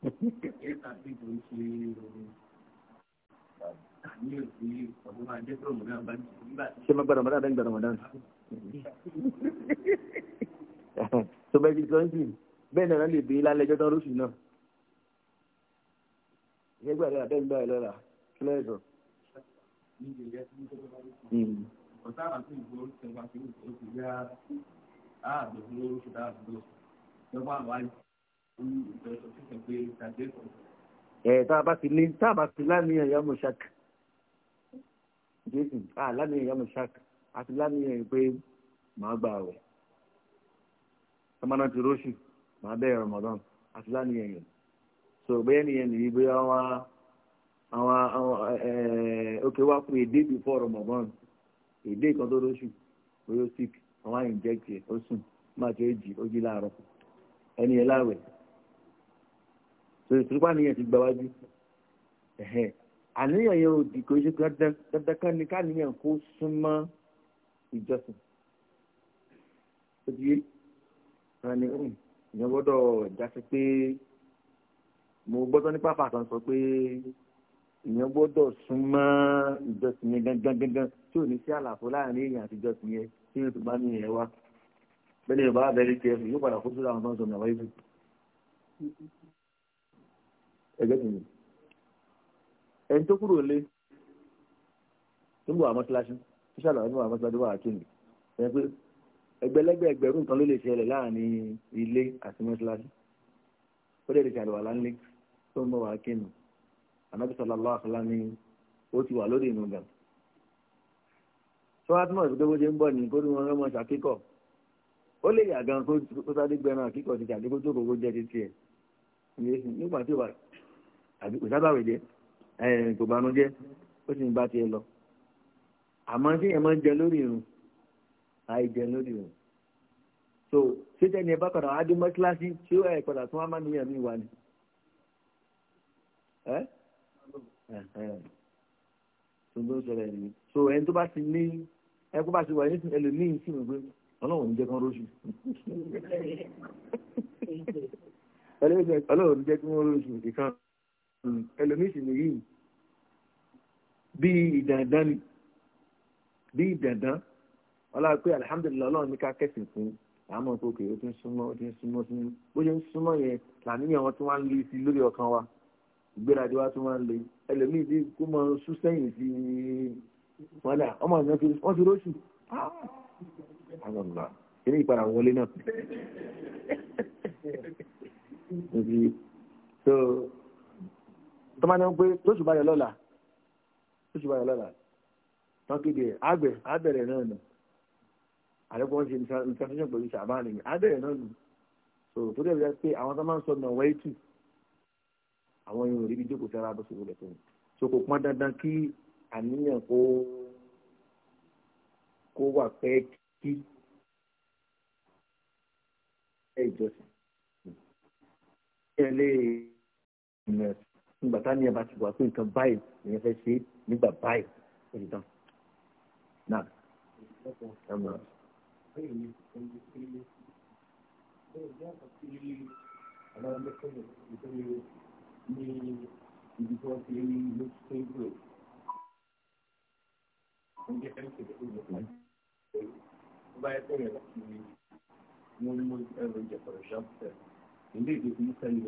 ṣé máa gbàdọ̀ mọ́tàdá ń gbàdọ̀ mọ́tàdá tó bẹ́ẹ̀ ti sọ ń sìn bẹ́ẹ̀ náà lè bí lálẹ́ ẹjọ́ tán lóṣù náà ìyẹn gbàdọ̀ àbẹ́ ń gbà ẹ lọ́la kí lọ́ọ̀ sọ. ọ̀tá àti ìgboro ti ń wá sí ìgboro ti yá àgbègbè oṣù dáàbò lọ́wọ́ àwọn àìsàn. ẹ̀ eh, tá a bá taa lé tá a bá jésù tá a láníyàn yọ ọmọ ṣáàkì pé màá gbà wẹ̀ ọmọdé ti róṣù màá Ramadan a so bẹ́ẹ̀ nìyẹn nìyí bóyá wọn àwọn òkè wá èdè before Ramadan èdè kan tó róṣù bóyá ó sick wọn wá inject ẹ ó sùn má jì so ìtúrúpá nìyẹn ti gbáwájú àníyàn yẹn ò dì kò ṣe dandan kan ní káníyàn kó súnmọ́ ìjọsìn ó ti yé wọn ni hmm, ìyẹn gbọ́dọ̀ jásí pé mo gbọ́dọ̀ ní pápá kan sọ pé ìyẹn gbọ́dọ̀ súnmọ́ ìjọsìn yẹn gangan gangan tí ò ní sí àlàfo láàrin èèyàn àti ìjọsìn yẹn tí yóò tún bá ní ìyẹn wá bẹ́ẹ̀ ni yorùbá abẹ́rẹ́ tiẹ̀ yóò padà kó sódà àwọn tó ń sọ ní àwọn ibùdó ẹgbẹ́ kìíní ẹni tó kúrò lé tó ń bọ̀ àmọ́ kíláṣí tó ṣàlàyé ní àmọ́ kíláṣí wà á kéwì ẹni pé ẹgbẹ̀lẹ́gbẹ̀ ẹgbẹ̀rún kan ló lè ṣẹlẹ̀ láàrin ilé àti mọ́ṣáláṣí ó dẹ̀ lè ṣàlùwà láńlé tó ń bọ̀ wà á kéwì ànábì sallallahu alaihi wasallam ni ó ti wà lórí ìnú gan sọ́wọ́n àtúmọ̀ ìgbẹ́ bó ṣe ń bọ̀ ní kó ní wọn ṣàkíkọ̀ ó lè yà gan kó sáré gbẹran àkíkọ̀ ti tàbí kó jókòó títí ẹ̀ nígbà tí ó bá àbí kò sábàwẹ̀ jẹ́ kò banújẹ́ ó sì ń bá tiẹ̀ lọ àmọ́ tí èèyàn máa ń jẹ lórí irun àìjẹ lórí irun so ṣéṣẹ́ ni ẹ bá padà wá dé mọ́ṣíláṣí tí ó ẹ̀ padà tún wá má níyàn mí wá ni ẹ́ tó ń tó sọ̀rọ̀ ẹ̀yìn so ẹni tó bá ti ní ẹ kó bá ti wà ní ẹlòmíín sì mọ̀ pé ọlọ́run ń jẹ́ kán róṣù ẹlẹ́gbẹ̀ẹ́ ọlọ́run ń jẹ́ kí róṣù ìkan. Hmm. ẹlòmíì sì nìyí bí ìdàndán ni bí ìdàndán ọlọ́run pé alihamudulilayi ọlọ́run ní ká kẹ́sìn fún àmọ́ pé òkè ó ti ń súnmọ́ ó ti ń súnmọ́ sí bó ṣe ń súnmọ́ yẹn làníyàn wọn tún wá ń lé sí lórí ọkàn wa ìgbéradì wa tún wá ń lé ẹlòmíì tí kò mọ sún sẹ́yìn sí wàhálà ọmọ àná fi wọ́n ti róṣù àgbàgbà kí ni ìpadà wọlé náà. tó máa ń pé lóṣù bá yọ lọ́la lóṣù bá yọ lọ́la tán kéde ẹ̀ àgbẹ̀ àbẹ̀rẹ̀ náà nù àdẹ́kùn wọn ṣe nìkanṣẹ́ṣẹ́ pẹ̀lú ṣàbáà nìyẹn àbẹ̀rẹ̀ náà nù so tó dẹ̀ bí wọ́n pé àwọn tó máa ń sọ nà wẹ́ẹ́ tù àwọn yòó rí bí jókòó sára bó ṣe wọlé fún mi so kò pọn dandan kí àníyàn kó kó wà pẹ́ kí ẹ ìjọsìn ẹ lè ìrìn ẹ̀sìn nígbà táwọn yẹn bá ti wà pé nǹkan báyìí ìyẹn fẹ́ ṣe nígbà báyìí ó ti tán. náà ẹ mọ̀ ọ́. Ilé ìdókòwò sẹ́yìn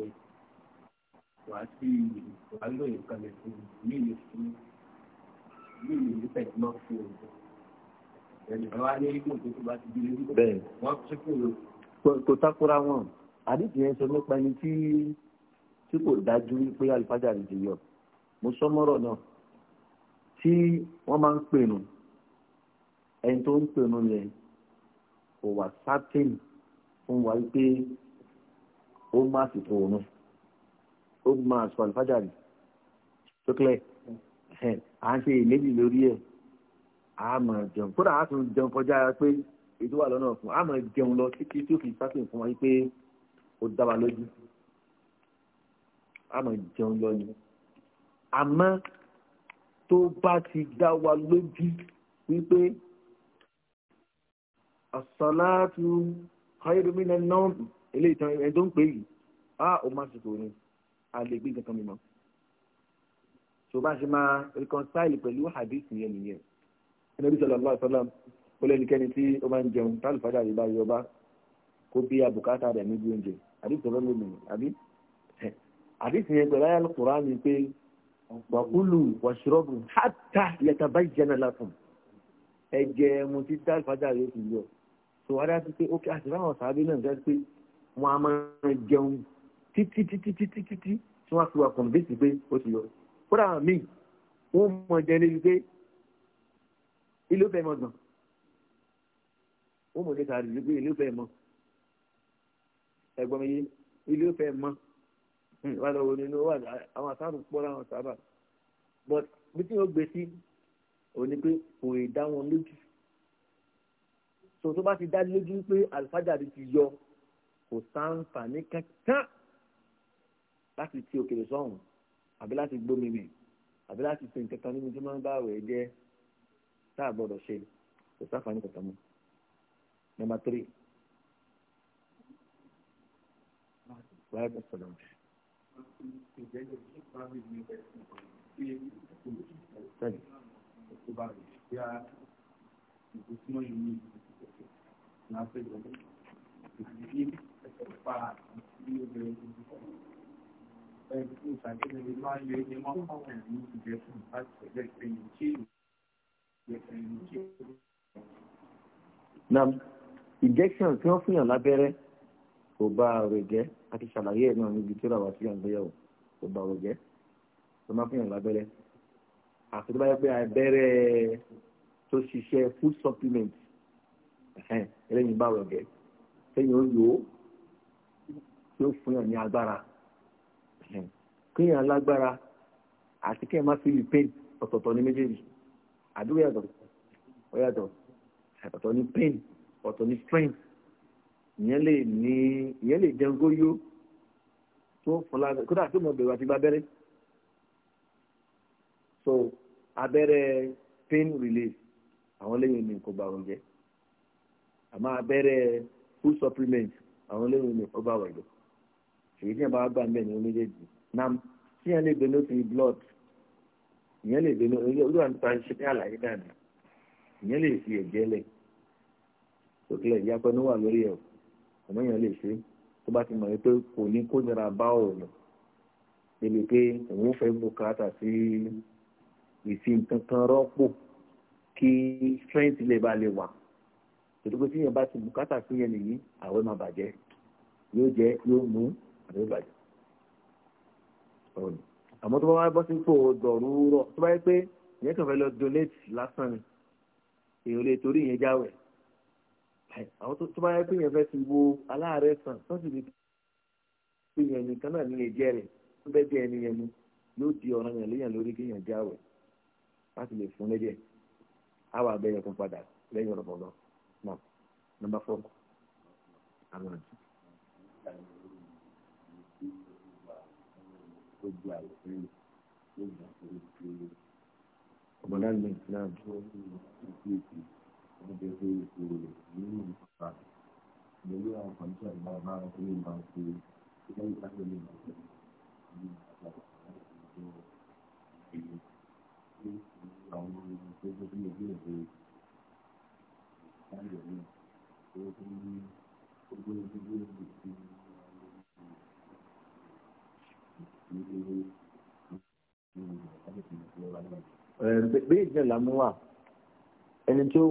lọ wà á sí wà á lóye kalẹ̀ fún mí lè fún mí lè ní pẹ̀lú náà fún òògùn ẹnìkan wá ní ìgbò tó bá ti di lórí bẹ́ẹ̀ wọ́n tún kúrò. kò takora wọn àdìsí yẹn sọ nípa ẹni tí tí kò dájú pé alifájà rẹ̀ ti yọ mo sọ mọ́rọ̀ náà tí wọ́n máa ń pèrò ẹni tó ń pèrò yẹn kò wà sátìn fún wa pé ó má sì tó ó gbọ́n àsùkò àlùfájàrí tó kílẹ̀ à ń ṣe èméjì lórí ẹ̀ a máa jẹun kódà a tún jẹun kọjá pé ètò wà lọ́nà fún a máa jẹun lọ títí tó fi sáfìn fún wa yí pé ó dá wa lójú a máa jẹun lọ ni àmọ́ tó bá ti dá wa lójú wípé àsàlátù khairu minan eléyìí tán ẹni tó ń pè yìí a ò má sùkò ni a lè gbé nǹkan kan mímọ́ tó bá ṣe máa reconcile pẹ̀lú hadith yẹn nìyẹn ẹnẹ́bí sọ̀rọ̀ lọ́wọ́ ìfọ́lá ó lẹ́nikẹ́ni tí ó máa ń jẹun táàlù fàdà rí bá yọba kó bí abùkátà rẹ̀ níbi oúnjẹ hadith tó lọ́wọ́ mi àbí hadith yẹn pẹ̀lú ayé alukura ni pé wàkúlù wàṣírọ́bù hátà yàtàbá ìjẹnà látùn ẹ̀jẹ̀ mu ti táàlù fàdà rí ó ti yọ tó wá sí pé ó kí àṣìláwọ̀ sábẹ́ náà dá pé wọ́n á máa jẹun títí títí títí títí tí wọ́n fi wà kọ̀ǹbẹ́sì pé ó ti yọ kódà míì wọ́n mọ̀ jẹ́ lébi pé ilé ó fẹ́ mọ̀ gan wọ́n mọ̀ jẹ́ sáré lébi pé ilé ó fẹ́ mọ̀ ẹ̀gbọ́n mi yé ilé ó fẹ́ mọ̀ hmm, wà lọ́wọ́ nínú àwọn àtàrù pọ̀ láwọn sábà but bí tí wọ́n gbé sí òní pé òun ì dá wọn lójú so tó bá ti dá lójú pé alifájà ti yọ kò sáǹfà ní kankan láti ti òkèlè sọ́hùn àbí láti gbómi mì àbí láti ṣe nǹkan kan nínú tí wọ́n bá rẹ̀ jẹ́ tá a gbọ́dọ̀ ṣe kò sáfàní kankan mọ́. nọmba tírì. wáyé bá sọ̀rọ̀ mọ́. sẹ́yìn. ìgbésímọ̀ yìí ní ìgbésímọ̀ náà fẹ́ jọ Nam injection tí wọ́n fìyàn lábẹ́rẹ́ kò bá ọ̀rọ̀ jẹ́ àti ṣàlàyé ẹ̀ náà níbi tí ó rà sí àgbéyẹ̀wò kò bá ọ̀rọ̀ jẹ́ tó máa fìyàn lábẹ́rẹ́ àti pé abẹ́rẹ́ tó ṣiṣẹ́ food supplement ẹlẹ́yìn bá ọ̀rọ̀ jẹ́ sẹ́yìn ó yòó tí ó fìyàn ní agbára kéèyàn lágbára àti kéèyàn má feel pain ọ̀tọ̀ọ̀tọ̀ ní méjèèjì àdúrà yàtọ̀ ọ̀yàtọ̀ ọ̀tọ̀ ní pain ọ̀tọ̀ ní strength ìyẹn lè ní ìyẹn lè jẹun kó yó tó fọlá kódà tó mọ bẹ̀rù àti gba so abẹ́rẹ́ pain relief àwọn lẹ́yìn ní kò bá wọn jẹ́ àmọ́ abẹ́rẹ́ food supplement àwọn lẹ́yìn ní kò bá wọn jẹ́ èyí tí wọ́n bá gbà mẹ́rin méjèèjì nam tí yẹn lè bẹnu ti blood ìyẹn lè bẹnu olúwa nípa ṣe pé àlàyé dáadáa ìyẹn lè fi ẹ̀jẹ̀ lẹ̀ òkèlè ìyapẹ́ ní wà lórí ẹ̀ ọmọ yẹn lè ṣe tó bá ti mọ̀ pé kò ní kó nira bá òòlù níbi pé òun fẹ́ bùkátà sí ìfi nǹkan rọ́pò kí strength lè ba lè wà tòtòkò tí yẹn bá ti bùkátà sí yẹn nìyí àwẹ̀ máa bàjẹ́ yóò jẹ́ yóò mú àwẹ̀ bàjẹ́ ọ̀rọ̀ àmọ́ tó bá wá bọ́ sí pò dọ̀rúrọ̀ tó bá yẹ pé ìyẹn kàn fẹ́ lọ donate lásán ni èèyàn lè torí ìyẹn jáwẹ̀ àwọn tó bá yẹ pé ìyẹn fẹ́ ti wo aláàárẹ̀ sàn tó sì lè pé ìyẹn nìkan náà ní lè jẹ́ rẹ̀ tó bẹ́ jẹ́ ẹni yẹn ni yóò di ọ̀ràn yẹn léyàn lórí kéèyàn jáwẹ̀ láti lè fún lẹ́jẹ̀ àwọn abẹ́yẹ kan padà lẹ́yìn ọ̀rọ̀ bọ̀lọ́ náà tó ju àìsí ló gbà tó ń fi ọmọdé àgbẹ̀ islam tó ń fi èsì wọ́n jẹ́ pé ìṣòro rẹ̀ nínú ìfà ìdílé àwọn kan tó àgbà bá wọn fún ìgbà tó ilé ìtàgbẹ́ lè máa tẹ̀lé ní ìgbà tó ń fi àwọn tó tó bí ẹgbẹ́ ìwé ìtàgbẹ́ náà tó ń fi ó gbé ìdílé ìwé ìtàgbẹ́ bẹ́ẹ̀ jẹ́ làmúwà ẹni tó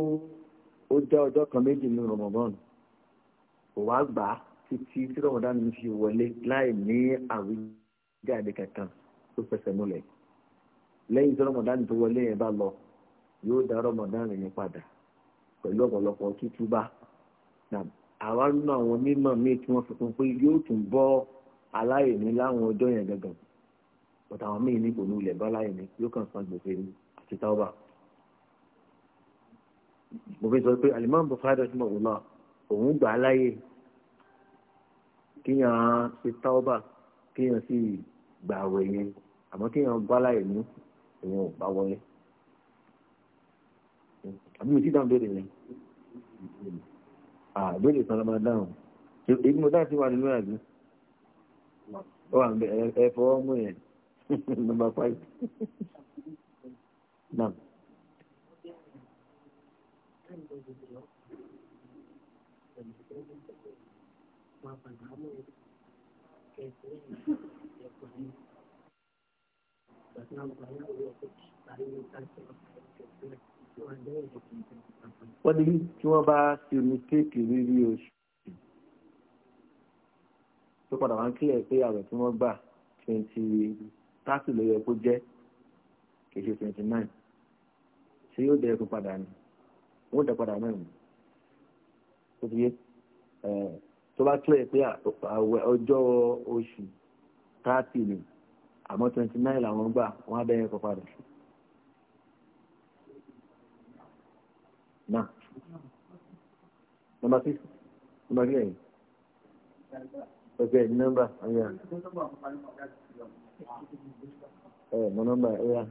ó dá ọjọ́ kan méjì ní rọmọbọ́n kò wá gbà á títí tí rọmọdán ní fi wọlé láì ní àwíjáde kankan tó fẹsẹ̀ múlẹ̀ lẹ́yìn tí rọmọdán tó wọlé yẹn bá lọ yóò dá rọmọdán yẹn padà pẹ̀lú ọ̀pọ̀lọpọ̀ tútúbá àwa nínú àwọn onímọ̀ míì tí wọ́n fi kún pé yóò tún bọ́ aláìní láwọn ọjọ́ yẹn gangan bọ̀tà àwọn míì ní kò ní ilẹ̀ bọ́lá yìí ni yóò kàn san gbèsè ni àti táwọ́bà. mo fi sọ pé alimami Bukhari ọtí mọ̀ wọ́n náà òun gbà á láyè kíyàn ṣe táwọ́bà kíyàn sì gbà àwẹ̀ àmọ́ kíyàn bọ́lá yìí mú ò bá wọlé. àbí mi ti dáhùn béèrè yẹn àbéèrè kan ló dáhùn èyí dáhùn sí wa nínú àbí ó fọwọ́ mú yẹn. number five now. wọ́n ní tí wọ́n bá ṣe mistake rírí oṣù tó padà wá ń kílẹ̀ pé àwẹ̀ tí wọ́n gbà twenty tásì ló yẹ kó jẹ́ kìí ṣe twenty nine ṣé yóò dẹ̀ ẹ̀kú padà ni wọ́n dẹ̀ padà náà ni ó ti yé tó bá clear pé ọjọ́ oṣù thirty ni àmọ́ twenty nine làwọn gbà wọ́n á dẹ̀ ẹ̀kú padà. Now, number six, number three. Okay, number, oh yeah ẹ mọ nọ́mbà ẹ yá.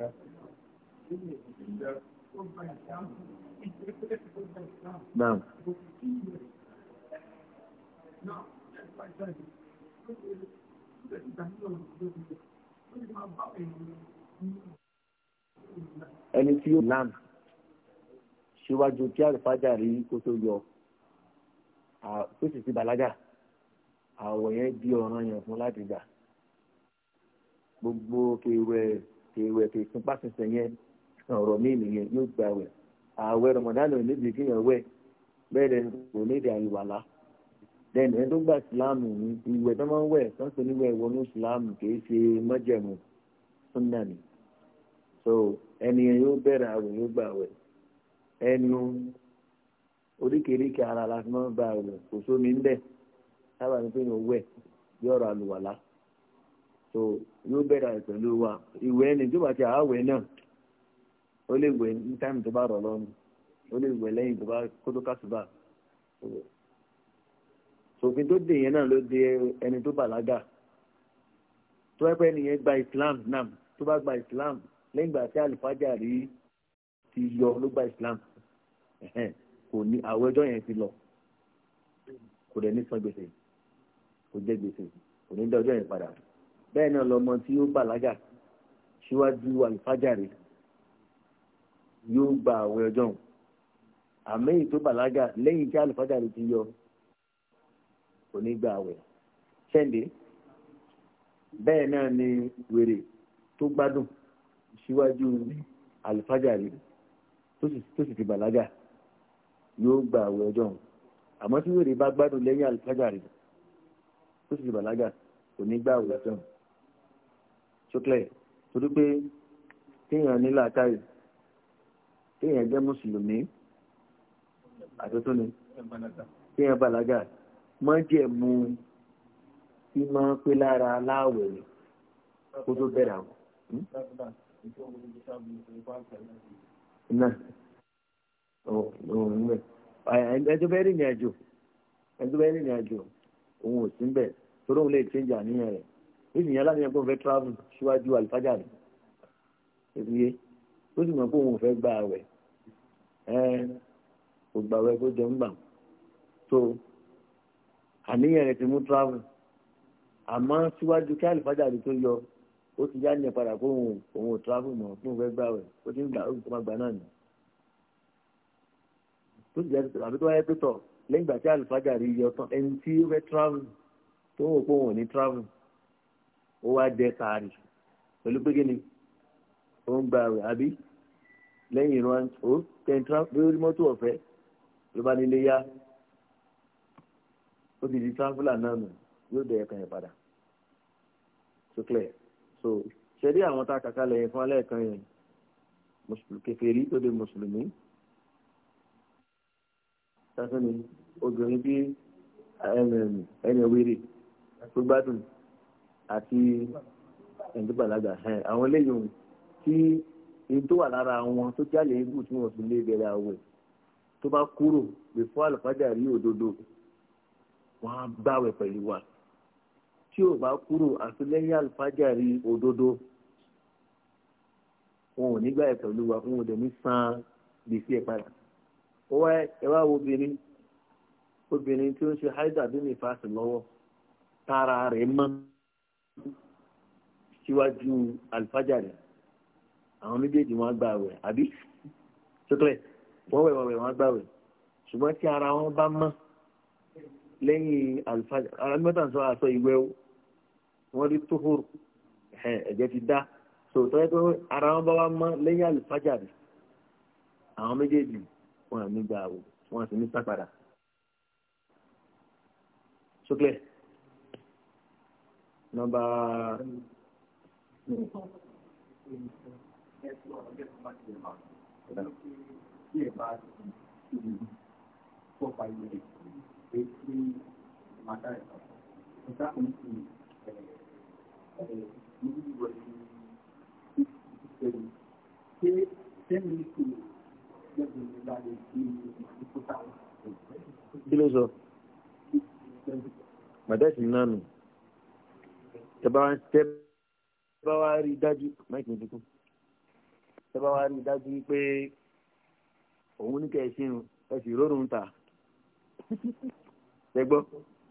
Naam. Ẹni tí ó làm síwájú kí àlùfáàjà rí kó tó yọ tó sì ti bàlágà àwọ̀ yẹn di ọ̀ràn yẹn fún láti gbà gbogbo kèwẹ̀ kèwẹ̀ kèkúnpá sísẹ yẹn ọ̀rọ̀ míì nìyẹn yóò gba wẹ̀ ààwẹ̀ rọmọdánù níbi kíyàn wẹ̀ bẹ́ẹ̀ lẹ́nu kò ní èdè àyùwàlá lẹ́nu ẹni tó gba ìsìláàmù ìwẹ̀ tó máa ń wẹ̀ tó ń pè níwẹ̀ wọnú ìsìláàmù kì í ṣe mọ́jẹ̀mú súnnàní so ẹni yẹn yóò bẹ̀rẹ̀ àwẹ̀ yóò gbà wẹ̀ ẹnu oríkèéríkèé ara la fi máa ń ba àwẹ̀ kò sómi ń bẹ̀ sábà ní pé yóò wẹ̀ yọ̀rọ̀ àlùwàlá so yóò bẹ̀rẹ̀ pẹ̀lú wa ìwé ẹni tó bá ti àáwẹ̀ náà ó lè wẹ̀ ní táìmù tó bá rọ̀ lọ́nu ó lè wẹ̀ lẹ́yìn tó bá kótó kásùbà òfin tó dè yẹn náà ló dè ẹni tó bàlágà tó wáyé pé ẹni yẹn gba Islam náà tó bá gba Islam lẹ́yìn ìgbà tí àlùfáàjà rí ti yọ ló gba Islam kò ní àwọn ẹjọ́ yẹn ti lọ kò dẹ̀ ní san gbèsè kò jẹ́ gbèsè kò ní dá ọjọ́ yẹn padà bẹ́ẹ̀ náà lọmọ tí ó bàlágà síwájú àlùfájàre yóò gba àwẹ̀ ọjọ́ òun àmẹ́yìn tó bàlágà lẹ́yìn tí àlùfájàre ti yọ kò ní gba àwẹ̀ ṣẹ́ǹdé bẹ́ẹ̀ náà ni wèrè tó gbádùn síwájú àlùfájàre tó sì ti bàlágà yóò gba àwẹ̀ ọjọ́ òun àmọ́ tí wèrè bá gbádùn lẹ́yìn àlùfájàre tó sì ti bàlágà kò ní gba àwẹ̀ ọjọ́ òun ṣókè torí pé téèyàn ní làákàyè téèyàn jẹ́ mùsùlùmí àtúntò ni téèyàn bàlágà mọ́ jẹ́ mu tí máa ń pé lára aláwẹ̀ ni kó tó bẹ̀rẹ̀ àwọn. ẹjọ́ bẹ́ẹ̀ rìnrìn àjò ẹjọ́ bẹ́ẹ̀ rìnrìn àjò òun ò sí ń torí òun lè ṣe níyàn rẹ̀ nísìnyí aláàbíyàn kò fẹ́ travel síwájú àlùfájà rẹ̀ ètò yé ó sì mọ̀ pé òun ò fẹ́ gba àwẹ̀ kò gba àwẹ̀ kó jẹun gbà so àníyàn rẹ̀ ti mú travel àmọ́ síwájú kí àlùfájà rẹ̀ tó yọ ó ti yá ní padà kó òun òun travel mọ̀ kó òun fẹ́ gba àwẹ̀ ó ti ń gbà ó ti máa gbà náà nù tó ti yá àbí tó wáyé pé tọ̀ lẹ́yìn ìgbà tí àlùfájà rẹ̀ yọ tán ẹni tí ó fẹ́ travel tó ń wò pé òun ò ní travel ó wá jẹ sàárì pẹ̀lú pé kí ni ó ń gba àwẹ̀ àbí lẹ́yìn ìran ó tẹ̀ntra lórí mọ́tò ọ̀fẹ́ ló bá nílé yá ó ti di tráfúlà náà nù yóò dẹ̀ ẹ̀kan yẹn padà so clear so ṣẹ́dí àwọn tá a kàkà lẹ́yìn fún alẹ́ kan yẹn kẹfẹ́rí tó dé mùsùlùmí sásán ni obìnrin bí ẹnì ẹnì wíìrì tó gbádùn àti ẹ̀ńdúgbàlagbà àwọn eléyìí tí ibi tó wà lára wọn tó jáde ibù tí wọn fi lé bẹ̀rẹ̀ àwẹ̀ tó bá kúrò lè fọ́ àlùfáàjà rí òdodo wọn á gbàwẹ̀ pẹ̀lú wa tí ò bá kúrò àti lẹ́yìn àlùfáàjà rí òdodo wọn ò ní gbà ẹ pẹ̀lú wa wọn ò dẹ̀ ní san gbèsè ẹ padà ó wá ẹ wá wo obìnrin obìnrin tí ó ń ṣe haida bí mi fa sí lọ́wọ́ tara rẹ̀ mọ́ síwájú alifájàre àwọn méjèèjì wọn gbà wẹ̀ àbí tókẹ́lẹ̀ wọ́n wẹ̀ wọ́n wẹ̀ wọ́n gbà wẹ̀ ṣùgbọ́n tí ara wọn bá mọ́ lẹ́yìn alifájàre ara mẹ́ta sọ àṣọ ìwẹ́ o wọ́n rí tóhóró ẹ̀jẹ̀ ti dá so tọ́jú pé ara wọn bá wá mọ́ lẹ́yìn alifájàre àwọn méjèèjì wọn àmì gbà wẹ̀ wọn sì ní sápadà tókẹ́lẹ̀ nọ́mbà Kí ló sọ? Màdẹ́sì náà nù tẹ́bá wá rí dájú máìkì mi dínkù tẹ́bá wá rí dájú pé òun ní kẹ́ẹ̀sìn ẹ sì rórun ta ẹgbọ́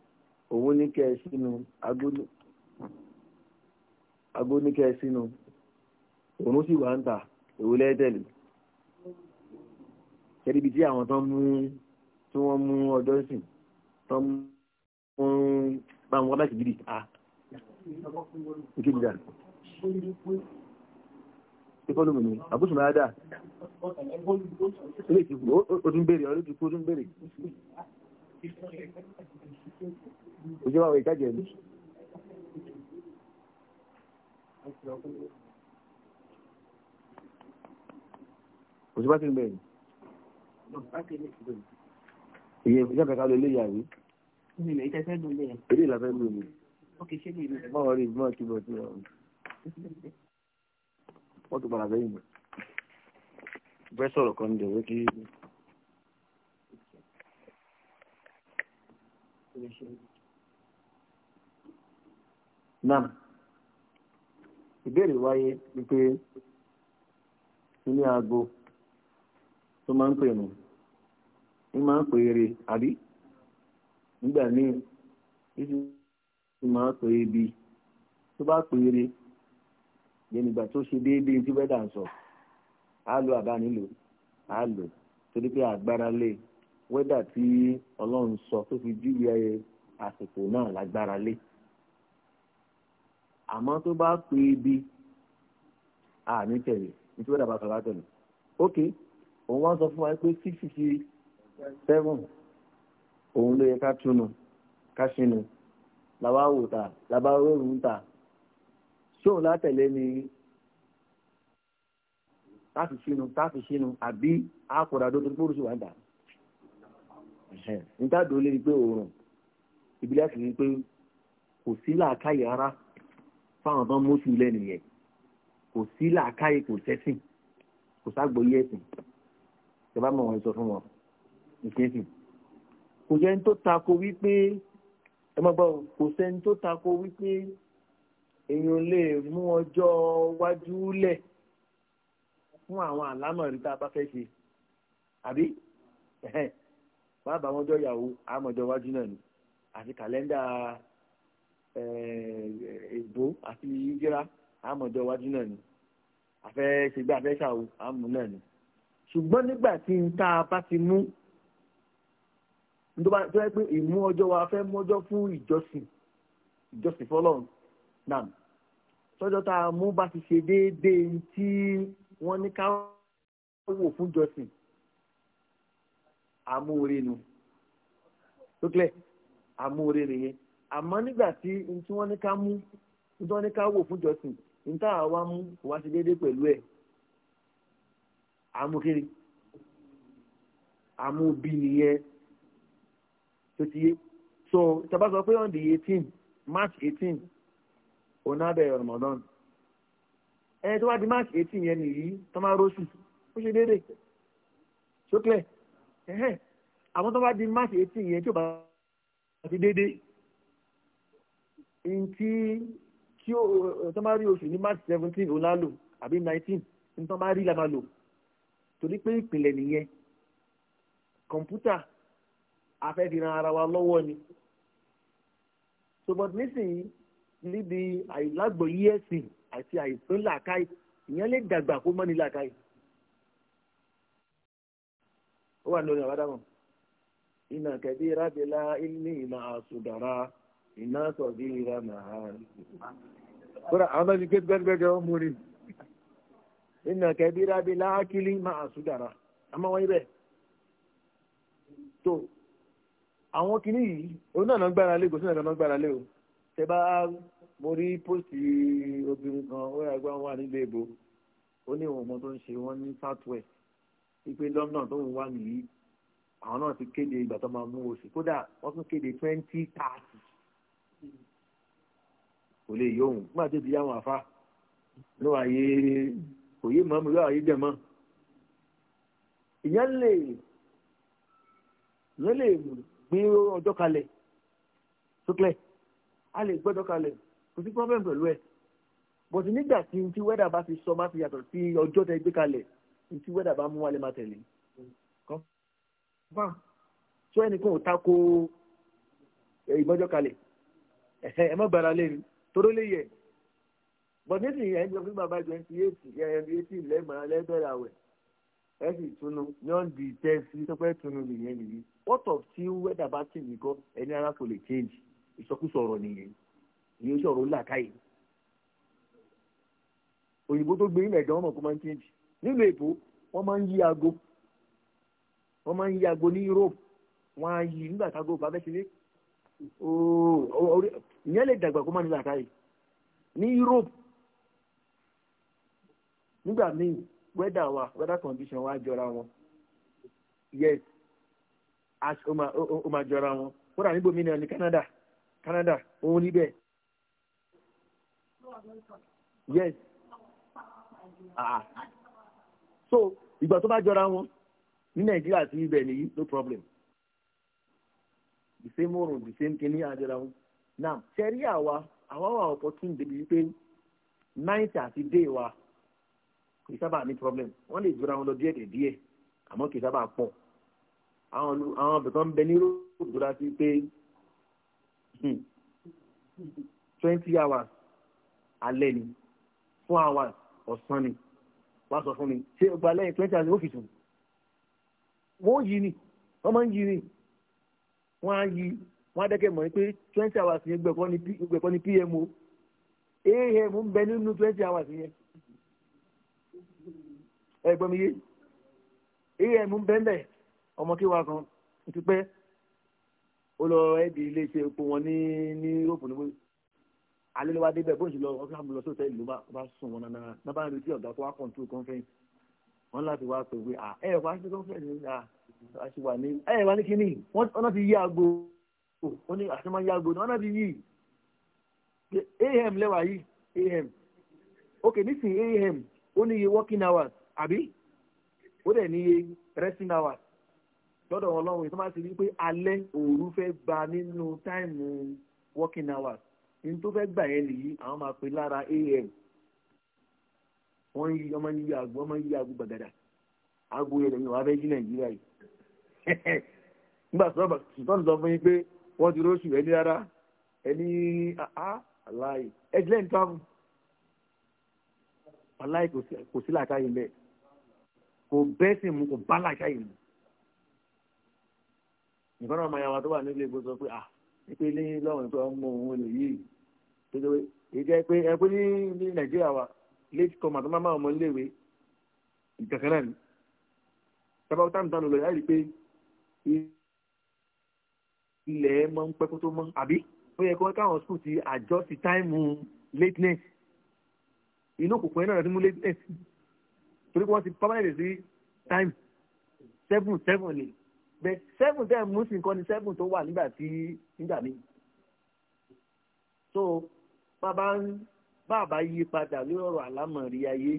òun ní kẹ́ẹ̀sìn agolo agolo ní kẹ́ẹ̀sìn òun sì wà ń ta èwo lẹ́tẹ̀lẹ̀ kẹ́ríbi tí àwọn tán mú tí wọ́n mú ọjọ́ sìn tán mú báwọn wọ́n bá sì gidi ah ìkejì dà ìfọ́lùmù ni àbúṣù máa dà ilé ìtìkú ó tún béèrè ọ̀rẹ́ ìtìkú ó tún béèrè ìjọba àwọn ìtajẹ̀ ni. òṣùpá ti ń bẹ̀rẹ̀ ìyẹn ìjọba ìkàlẹ̀ ilé ìyàwó ilé ìlàfẹ́ lónìí ókè ṣé ní ìlú rẹ̀. báwo rí ìgbọ́n ti bọ̀ sí ọ wọ́n ti padà sẹ́yìn bọ̀. bẹ́ẹ̀ sọ̀rọ̀ kan nam ìbéèrè wáyé wípé ilé aago tó máa ń pè nù ní máa ń pè eré àbí nígbà míì tí máa pè é bi tó bá pè é re yẹn nígbà tó ṣe déédéé tí wẹ́dà ń sọ á lo àbá nílò á lò torí pé agbára lé wẹ́dà tí ọlọ́run sọ tó fi júwe àsìkò náà lágbára lé àmọ́ tó bá pè é bi àmì tẹ̀lé nítorí wẹ́dà bá sọ látẹ̀lé ok òun wá sọ fún wa pé six sixty seven òun ló yẹ ká túnu ká ṣínú làwa wò ta làwa rọrùn ń ta ṣóun látẹ̀lé ni táfi sínú táfi sínú àbí àkùràdó tó kúrúṣù wà dà níta dòó lé pé òòrùn ìbílẹ̀ sì ni pé kò sí làákàyè rárá fáwọn tán mú sí lẹ́nu yẹn kò sí làákàyè kò sẹ́sìn kò ságbóyé ẹ̀sìn tẹ bá mọ̀ wọn sọ fún wọn ìṣẹ́sìn kò jẹ́ ń tó tako wípé ẹ má gbọ́ kò sẹ́ni tó tako wípé èèyàn lè mú ọjọ́ wájú lẹ̀ fún àwọn àlámọ̀rí tá a bá fẹ́ ṣe àbí bá bá wọn jọ yàwó àmọ̀jọ wájú náà ni àti kàlẹ́ndà èbó àti yíjíra àmọ̀jọ wájú náà ni àfẹ́ ṣègbè àfẹ́ ṣàwò àmọ̀ náà ni ṣùgbọ́n nígbà tí n tá bá ti mú. nítorí wọn tó yẹ pé ìmú ọjọ́ wa fẹ́ mọ́jọ́ fún ìjọsìn ìjọsìn fọlọ́run náà tọ́jọ́ tá a mú bá ti ṣe déédéé tí wọ́n ní ká wò fún ìjọsìn àmúore nu tó kílẹ̀ nìyẹn àmọ́ nígbà tí tí wọ́n ní ká mú tí wọ́n ní ká wò fún ìjọsìn níta àwa mú wá sí déédéé pẹ̀lú ẹ̀ àmúkiri àmúbi tó ti yé so tàbá sọ pé on the eighteen march 18 òun á bẹ̀rẹ̀ ramadan ẹni tó bá di march eighteen yẹn nìyí tó máa rọ́ṣù ó ṣe déédéé sókè ẹ̀hẹ́n to tó bá di march eighteen yẹn tó bá ti déédéé ntí tí tó máa rí oṣù ní march 17 òun á lò àbí nineteen ní tó máa rí la máa lò torí pé ìpìlẹ̀ computer afẹ́fìran ara wa lọ́wọ́ ni ṣùgbọ́n nísìnyí níbi àìlágbòyí ẹ̀sìn àti àìsàn làákàyè ìyẹn lè dàgbà kó mọ́ni làákàyè ó wà lórí àbádámọ̀ iná kẹ̀bí rábìlá ilé ìmà àṣùdàrà iná sọ̀bí ìrànà àárín. kódà àwọn bá mi gbé gbẹ́gbẹ́gbẹ́ wọn mú iná kẹ̀bí rábìlá akílí máa àṣùdàrà àmọ́ wọ́n ibẹ̀ tó àwọn kìíní yìí òun náà náà gbára lé kò sí náà náà gbára lé o tẹ bá mo rí pósìtì obìnrin kan ó yà gbá wà nílé ìbò ó ní ìwọ̀n ọmọ tó ń ṣe wọ́n ní southwest wípé London tó ń wà nìyí àwọn náà ti kéde ìgbà tó máa mú oṣù kódà wọ́n tún kéde twenty thirty kò lè yọ òun nígbà tó ti yá àwọn àfa ló wà yé kò yé màmú ló wà yé mọ́ ìyẹn lè ìyẹn lè mú gbé ọjọ́ kalẹ̀ sókè a lè gbọ́dọ̀ kalẹ̀ kò sí problem pẹ̀lú ẹ̀ but nígbà tí n ti wẹ́dà bá ti sọ má fi yàtọ̀ sí ọjọ́ tẹ gbé kalẹ̀ n ti wẹ́dà bá mú wa lè má tẹ̀lé kan so ẹnìkan ò tako ìgbọ́jọ́ kalẹ̀ ẹ̀hẹ́ ẹ má gbára lé toró lè yẹ but nísìnyí ẹni ọdún bàbá twenty eight ẹni eighteen lẹ́gbẹ̀rẹ̀ àwẹ̀ ẹ sì tunu ní ọ̀n di tẹ́sí tunu nìyẹn nìyí. what of tí weather bá ti nìkan ẹni ara kò lè change ìsọkúsọ ọ̀rọ̀ nìyẹn ìyẹn oṣù ọ̀rọ̀ làkàyè òyìnbó tó gbé ilẹ̀ gan-an kó máa ń change nílùú èbó wọ́n máa ń yí aago wọ́n máa ń yí aago ní Europe wọ́n á yí nígbà ìyẹn lè dàgbà kó wa weather condition ó máa jọra wọn kódà níbo mi náà ní Canada Canada òun níbẹ̀ yes ah, ah so ìgbà tó bá jọra wọn ní Nàìjíríà sí ibẹ̀ nìyí no problem the same oorun the same kini ajọra wọn now sẹ́rí àwa àwọn àwọn opportunity débi wípé night àti day wa kì í sábà ní problem wọ́n lè jọra wọn lọ díẹ̀ díẹ̀ àmọ́ kì í sábà pọ̀ àwọn àwọn àbẹ̀tọ́ ń bẹ ní rògbò láti pé hmm, twenty hours alẹ́ ni four hours ọ̀sán ni wàá sọ fún mi ṣé o lẹ́yìn twenty hours ó fi sùn wọ́n yí ni wọ́n máa ń yí ni wọ́n á yí wọ́n á dẹ́kẹ̀ mọ̀ pé twenty hours yẹn gbẹ̀kọ́ ni pmo am ń bẹ nínú twenty hours yẹn ẹ gbọ́ mi yé am ń bẹ́ẹ̀ ọmọ kí wàá kan ti pẹ́ ó lọ ẹ́ẹ̀dì iléeṣẹ́ epo wọn ní ní yúròpù níbo alẹ́ ló wá débẹ̀ bóyá lọ ọkọ àmì lọ sóòtẹ́ ìlú bá sùn wọn náà náà bá ń retí ọ̀gá tó wá kọ̀ǹtù conference wọn láti wá pè pé ẹ wá sí conference ní a ṣe wà ní ẹ wá ní kínní wọn náà ti yí aago wọn ní àti máa yí aago wọn náà ti yí am lẹ́wà yìí am ok nísìnyí am ó ní iye working hours àbí ó dẹ̀ ní iye resting hours lọ́dọ̀ ọlọ́run ètò máa ti rí pé alẹ́ òru fẹ́ gba nínú táìmù working hours ní tó fẹ́ gbà yẹn nìyí àwọn máa pè lára am wọ́n yí ọmọ yí àgbo ọmọ yí àgbo gbàgàdà àgbo yẹn lẹ́yìn wàá fẹ́ jí nàìjíríà yìí nígbà sọ́ọ̀tún sọ fún yín pé wọ́n ti róṣù ẹni rárá ẹni aláì ẹgbẹ́ ń tọ́mù aláì kò sí làákàyè mẹ́ kò bẹ́sìn mu kò bá làákàyè mu nìkan ọmọ yàrá tó wà nílé epo sọ pé à ah, pípé ní lọ́wọ́n tó ń mú òun lè yí ìjẹ́ pé ẹ pé ní nàìjíríà wa late comer tó máa ọmọ iléèwé ìkẹ̀kẹ́ náà ni tábà ó táǹtà lọ yá rí pé ilẹ̀ mọ́ ń pẹ́ kó tó mọ́ àbí ó yẹ kí wọ́n káwọn skul ti adjust time lateness inú òkùnkùn náà ti mú lateness torí pé wọ́n ti permanent sí time seven seven ni bẹ seven tẹ mú sí nǹkan ni seven tó wà nígbà tí nígbà míì so bàbá bàbá yí padà lórí ọ̀rọ̀ àlámọ̀rí ayé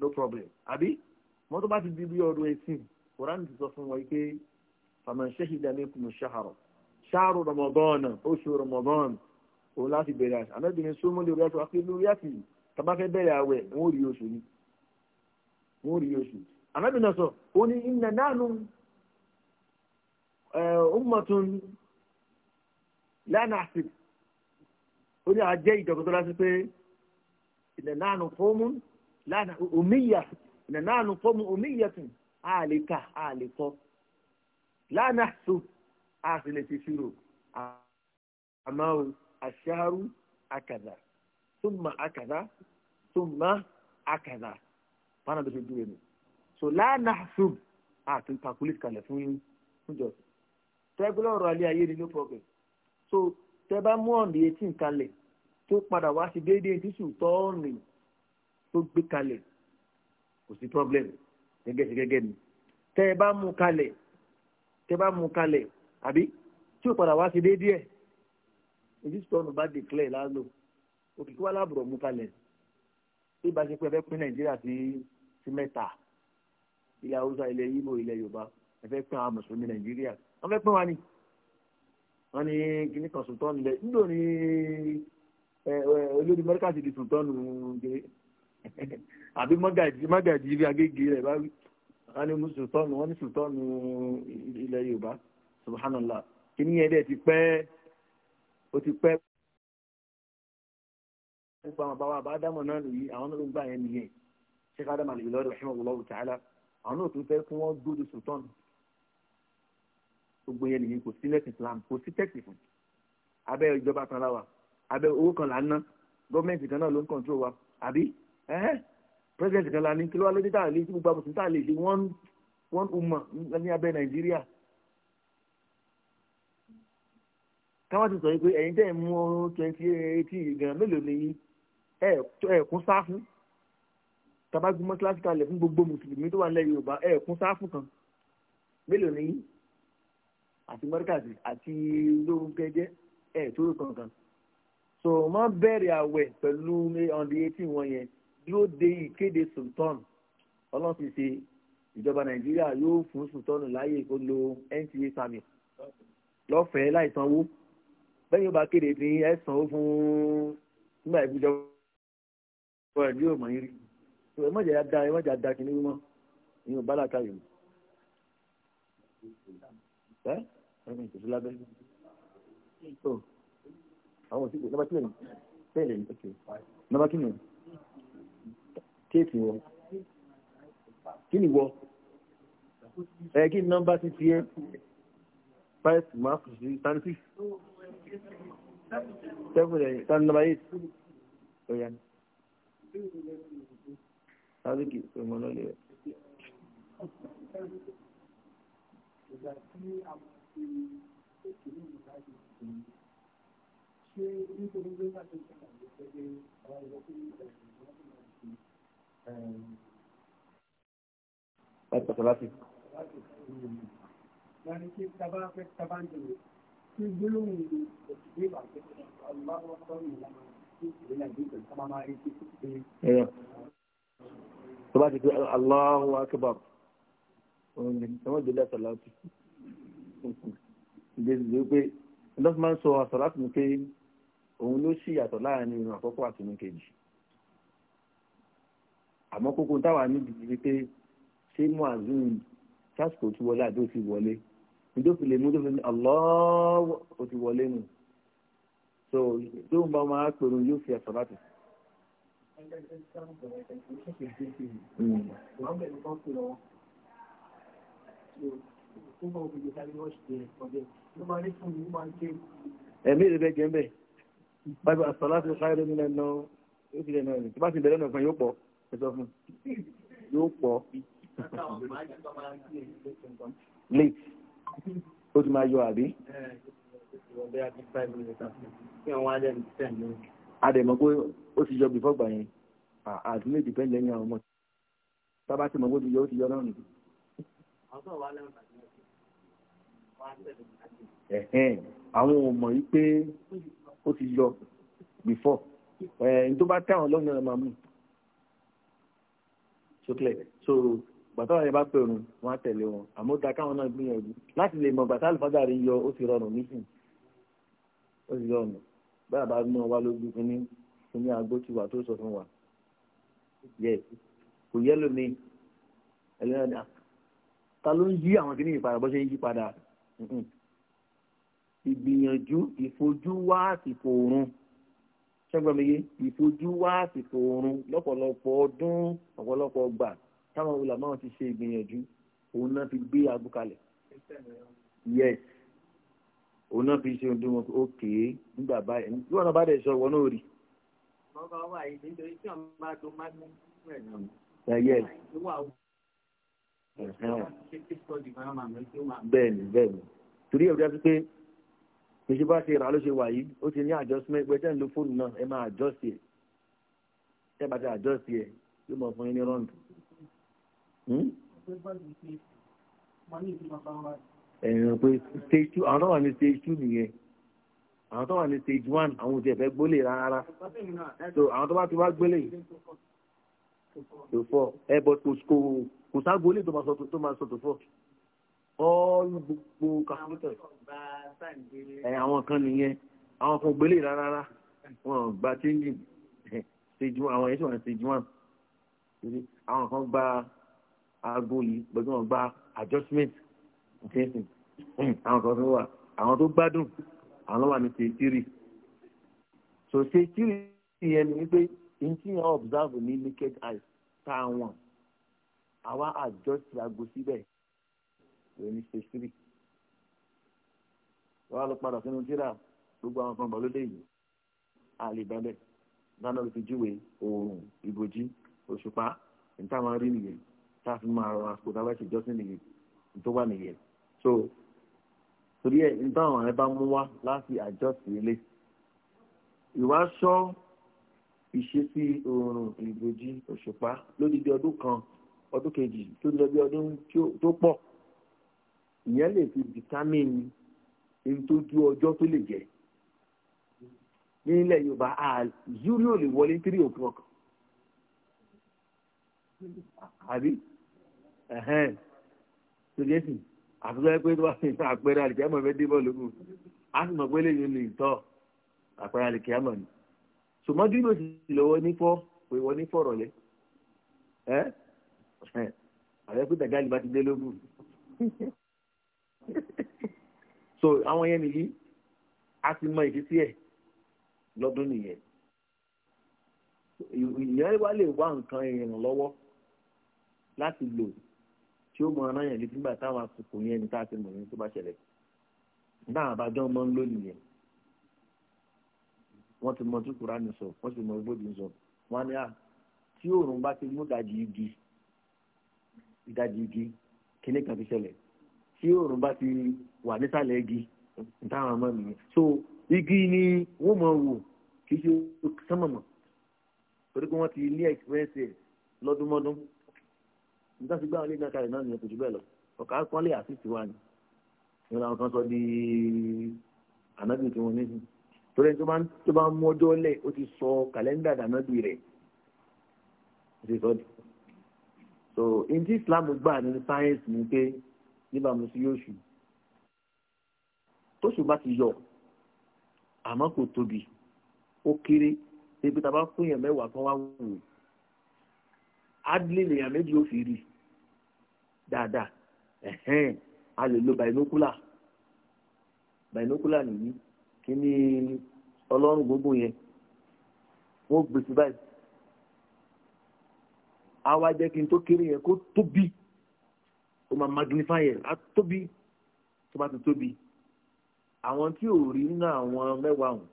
no problem àbí wọn tó bá ti di bí ọdún eighteen koran ti sọ fún wọn pé faman shahida minkum ash-shahra ramadan oṣù ramadan òun láti bẹ̀rẹ̀ àṣà anábìrin súnmọ́ lórí ẹ̀tọ́ akéwì lórí ẹ̀tì tabafẹ́ bẹ̀rẹ̀ àwẹ̀ wọ́n rí oṣù ni wọ́n rí oṣù anábìrin sọ ó ní inna nahnu Eh, ummatun la nahsib ó ní àjẹ́ ìjọba tó lásì pé ìnànánu fọ́ọ̀mù lánà òmíyà ìnànánu fọ́ọ̀mù òmíyà tún àlèkà àlèkọ́ lánà so àṣìlẹ̀ ti ṣírò àmọ́ àṣàrù àkàdà túmọ̀ àkàdà túmọ̀ àkàdà fana bẹ́sẹ̀ dúró ni so lánà so àti calculate kalẹ̀ fún fún jọ́sìn tẹ́gbẹ́lẹ́ ọ̀rọ̀ alẹ́ ayé ni no problem so tẹ́ bá mú ọ̀nà eighteen kalẹ̀ tó padà wá sí déédéé tíṣù tọ́ọ̀nì tó gbé kalẹ̀ kò sí problem gẹ́gẹ́ sí gẹ́gẹ́ ni tẹ́ bá mú kalẹ̀ tẹ́ bá mú kalẹ̀ àbí tí ó padà wá sí déédéé ẹ̀ tíṣù tọ́ọ̀nù bá declare lálò òkìkí wà láàbùrọ̀ mú kalẹ̀ bí ba ṣe pé ẹ fẹ́ pín nàìjíríà sí mẹ́ta ilẹ̀ haúsá ilẹ̀ yíbò ilẹ̀ yorùbá ẹ fẹ́ pín àwọn mùsùlùmí nàìjíríà wọ́n fẹ́ pín wa ni wọ́n ní kíní kan sultan lẹ̀ nílò ní olórí mẹ́ríkà ti di sultan gèrè àbí mọ́gàjì ilé agége rẹ̀ bá wí wọ́n ní sultan wọ́n ní sultan ilẹ̀ yorùbá subhanallah kíní yẹn dẹ̀ ti pẹ́ ó ti pẹ́ nípa àwọn bàbá bá dámọ̀ náà nìyí àwọn náà ló ń gbà yẹn nìyẹn ṣé ká dámọ̀ àlè ìlọrin rahimahullahu ta'ala àwọn náà tún fẹ́ kí wọ́n gbódò sultan gbogbo yẹn nìyẹn kò sí lẹ́sìn Islam kò sí tẹ́sì fún abẹ́ ìjọba kan láwa abẹ́ owó kan là ń ná gọ́ọ̀mẹ̀ntì kan náà ló ń kọ̀ǹtró wa àbí ẹ́ẹ́ pírẹ́sidẹ̀ntì kan la ní kí ló wá lóde tá à lè ṣe gbogbo àbùsùn tá à lè ṣe wọ́n wọ́n umma ní abẹ́ Nàìjíríà káwọn ti sọ yìí pé ẹ̀yin tẹ́ mú ọrùn twenty eighteen gan mélòó ni yín ẹ̀ kún sáfù tabagbé mọ́sálásí kalẹ̀ fún gbogbo mùsùlùmí tó wà nílẹ̀ Yorùbá ẹ̀ kún sáfù kan mélòó ni yín àti mọ́ríkàtì àti lórúkẹ́jẹ́ ẹ̀ tó rò kankan so má bẹ̀rẹ̀ àwẹ̀ pẹ̀lú on the eighteen wọn yẹn dúró de ìkéde sultan ọlọ́run ti ṣe ìjọba nàìjíríà yóò fún sultan láàyè kó lo nta sami lọ́fẹ̀ẹ́ láì sanwó bẹ́ẹ̀ yóò bá kéde fi ẹ̀ sanwó fún nígbà ìbíjọba ẹ̀ yóò mọ̀ yín rí ẹ má jẹ́ da ẹ má jẹ́ da kìnìún mọ́ ìyẹn ò bá làkàyè mọ́ ẹni ìtòsí lábẹ́ tó àwọn òsìkò lọ́ba kílẹ̀ bẹ́ẹ̀ lẹ́yìn òkè lọ́ba kílẹ̀ kéèkì wọn kí ni wọ ẹ kí ni nọ́mbà ti tiẹ̀ five mark sí thirty six seven ẹ̀ eh, thirty number eight ọ̀yà ni sáríkì ìmọ̀lọ́lẹ̀ rẹ̀ ṣe ètò ní ìlú káàkiri ìṣòro ṣé nítorí pé bá ṣe ṣàlàyé gẹ́gẹ́ àwọn ìlú tó ní ìdájọ́ ìlú tó máa ṣe. Láti ọ̀sán láti. Láti ṣe tábà fẹ́ tábà ń jẹun. Ṣé gbólóhùn òṣìṣẹ́ ìbàjẹ́ ọlọ́wọ́ sọ́run ìlànà ìṣẹ̀lẹ̀ nàìjíríà tó máa máa rí sí pé. Tó bá ti pé Allahu Akbar, òun ni, ẹ má dé lẹ́sọ̀ láti ìdèzìdè pé lọ́sùn máa ń sọ àṣọ láti mú pé òun ló sì yàtọ̀ láàrin irun àkọ́kọ́ àti irun kejì àmọ́ kókó táwa níbi ti pé ṣé muazin sásìkò tí wọlé àti òsì wọlé ìdófìlè mú dófìlè ọlọ́wọ́ òsì wọlé nù so tóun bá máa pèrò yóò fi àṣọ láti. Mm ẹ̀mí ìrẹ̀lẹ̀ jẹ́ ń bẹ̀ báyìí àṣàlá ti ṣáyẹ̀ lómi lẹ́nu yóò fi lẹ́nu ẹ̀rìn tí bá ti bẹ̀rẹ̀ nǹkan yóò pọ̀ ẹ sọ fún yóò pọ̀ late ó ti máa yọ àbí. àdèmọ̀ pé ó ti yọ bìfọ́ gbà yẹn àti méjì pẹ́ńdẹ̀ ní àwọn ọmọ tí bá ti mọ̀ pé ó ti yọ ó ti yọ náà nìyí. àwọn tó wà lẹ́nu àwọn ò mọ̀ wípé ó ti yọ before ẹ̀ tó bá táwọn lọ́nà ẹ̀ máa mú sókè so gbàtà wọn yẹn bá pẹ̀rùn wọn á tẹ̀lé wọn àmọ́ ó da káwọn náà gbìyànjú láti lè mọ gbàtà àlùfáàdà rí yọ ó ti rọrùn nísìn ó ti rọrùn báyà bá mú wa lójú kínní kínní agbó tiwa tó sọ fún wa yẹ kò yẹ lómi ẹlẹ́yìn ta ló ń yí àwọn kínní ìpadà bó ṣe yí padà ìgbìyànjú ìfojúwá àsìkò oorun ṣẹ́gbẹ́miyé ìfojúwá àsìkò oorun lọ́pọ̀lọpọ̀ ọdún ọ̀pọ̀lọpọ̀ ọgbà táwọn olùlàmọ́ ti ṣe ìgbìyànjú òun náà fi gbé agbókalẹ̀ yes òun náà fi ṣe ohun tó ké nígbà báyìí bí wọn bá dẹ̀ sọ ìwọ náà rí. bọ́ọ̀ bá wà yìí nítorí tí wọ́n bá do magnum rẹ̀ náà bẹ́ẹ̀ni bẹ́ẹ̀ni torí ẹ̀rọ dájú pé ìṣe bá ṣe ìrà ló ṣe wà yìí ó ti ní adjustment pé tẹ́ ń lo fóònù náà ẹ máa adjust ẹ̀ tẹ́ bá ti adjust ẹ̀ yóò mọ̀ fún yín ní rọ́ǹdù. Hmm? ẹ̀rọ pé stage two àwọn tó wà ní stage two nìyẹn àwọn tó wà ní stage one àwọn ò tiẹ̀ fẹ́ gbólè rárá so àwọn tó bá ti wá gbólè to four ẹ eh, bọ kò kò kò sáàgbó lè tó máa sọ tó máa sọ to four all gbogbo kàfíńtà ẹ eh, àwọn kan nìyẹn àwọn kan gbélé rárá wọn gba changing stage one àwọn yẹn sì wà stage one àwọn kan gba aago yìí pẹ̀lú wọn gba adjustment àwọn kan tó wà àwọn tó gbádùn àwọn wà ní stage three so stage three yẹn ni wípé ntí yẹn observe ní naked eyes tá a wọn àwa adjust aago síbẹ̀ rẹ̀ ní stage three wọ́n á lọ padà sínú tíra gbogbo àwọn kan bàlódé yìí a lè bá bẹ́ẹ̀ dáná ló fi júwe oòrùn ìbòjí òṣùpá níta máa rí nìyẹn tá a fi máa rọra kó dábàá ṣe jọ́sìn nìyẹn tó wà nìyẹn so torí ẹ̀ níta àwọn ẹ̀ bá mú wá láti adjust ilé ìwà sọ ìṣesí oòrùn ìgbòjì òṣùpá lódìdí ọdún kan ọdún kejì tó lọ bí ọdún tó pọ̀ ìyẹn lè fi dìtámìnì èyí tó ju ọjọ́ tó lè jẹ́ ní ilẹ̀ yorùbá zuri ò lè wọlé three o'clock àbí tòjẹ́sì àtúntò pé tó bá fi àpẹẹrẹ àlìkẹ́mọ̀ fẹ́ dé bọ́ọ̀lù kù á sì mọ̀ pé lè yún ní ìtọ́ àpẹẹrẹ àlìkẹ́mọ̀ ni ṣùgbọ́n bí lòsì lọ́wọ́ nífọ́ pé wọ́n nífọ́ rọ̀lẹ́ ẹ́ ààrẹ pé dàgálì bá ti dé lógún so àwọn yẹn nìyí a ti mọ ìdí sí ẹ̀ lọ́dún nìyẹn ìyẹn wá lè wá nǹkan ìrànlọ́wọ́ láti lò tí ó mọ aráyàn létí nígbà táwọn àsìkò yẹn ní tá a ti mọ̀ ní tó bá ṣẹlẹ̀ náà àbájọ́ mọ́ ń lò nìyẹn wọ́n ti mọ tí kúránì sọ wọ́n ti mọ gbòdì sọ wọ́n ní à tí òòrùn bá ti mú ìdajì igi ìdajì igi kíní kan ti ṣẹlẹ̀ tí òòrùn bá ti wà nísàlẹ̀ igi nítawọn ọmọ mi so igi ni wọ́n mọ̀ wò kì í ṣe sánmọ̀mọ̀ torí pé wọ́n ti ní ẹ̀kípẹ́sì lọ́dúnmọ́dún nígbà tí gbáwọn ilé ìdáka rẹ̀ náà nìyẹn kò jù bẹ́ẹ̀ lọ ọ̀ka pọ́nlé àti tiwa ni ìlànà kan sọ di ànábì tí wọ́n ní sùn torí tó bá tó bá mú ọjọ́ lẹ̀ ó ti sọ kàlẹ́ndà dànàbì rẹ̀ ó ti sọ di so in ti Islam gbà nínú sáyẹ́nsì ni pé níbàámu sí yóò ṣù tóṣù bá ti yọ àmọ́ kò tóbi ó kéré ebi tá a bá fún èèyàn mẹ́wàá kan wá wò adlé lèèyàn méjì ó fi rí dáadáa ẹ̀hẹ́n a lè lo bàínókúlà bàínókúlà nìyí kíní ọlọ́run gbogbo yẹn wọ́n gbé sí báyìí àwa jẹ́ kí n tó kéré yẹn kó tóbi ó máa magnify yẹn á tóbi tó bá ti tóbi àwọn tí ò rí nínú àwọn mẹ́wàá ọ̀hún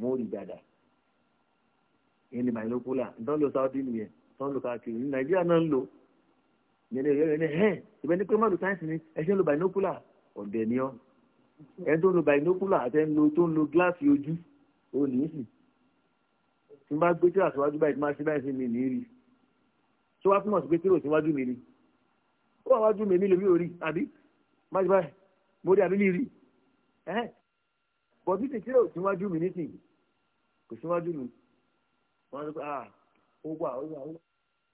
wọn rí dáadáa ìyẹn ni bàyìlókúlà ìtàn ló sáwọ́dí nìyẹn ìtàn ló káàkiri ní nàìjíríà náà ń lò yẹn ni ìyẹn ni ẹ̀ ẹ̀ ìbẹ́ni pé mọ́lù sáyẹ́nsì ni ẹ̀ṣẹ́ ló bàyìlókúlà ọ̀dẹ̀ ni ọ́ ẹni tó ń lo binocular àti ẹni tó ń lo gíláàsì ojú ò ní sí tí n bá gbé tíra síwájú báyìí tí n bá ṣe báyìí sí mi ní rí tí wọ́n túmọ̀ sí pé tíra síwájú mi ni ó wà wájú mi èmi lèmi ò rí àbí má ṣe báyìí mo rí àbí ní rí bọ̀dí ti tíra síwájú mi nísìnyí kò síwájú mi wọ́n sọ pé ah ó wà ó wà ó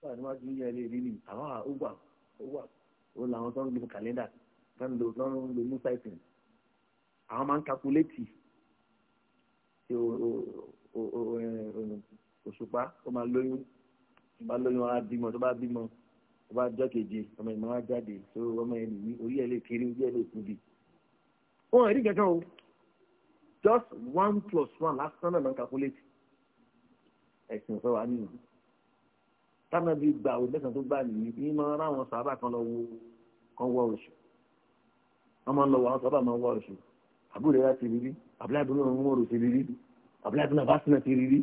wà níwájú yẹn lè rí ni àwọn ó wà ó wà ó làwọn tó ń gbé kàlẹ́ndà tó ń lo tó ń lo new cycle àwọn máa ń kakuléètì òṣùpá ó máa lóyún tó bá lóyún wọn á bímọ tó bá bímọ tó bá jọ keje ọmọ ìmọ̀ wọn á jáde tó ọmọ ẹni ní orí ẹ̀ lè kéré orí ẹ̀ lè tóbi. wọn ò rí kankan o just one plus one lásán náà máa ń kakuléètì ẹ̀sìn ọ̀fẹ́ wa nínú tánàbí gbà ò lẹ́sàn tó gbà nìyí ní máa ráwọn sábà kan lọ wo kan wọ oṣù wọn máa ń lọ wọ àwọn sábà máa ń wọ oṣù àbúrẹ́ra ti rírí àbúládùn náà ń wọ́rọ̀ ti rírí àbúládùn náà bá sinà ti rírí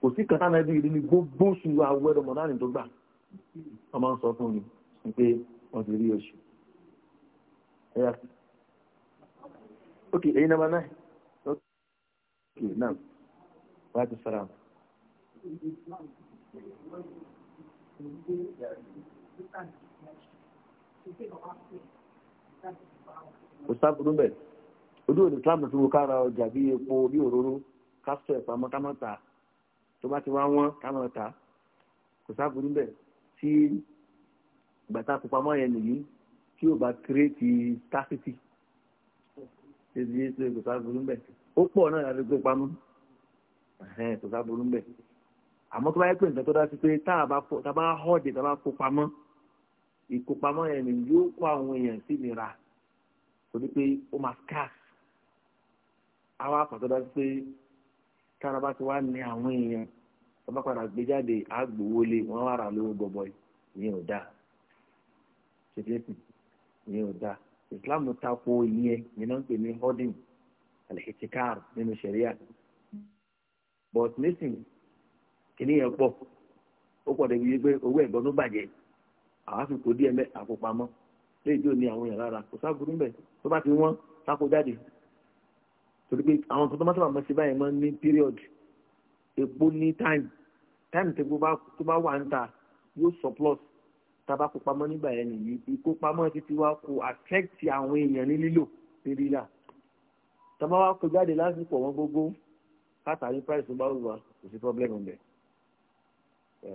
kò sí kàtà náà bí rírí ní gbogbo oṣù àwẹ̀ rọmọdánì tó gbà wọ́n máa ń sọ fún mi pé wọ́n ti rí oṣù. ok èyí náà máa náà ok náà wàá ti sara. Kò sáà burú bẹ́ẹ̀ ojú òní islam tó ká ra ọjà bí epo bí òróró ká sọ ẹ̀ pamọ́ ká má ta tó bá ti wá wọ́n ká má ta kò sáfù níbẹ̀ tí gbàtà pupamọ́ yẹn nìyí tí ò bá kéré ti scarcity ṣèṣì ṣe kò sáfù níbẹ̀ ó pọ̀ náà láti gbé pamọ́ kò sáfù níbẹ̀ àmọ́ tó bá yẹ pé nǹkan tó dá sí pé tá a bá họ́ọ̀dì tá a bá kó pamọ́ ìkópamọ́ yẹn ni yóò kó àwọn èèyàn sí ìnira torí pé ó máa scarce àwọn akọ̀tọ́dá pé tára bá ti wá ní àwọn èèyàn ọba padà gbé jáde àgbòwọlé wọn wà rà lówó gọbọ ìyẹn ò dáa ṣètìlẹ́sìn ìyẹn ò dáa Islam tako ìyẹn nínú pè ní hodin alhitikar nínú sharia but nisin kìnìyàn pọ̀ ó pọ̀ débi pé owó ẹ̀gbọ́n ló bàjẹ́ àwọn àfikò díẹ̀ mẹ́ àkópamọ́ léyìí tí ò ní àwọn èèyàn rárá kò sáà burú bẹ́ẹ̀ tó bá ti wọ́n sáko jáde torí pé àwọn tó bá sábà máa ṣe báyìí máa ń ní period epo ní time time tó bá tó bá wà ń ta yóò surplus tába kó pamọ́ nígbà yẹn nìyí ìkópamọ́ títí wa kò affect àwọn èèyàn ní lílò ní rírà tába wa kó jáde lásìkò wọn gbogbo látàrí price tó bá wù wá kò sí problem ọ̀bẹ. bẹ́ẹ̀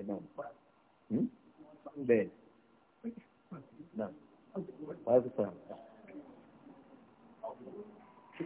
náà wàá hmm? fi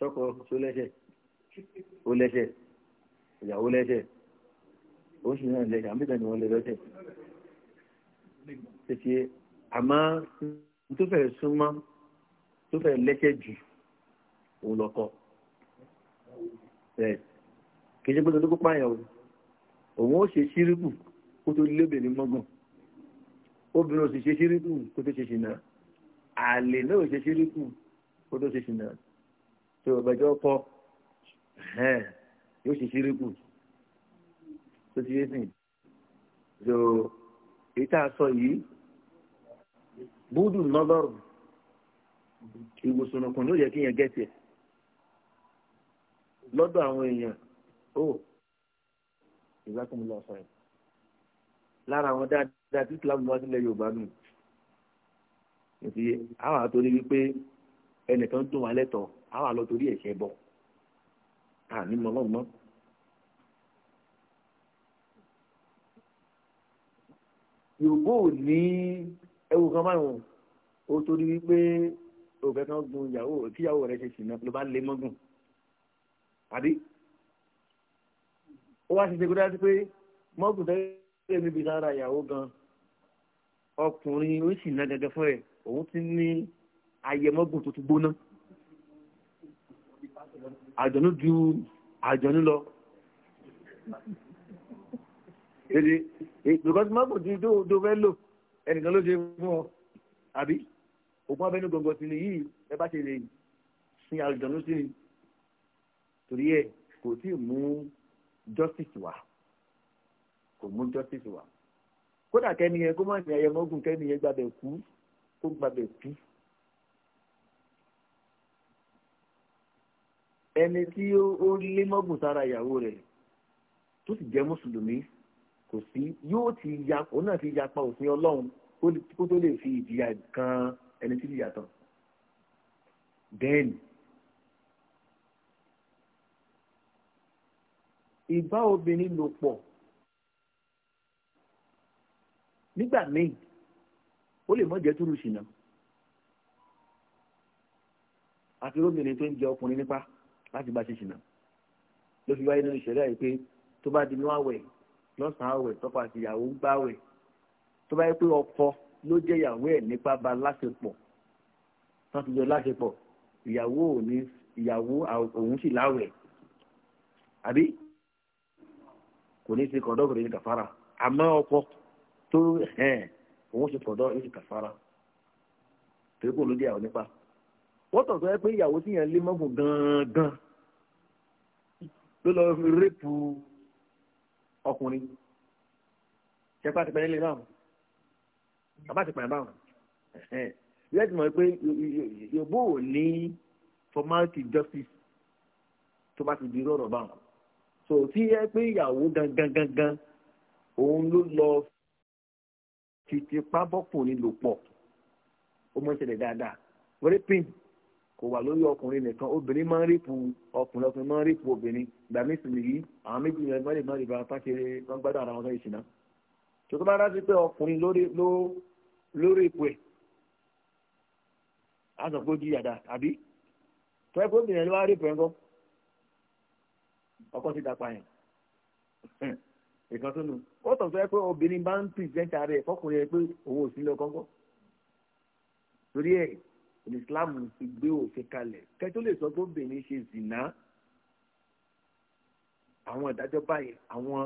sọ́kọ tó lẹ́sẹ̀ ó lẹ́sẹ̀ ìyàwó lẹ́sẹ̀ ó sì náà lẹ́sẹ̀ àmì ìtàn ni wọ́n lè lọ́sẹ̀ tètè àmọ́ tó fẹ́ súnmọ́ tó fẹ́ lẹ́sẹ̀ jù òun lọ́kọ rẹ̀ kì í ṣe gbọ́dọ̀ tó kópa yẹn o òun ó ṣe ṣírìkù kó tó lébèrè mọ́gàn obìnrin ò sì ṣe ṣírìkù kó tó ṣe ṣìnà àlè náà ò ṣe ṣírìkù kó tó ṣe ṣìnà ṣe ọ̀gbẹ́jọ́ kọ́ yóò ṣe ṣíríkù tó ti yé sìn so èyí tá a sọ yìí búdù nọ́dọ̀rù ìwòsàn ọkùnrin ló yẹ kí yẹn gẹ̀ẹ́sì ẹ̀ lọ́dọ̀ àwọn èèyàn ó ìzákùnmí lọ sọ yìí lára àwọn dáadáa tí islam wá sílẹ̀ yorùbá nù ètùyẹ àwọn àtòrí wípé ẹnìkan dùn wá lẹ́tọ̀ọ́ àwọn àlọ́ torí ẹ̀ṣẹ̀ bọ̀ àní mọ́ lọ́n mọ́. yòòbó ò ní ẹwù kan márùn-ún ó torí wípé òfẹ́ kan gun ìyàwó tíyàwó rẹ̀ ṣe sì náà ló bá lé mọ́gùn àbí ó wá ṣiṣẹ́ kódà sí pé mọ́gùn tẹ́lẹ̀ níbi lára ìyàwó gan ọkùnrin ó sì ná gẹ́gẹ́ fún ẹ̀ òun ti ní ayẹmọ́gùn tó ti gbóná àjọ̀nú ju àjọ̀nú lọ èdè eh, because mọ́pọ̀ tí tó fẹ́ lò ẹnìkan ló ṣe fún ọ àbí òpó abẹ́nú gbọ̀ngàn sí ni yìí ẹ bá ṣe lè sin àjọ̀nú sí ni torí ẹ kò tí mú justice wá kò mú justice wá kódà kẹ́ni yẹn kó má ní ẹyẹ mọ́gùn gbàbẹ̀ kú kó gbàbẹ̀ kú ẹni tí ó lé mọ́gùn sára ìyàwó rẹ̀ tó sì jẹ́ mùsùlùmí kò sí yóò ti ya òun náà ti yapa òfin ọlọ́run kó tó lè fi ìjìyà kan ẹni tí ìjìyà tán bẹ́ẹ̀ni ìbá obìnrin lò pọ̀ nígbà míì ó lè mọ́ jẹ́ túrú ṣìnà àti obìnrin tó ń jẹ ọkùnrin nípa láti bá ṣe ṣìnà ló fi wáyé nínú ìṣẹ̀lẹ̀ yìí pé tó bá di inú àwẹ̀ lọ́sàn-án àwẹ̀ tọ́pọ̀ àti ìyàwó ń gbá àwẹ̀ tó bá yẹ pé ọkọ ló jẹ́ ìyàwó ẹ̀ nípa bá láṣepọ̀ tán ti jọ láṣepọ̀ ìyàwó òní ìyàwó òun sì láwẹ̀ àbí kò ní ṣe kọ̀dọ̀ kò ní ṣe kàfàrà àmọ́ ọkọ tó òun ṣe kọ̀dọ̀ yóò kàfàrà torí kò ló jẹ́ ìyàwó nípa wọ́n tọ̀ sọ pé ìyàwó tí yẹn lé mọ́gùn gangan ló lọ rẹ́pù ọkùnrin ṣẹpá ti pẹ́ẹ́lẹ́ báwọn bàbá ti pẹ́ẹ́lẹ́ báwọn yóò ti mọ̀ pé yòbó ò ní formality justice tó bá ti di rọ̀rọ̀ báwọn so tí yẹ pé ìyàwó gangan gangan òun ló lọ títí pábọ́pù ni lò pọ̀ ó mọ̀ ń ṣẹlẹ̀ dáadáa rẹ́pìn kò wà lórí ọkùnrin nìkan obìnrin máa ń rípu ọkùnrin ọkùnrin máa ń rípu obìnrin ìgbà mísìn nìyí àwọn méjì yẹn má lè má lè bá pàṣẹ wọn gbádùn ara wọn lọ ìṣìnà ṣùgbọ́n bá rántí pé ọkùnrin lórí ló lórí ipò ẹ̀ á sọ pé ó di yàdá àbí tọ́ ẹ pé obìnrin ló wá rípu ẹ̀ ń ọkọ ti dàpọ̀ yẹn ìkan tó nù ó tọ̀ sọ pé obìnrin bá ń pìrìsẹ́ńtà rẹ̀ fọkùnrin ẹ pé òun ò sí lọ kọ́ńkọ́ torí ẹ̀ islam ti gbé òfin kalẹ̀ kẹ́tọ́ lè sọ pé obìnrin ṣe zìnà àwọn ìdájọ́ báyìí àwọn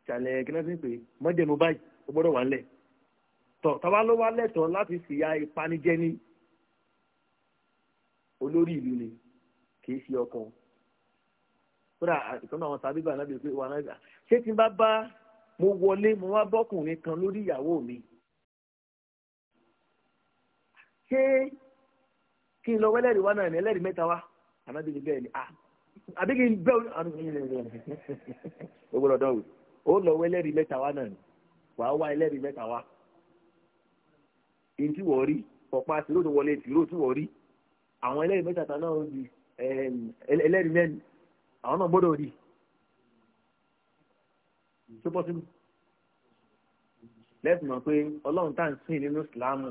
ìṣàlẹ̀ kìnnìkan pé mọ́jẹ̀mú báyìí ó gbọ́dọ̀ wà ńlẹ̀ tọ̀ táwa ló wá lẹ́tọ̀ọ́ láti fìyà ìpanijẹ́ ní olórí ìlú ni kì í ṣe ọkọ kódà ìtọ́nà àwọn sábíbà náà bí pé wà náà bá bá mo wọlé mo wá bọ́kùnrin kan lórí ìyàwó mi ṣé kí n lọ wá náà ní ẹlẹ́rì mẹ́ta wá ànábì bẹ́ẹ̀ ni àbí kí n bẹ́ẹ̀ ọ̀nà ó ó lọ wẹ́lẹ́rì mẹ́ta wá náà ni wàá wá ẹlẹ́rì mẹ́ta wá ìdí wọ̀ rí ọ̀pá tìró tó wọlé tìró tó wọ̀ rí àwọn mẹ́ta náà di ẹlẹ́rì mẹ́rin àwọn náà gbọ́dọ̀ rí pọ́sibú lẹ́sìn mọ̀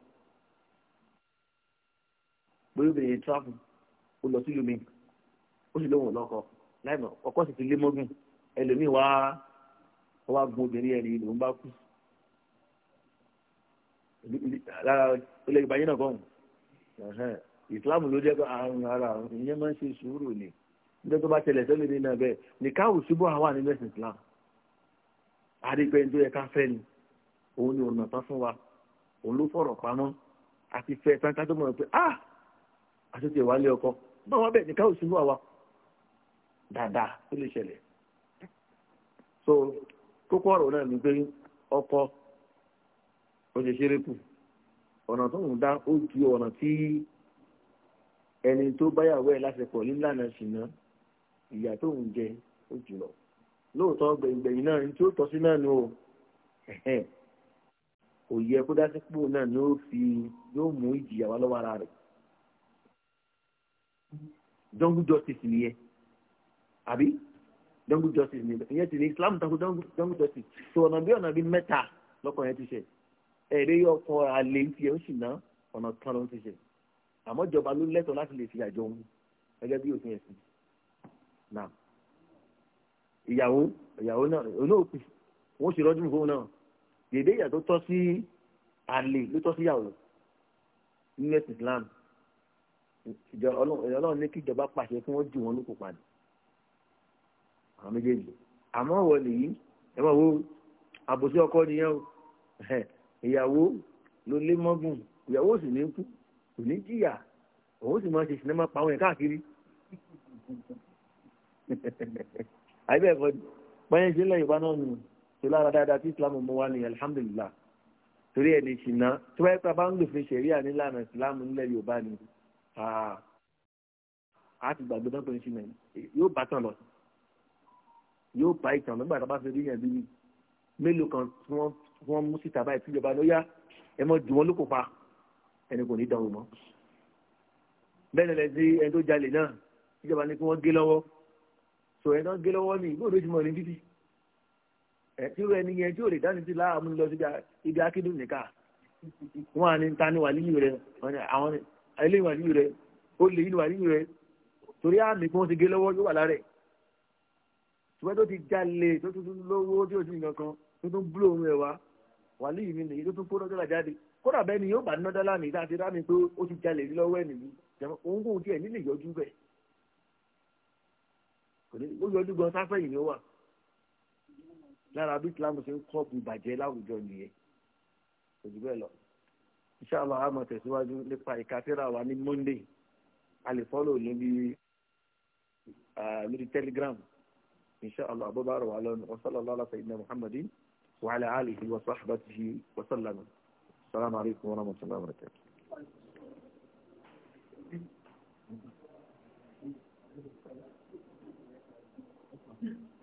bóyá obìnrin travel ó lọ sí lómi ó sì lóhùn lọ́kọ láìmọ̀ ọkọ sì ti lé mọ́gùn ẹlòmíì wá wá gun obìnrin ẹni lòún bá kú lára ilé ìbáyé náà kọ́hún ìsìláàmù ló jẹ́ àrùn ara ìyẹn máa ń ṣe sùúrù ni nígbà tó bá tẹlẹ̀ sẹ́lẹ̀ ní náà bẹ́ẹ̀ òṣùbọ̀ àwa nínú ẹ̀sìn Islam àdìpẹ́ tó yẹ ká fẹ́ ni òun ni ọ̀nà tán fún wa òun ló fọ̀rọ̀ pamọ́ àti fẹ́ tán ká tó mọ̀ pé ah àtúntì ìwálé ọkọ bá wọn bẹ̀ nìkan òsínú àwa dáadáa ó lè so kókó ọ̀rọ̀ náà ni ọkọ ó ọ̀nà tó ń ọ̀nà tí ẹni tó báyàwó ẹ̀ lásìkò nílànà ṣìnà ìyà tó ń jẹ ó lóòótọ́ gbẹ̀yìngbẹ̀yìn náà tí ó tọ́ sí náà ni ó kó dá náà ni jungle justice nìyẹn àbí jungle justice nìyẹn ìyẹn ti ní islam tako jungle justice tó ọ̀nà bí ọ̀nà bí mẹ́ta lọ́kọ̀ yẹn ti ṣe ẹ̀rẹ́ yọ a àlè ti ẹ̀ ń ṣìnà ọ̀nà kan ló ń ti ṣe àmọ́ ìjọba ló lẹ́tọ̀ọ́ láti lè fi àjọ òun gẹ́gẹ́ bí òfin ẹ̀sìn náà ìyàwó ìyàwó náà olóòpì wọ́n ṣe lọ́dún fún náà dèdè ìyà tó tọ́ sí àlè ló tọ́ sí ìyàwó nínú ẹ̀sìn islam ọlọ́run ní kí ìjọba pàṣẹ kí wọ́n jù wọn lóko padà àwọn méjèèjì àmọ́ wọ nìyí ẹ máa wo àbòsí ọkọ nìyẹn o ìyàwó ló lé mọ́gùn ìyàwó sì ní kú kò ní jìyà òun sì máa ṣe sinimá pa àwọn yẹn káàkiri àbẹ̀ ẹ̀kọ́ pẹ́yìn sílẹ̀ ìbá náà nù tó lára dáadáa tí islam mú wa ní alhamdulillah torí ẹ̀ ní ṣìnà tó bá yẹ pé a bá ń lò fún ṣẹ̀ríà nílànà islam nílẹ̀ yorùbá ni Ah. a ti gbàgbé dọ́tò ìṣúná yóò bá tàn lọ yóò bá ìtàn nígbà tó bá fi rí yẹn bí mélòó kan tí wọ́n mú síta báyìí tíjọba ló yá ẹ mọ jù wọ́n lóko pa ẹni kò ní dánwò mọ́ bẹ́ẹ̀ lẹ́ sí ẹni tó jalè náà tíjọba ní kí wọ́n gé lọ́wọ́ sọ ẹni tó gé lọ́wọ́ ní ìgbóòdó ìjùmọ̀ ní títì tí irú ẹni yẹn tí ò lè dání sí láàmú lọ síbi akíndùn nìka wọn à ní ta ni wà lílì rẹ àwọn eléyìí wà nínú rẹ̀ ó lè yìí wà nínú rẹ̀ torí àmì kí wọ́n ti gé lọ́wọ́ yóò wà lára ẹ̀ ṣùgbọ́n tó ti jalè tó tuntun lówó tí ò sí nǹkan kan tó tún búlò ohun ẹ̀ wá wàlí yìí nìyí tó tún kó nọ́dọ́là jáde kódà bẹ́ẹ̀ ni yóò bá nọ́dọ́là mi láti rámi pé ó ti jalè ní lọ́wọ́ ẹ̀ nìyí òun kò tiẹ̀ nílè yọjú bẹ̀ ó yọjú gan sáfẹ́ yìí ni ó wà lára bí Islam ṣe ń kọ́ ìbàjẹ́ láwùjọ nìyẹn òjú lọ inshallah a máa tẹ̀síwájú nípa ìkàtẹ́rà wa ní monday a lè fọ́lò níbi lórí telegram inshallah abubakar rọ̀ wá lọ́nu wa sallallahu ala sayyidina muhammadin wa ala alihi wa sahbatihi wa sallam salamu alaykum wa rahmatullahi wa barakatuh.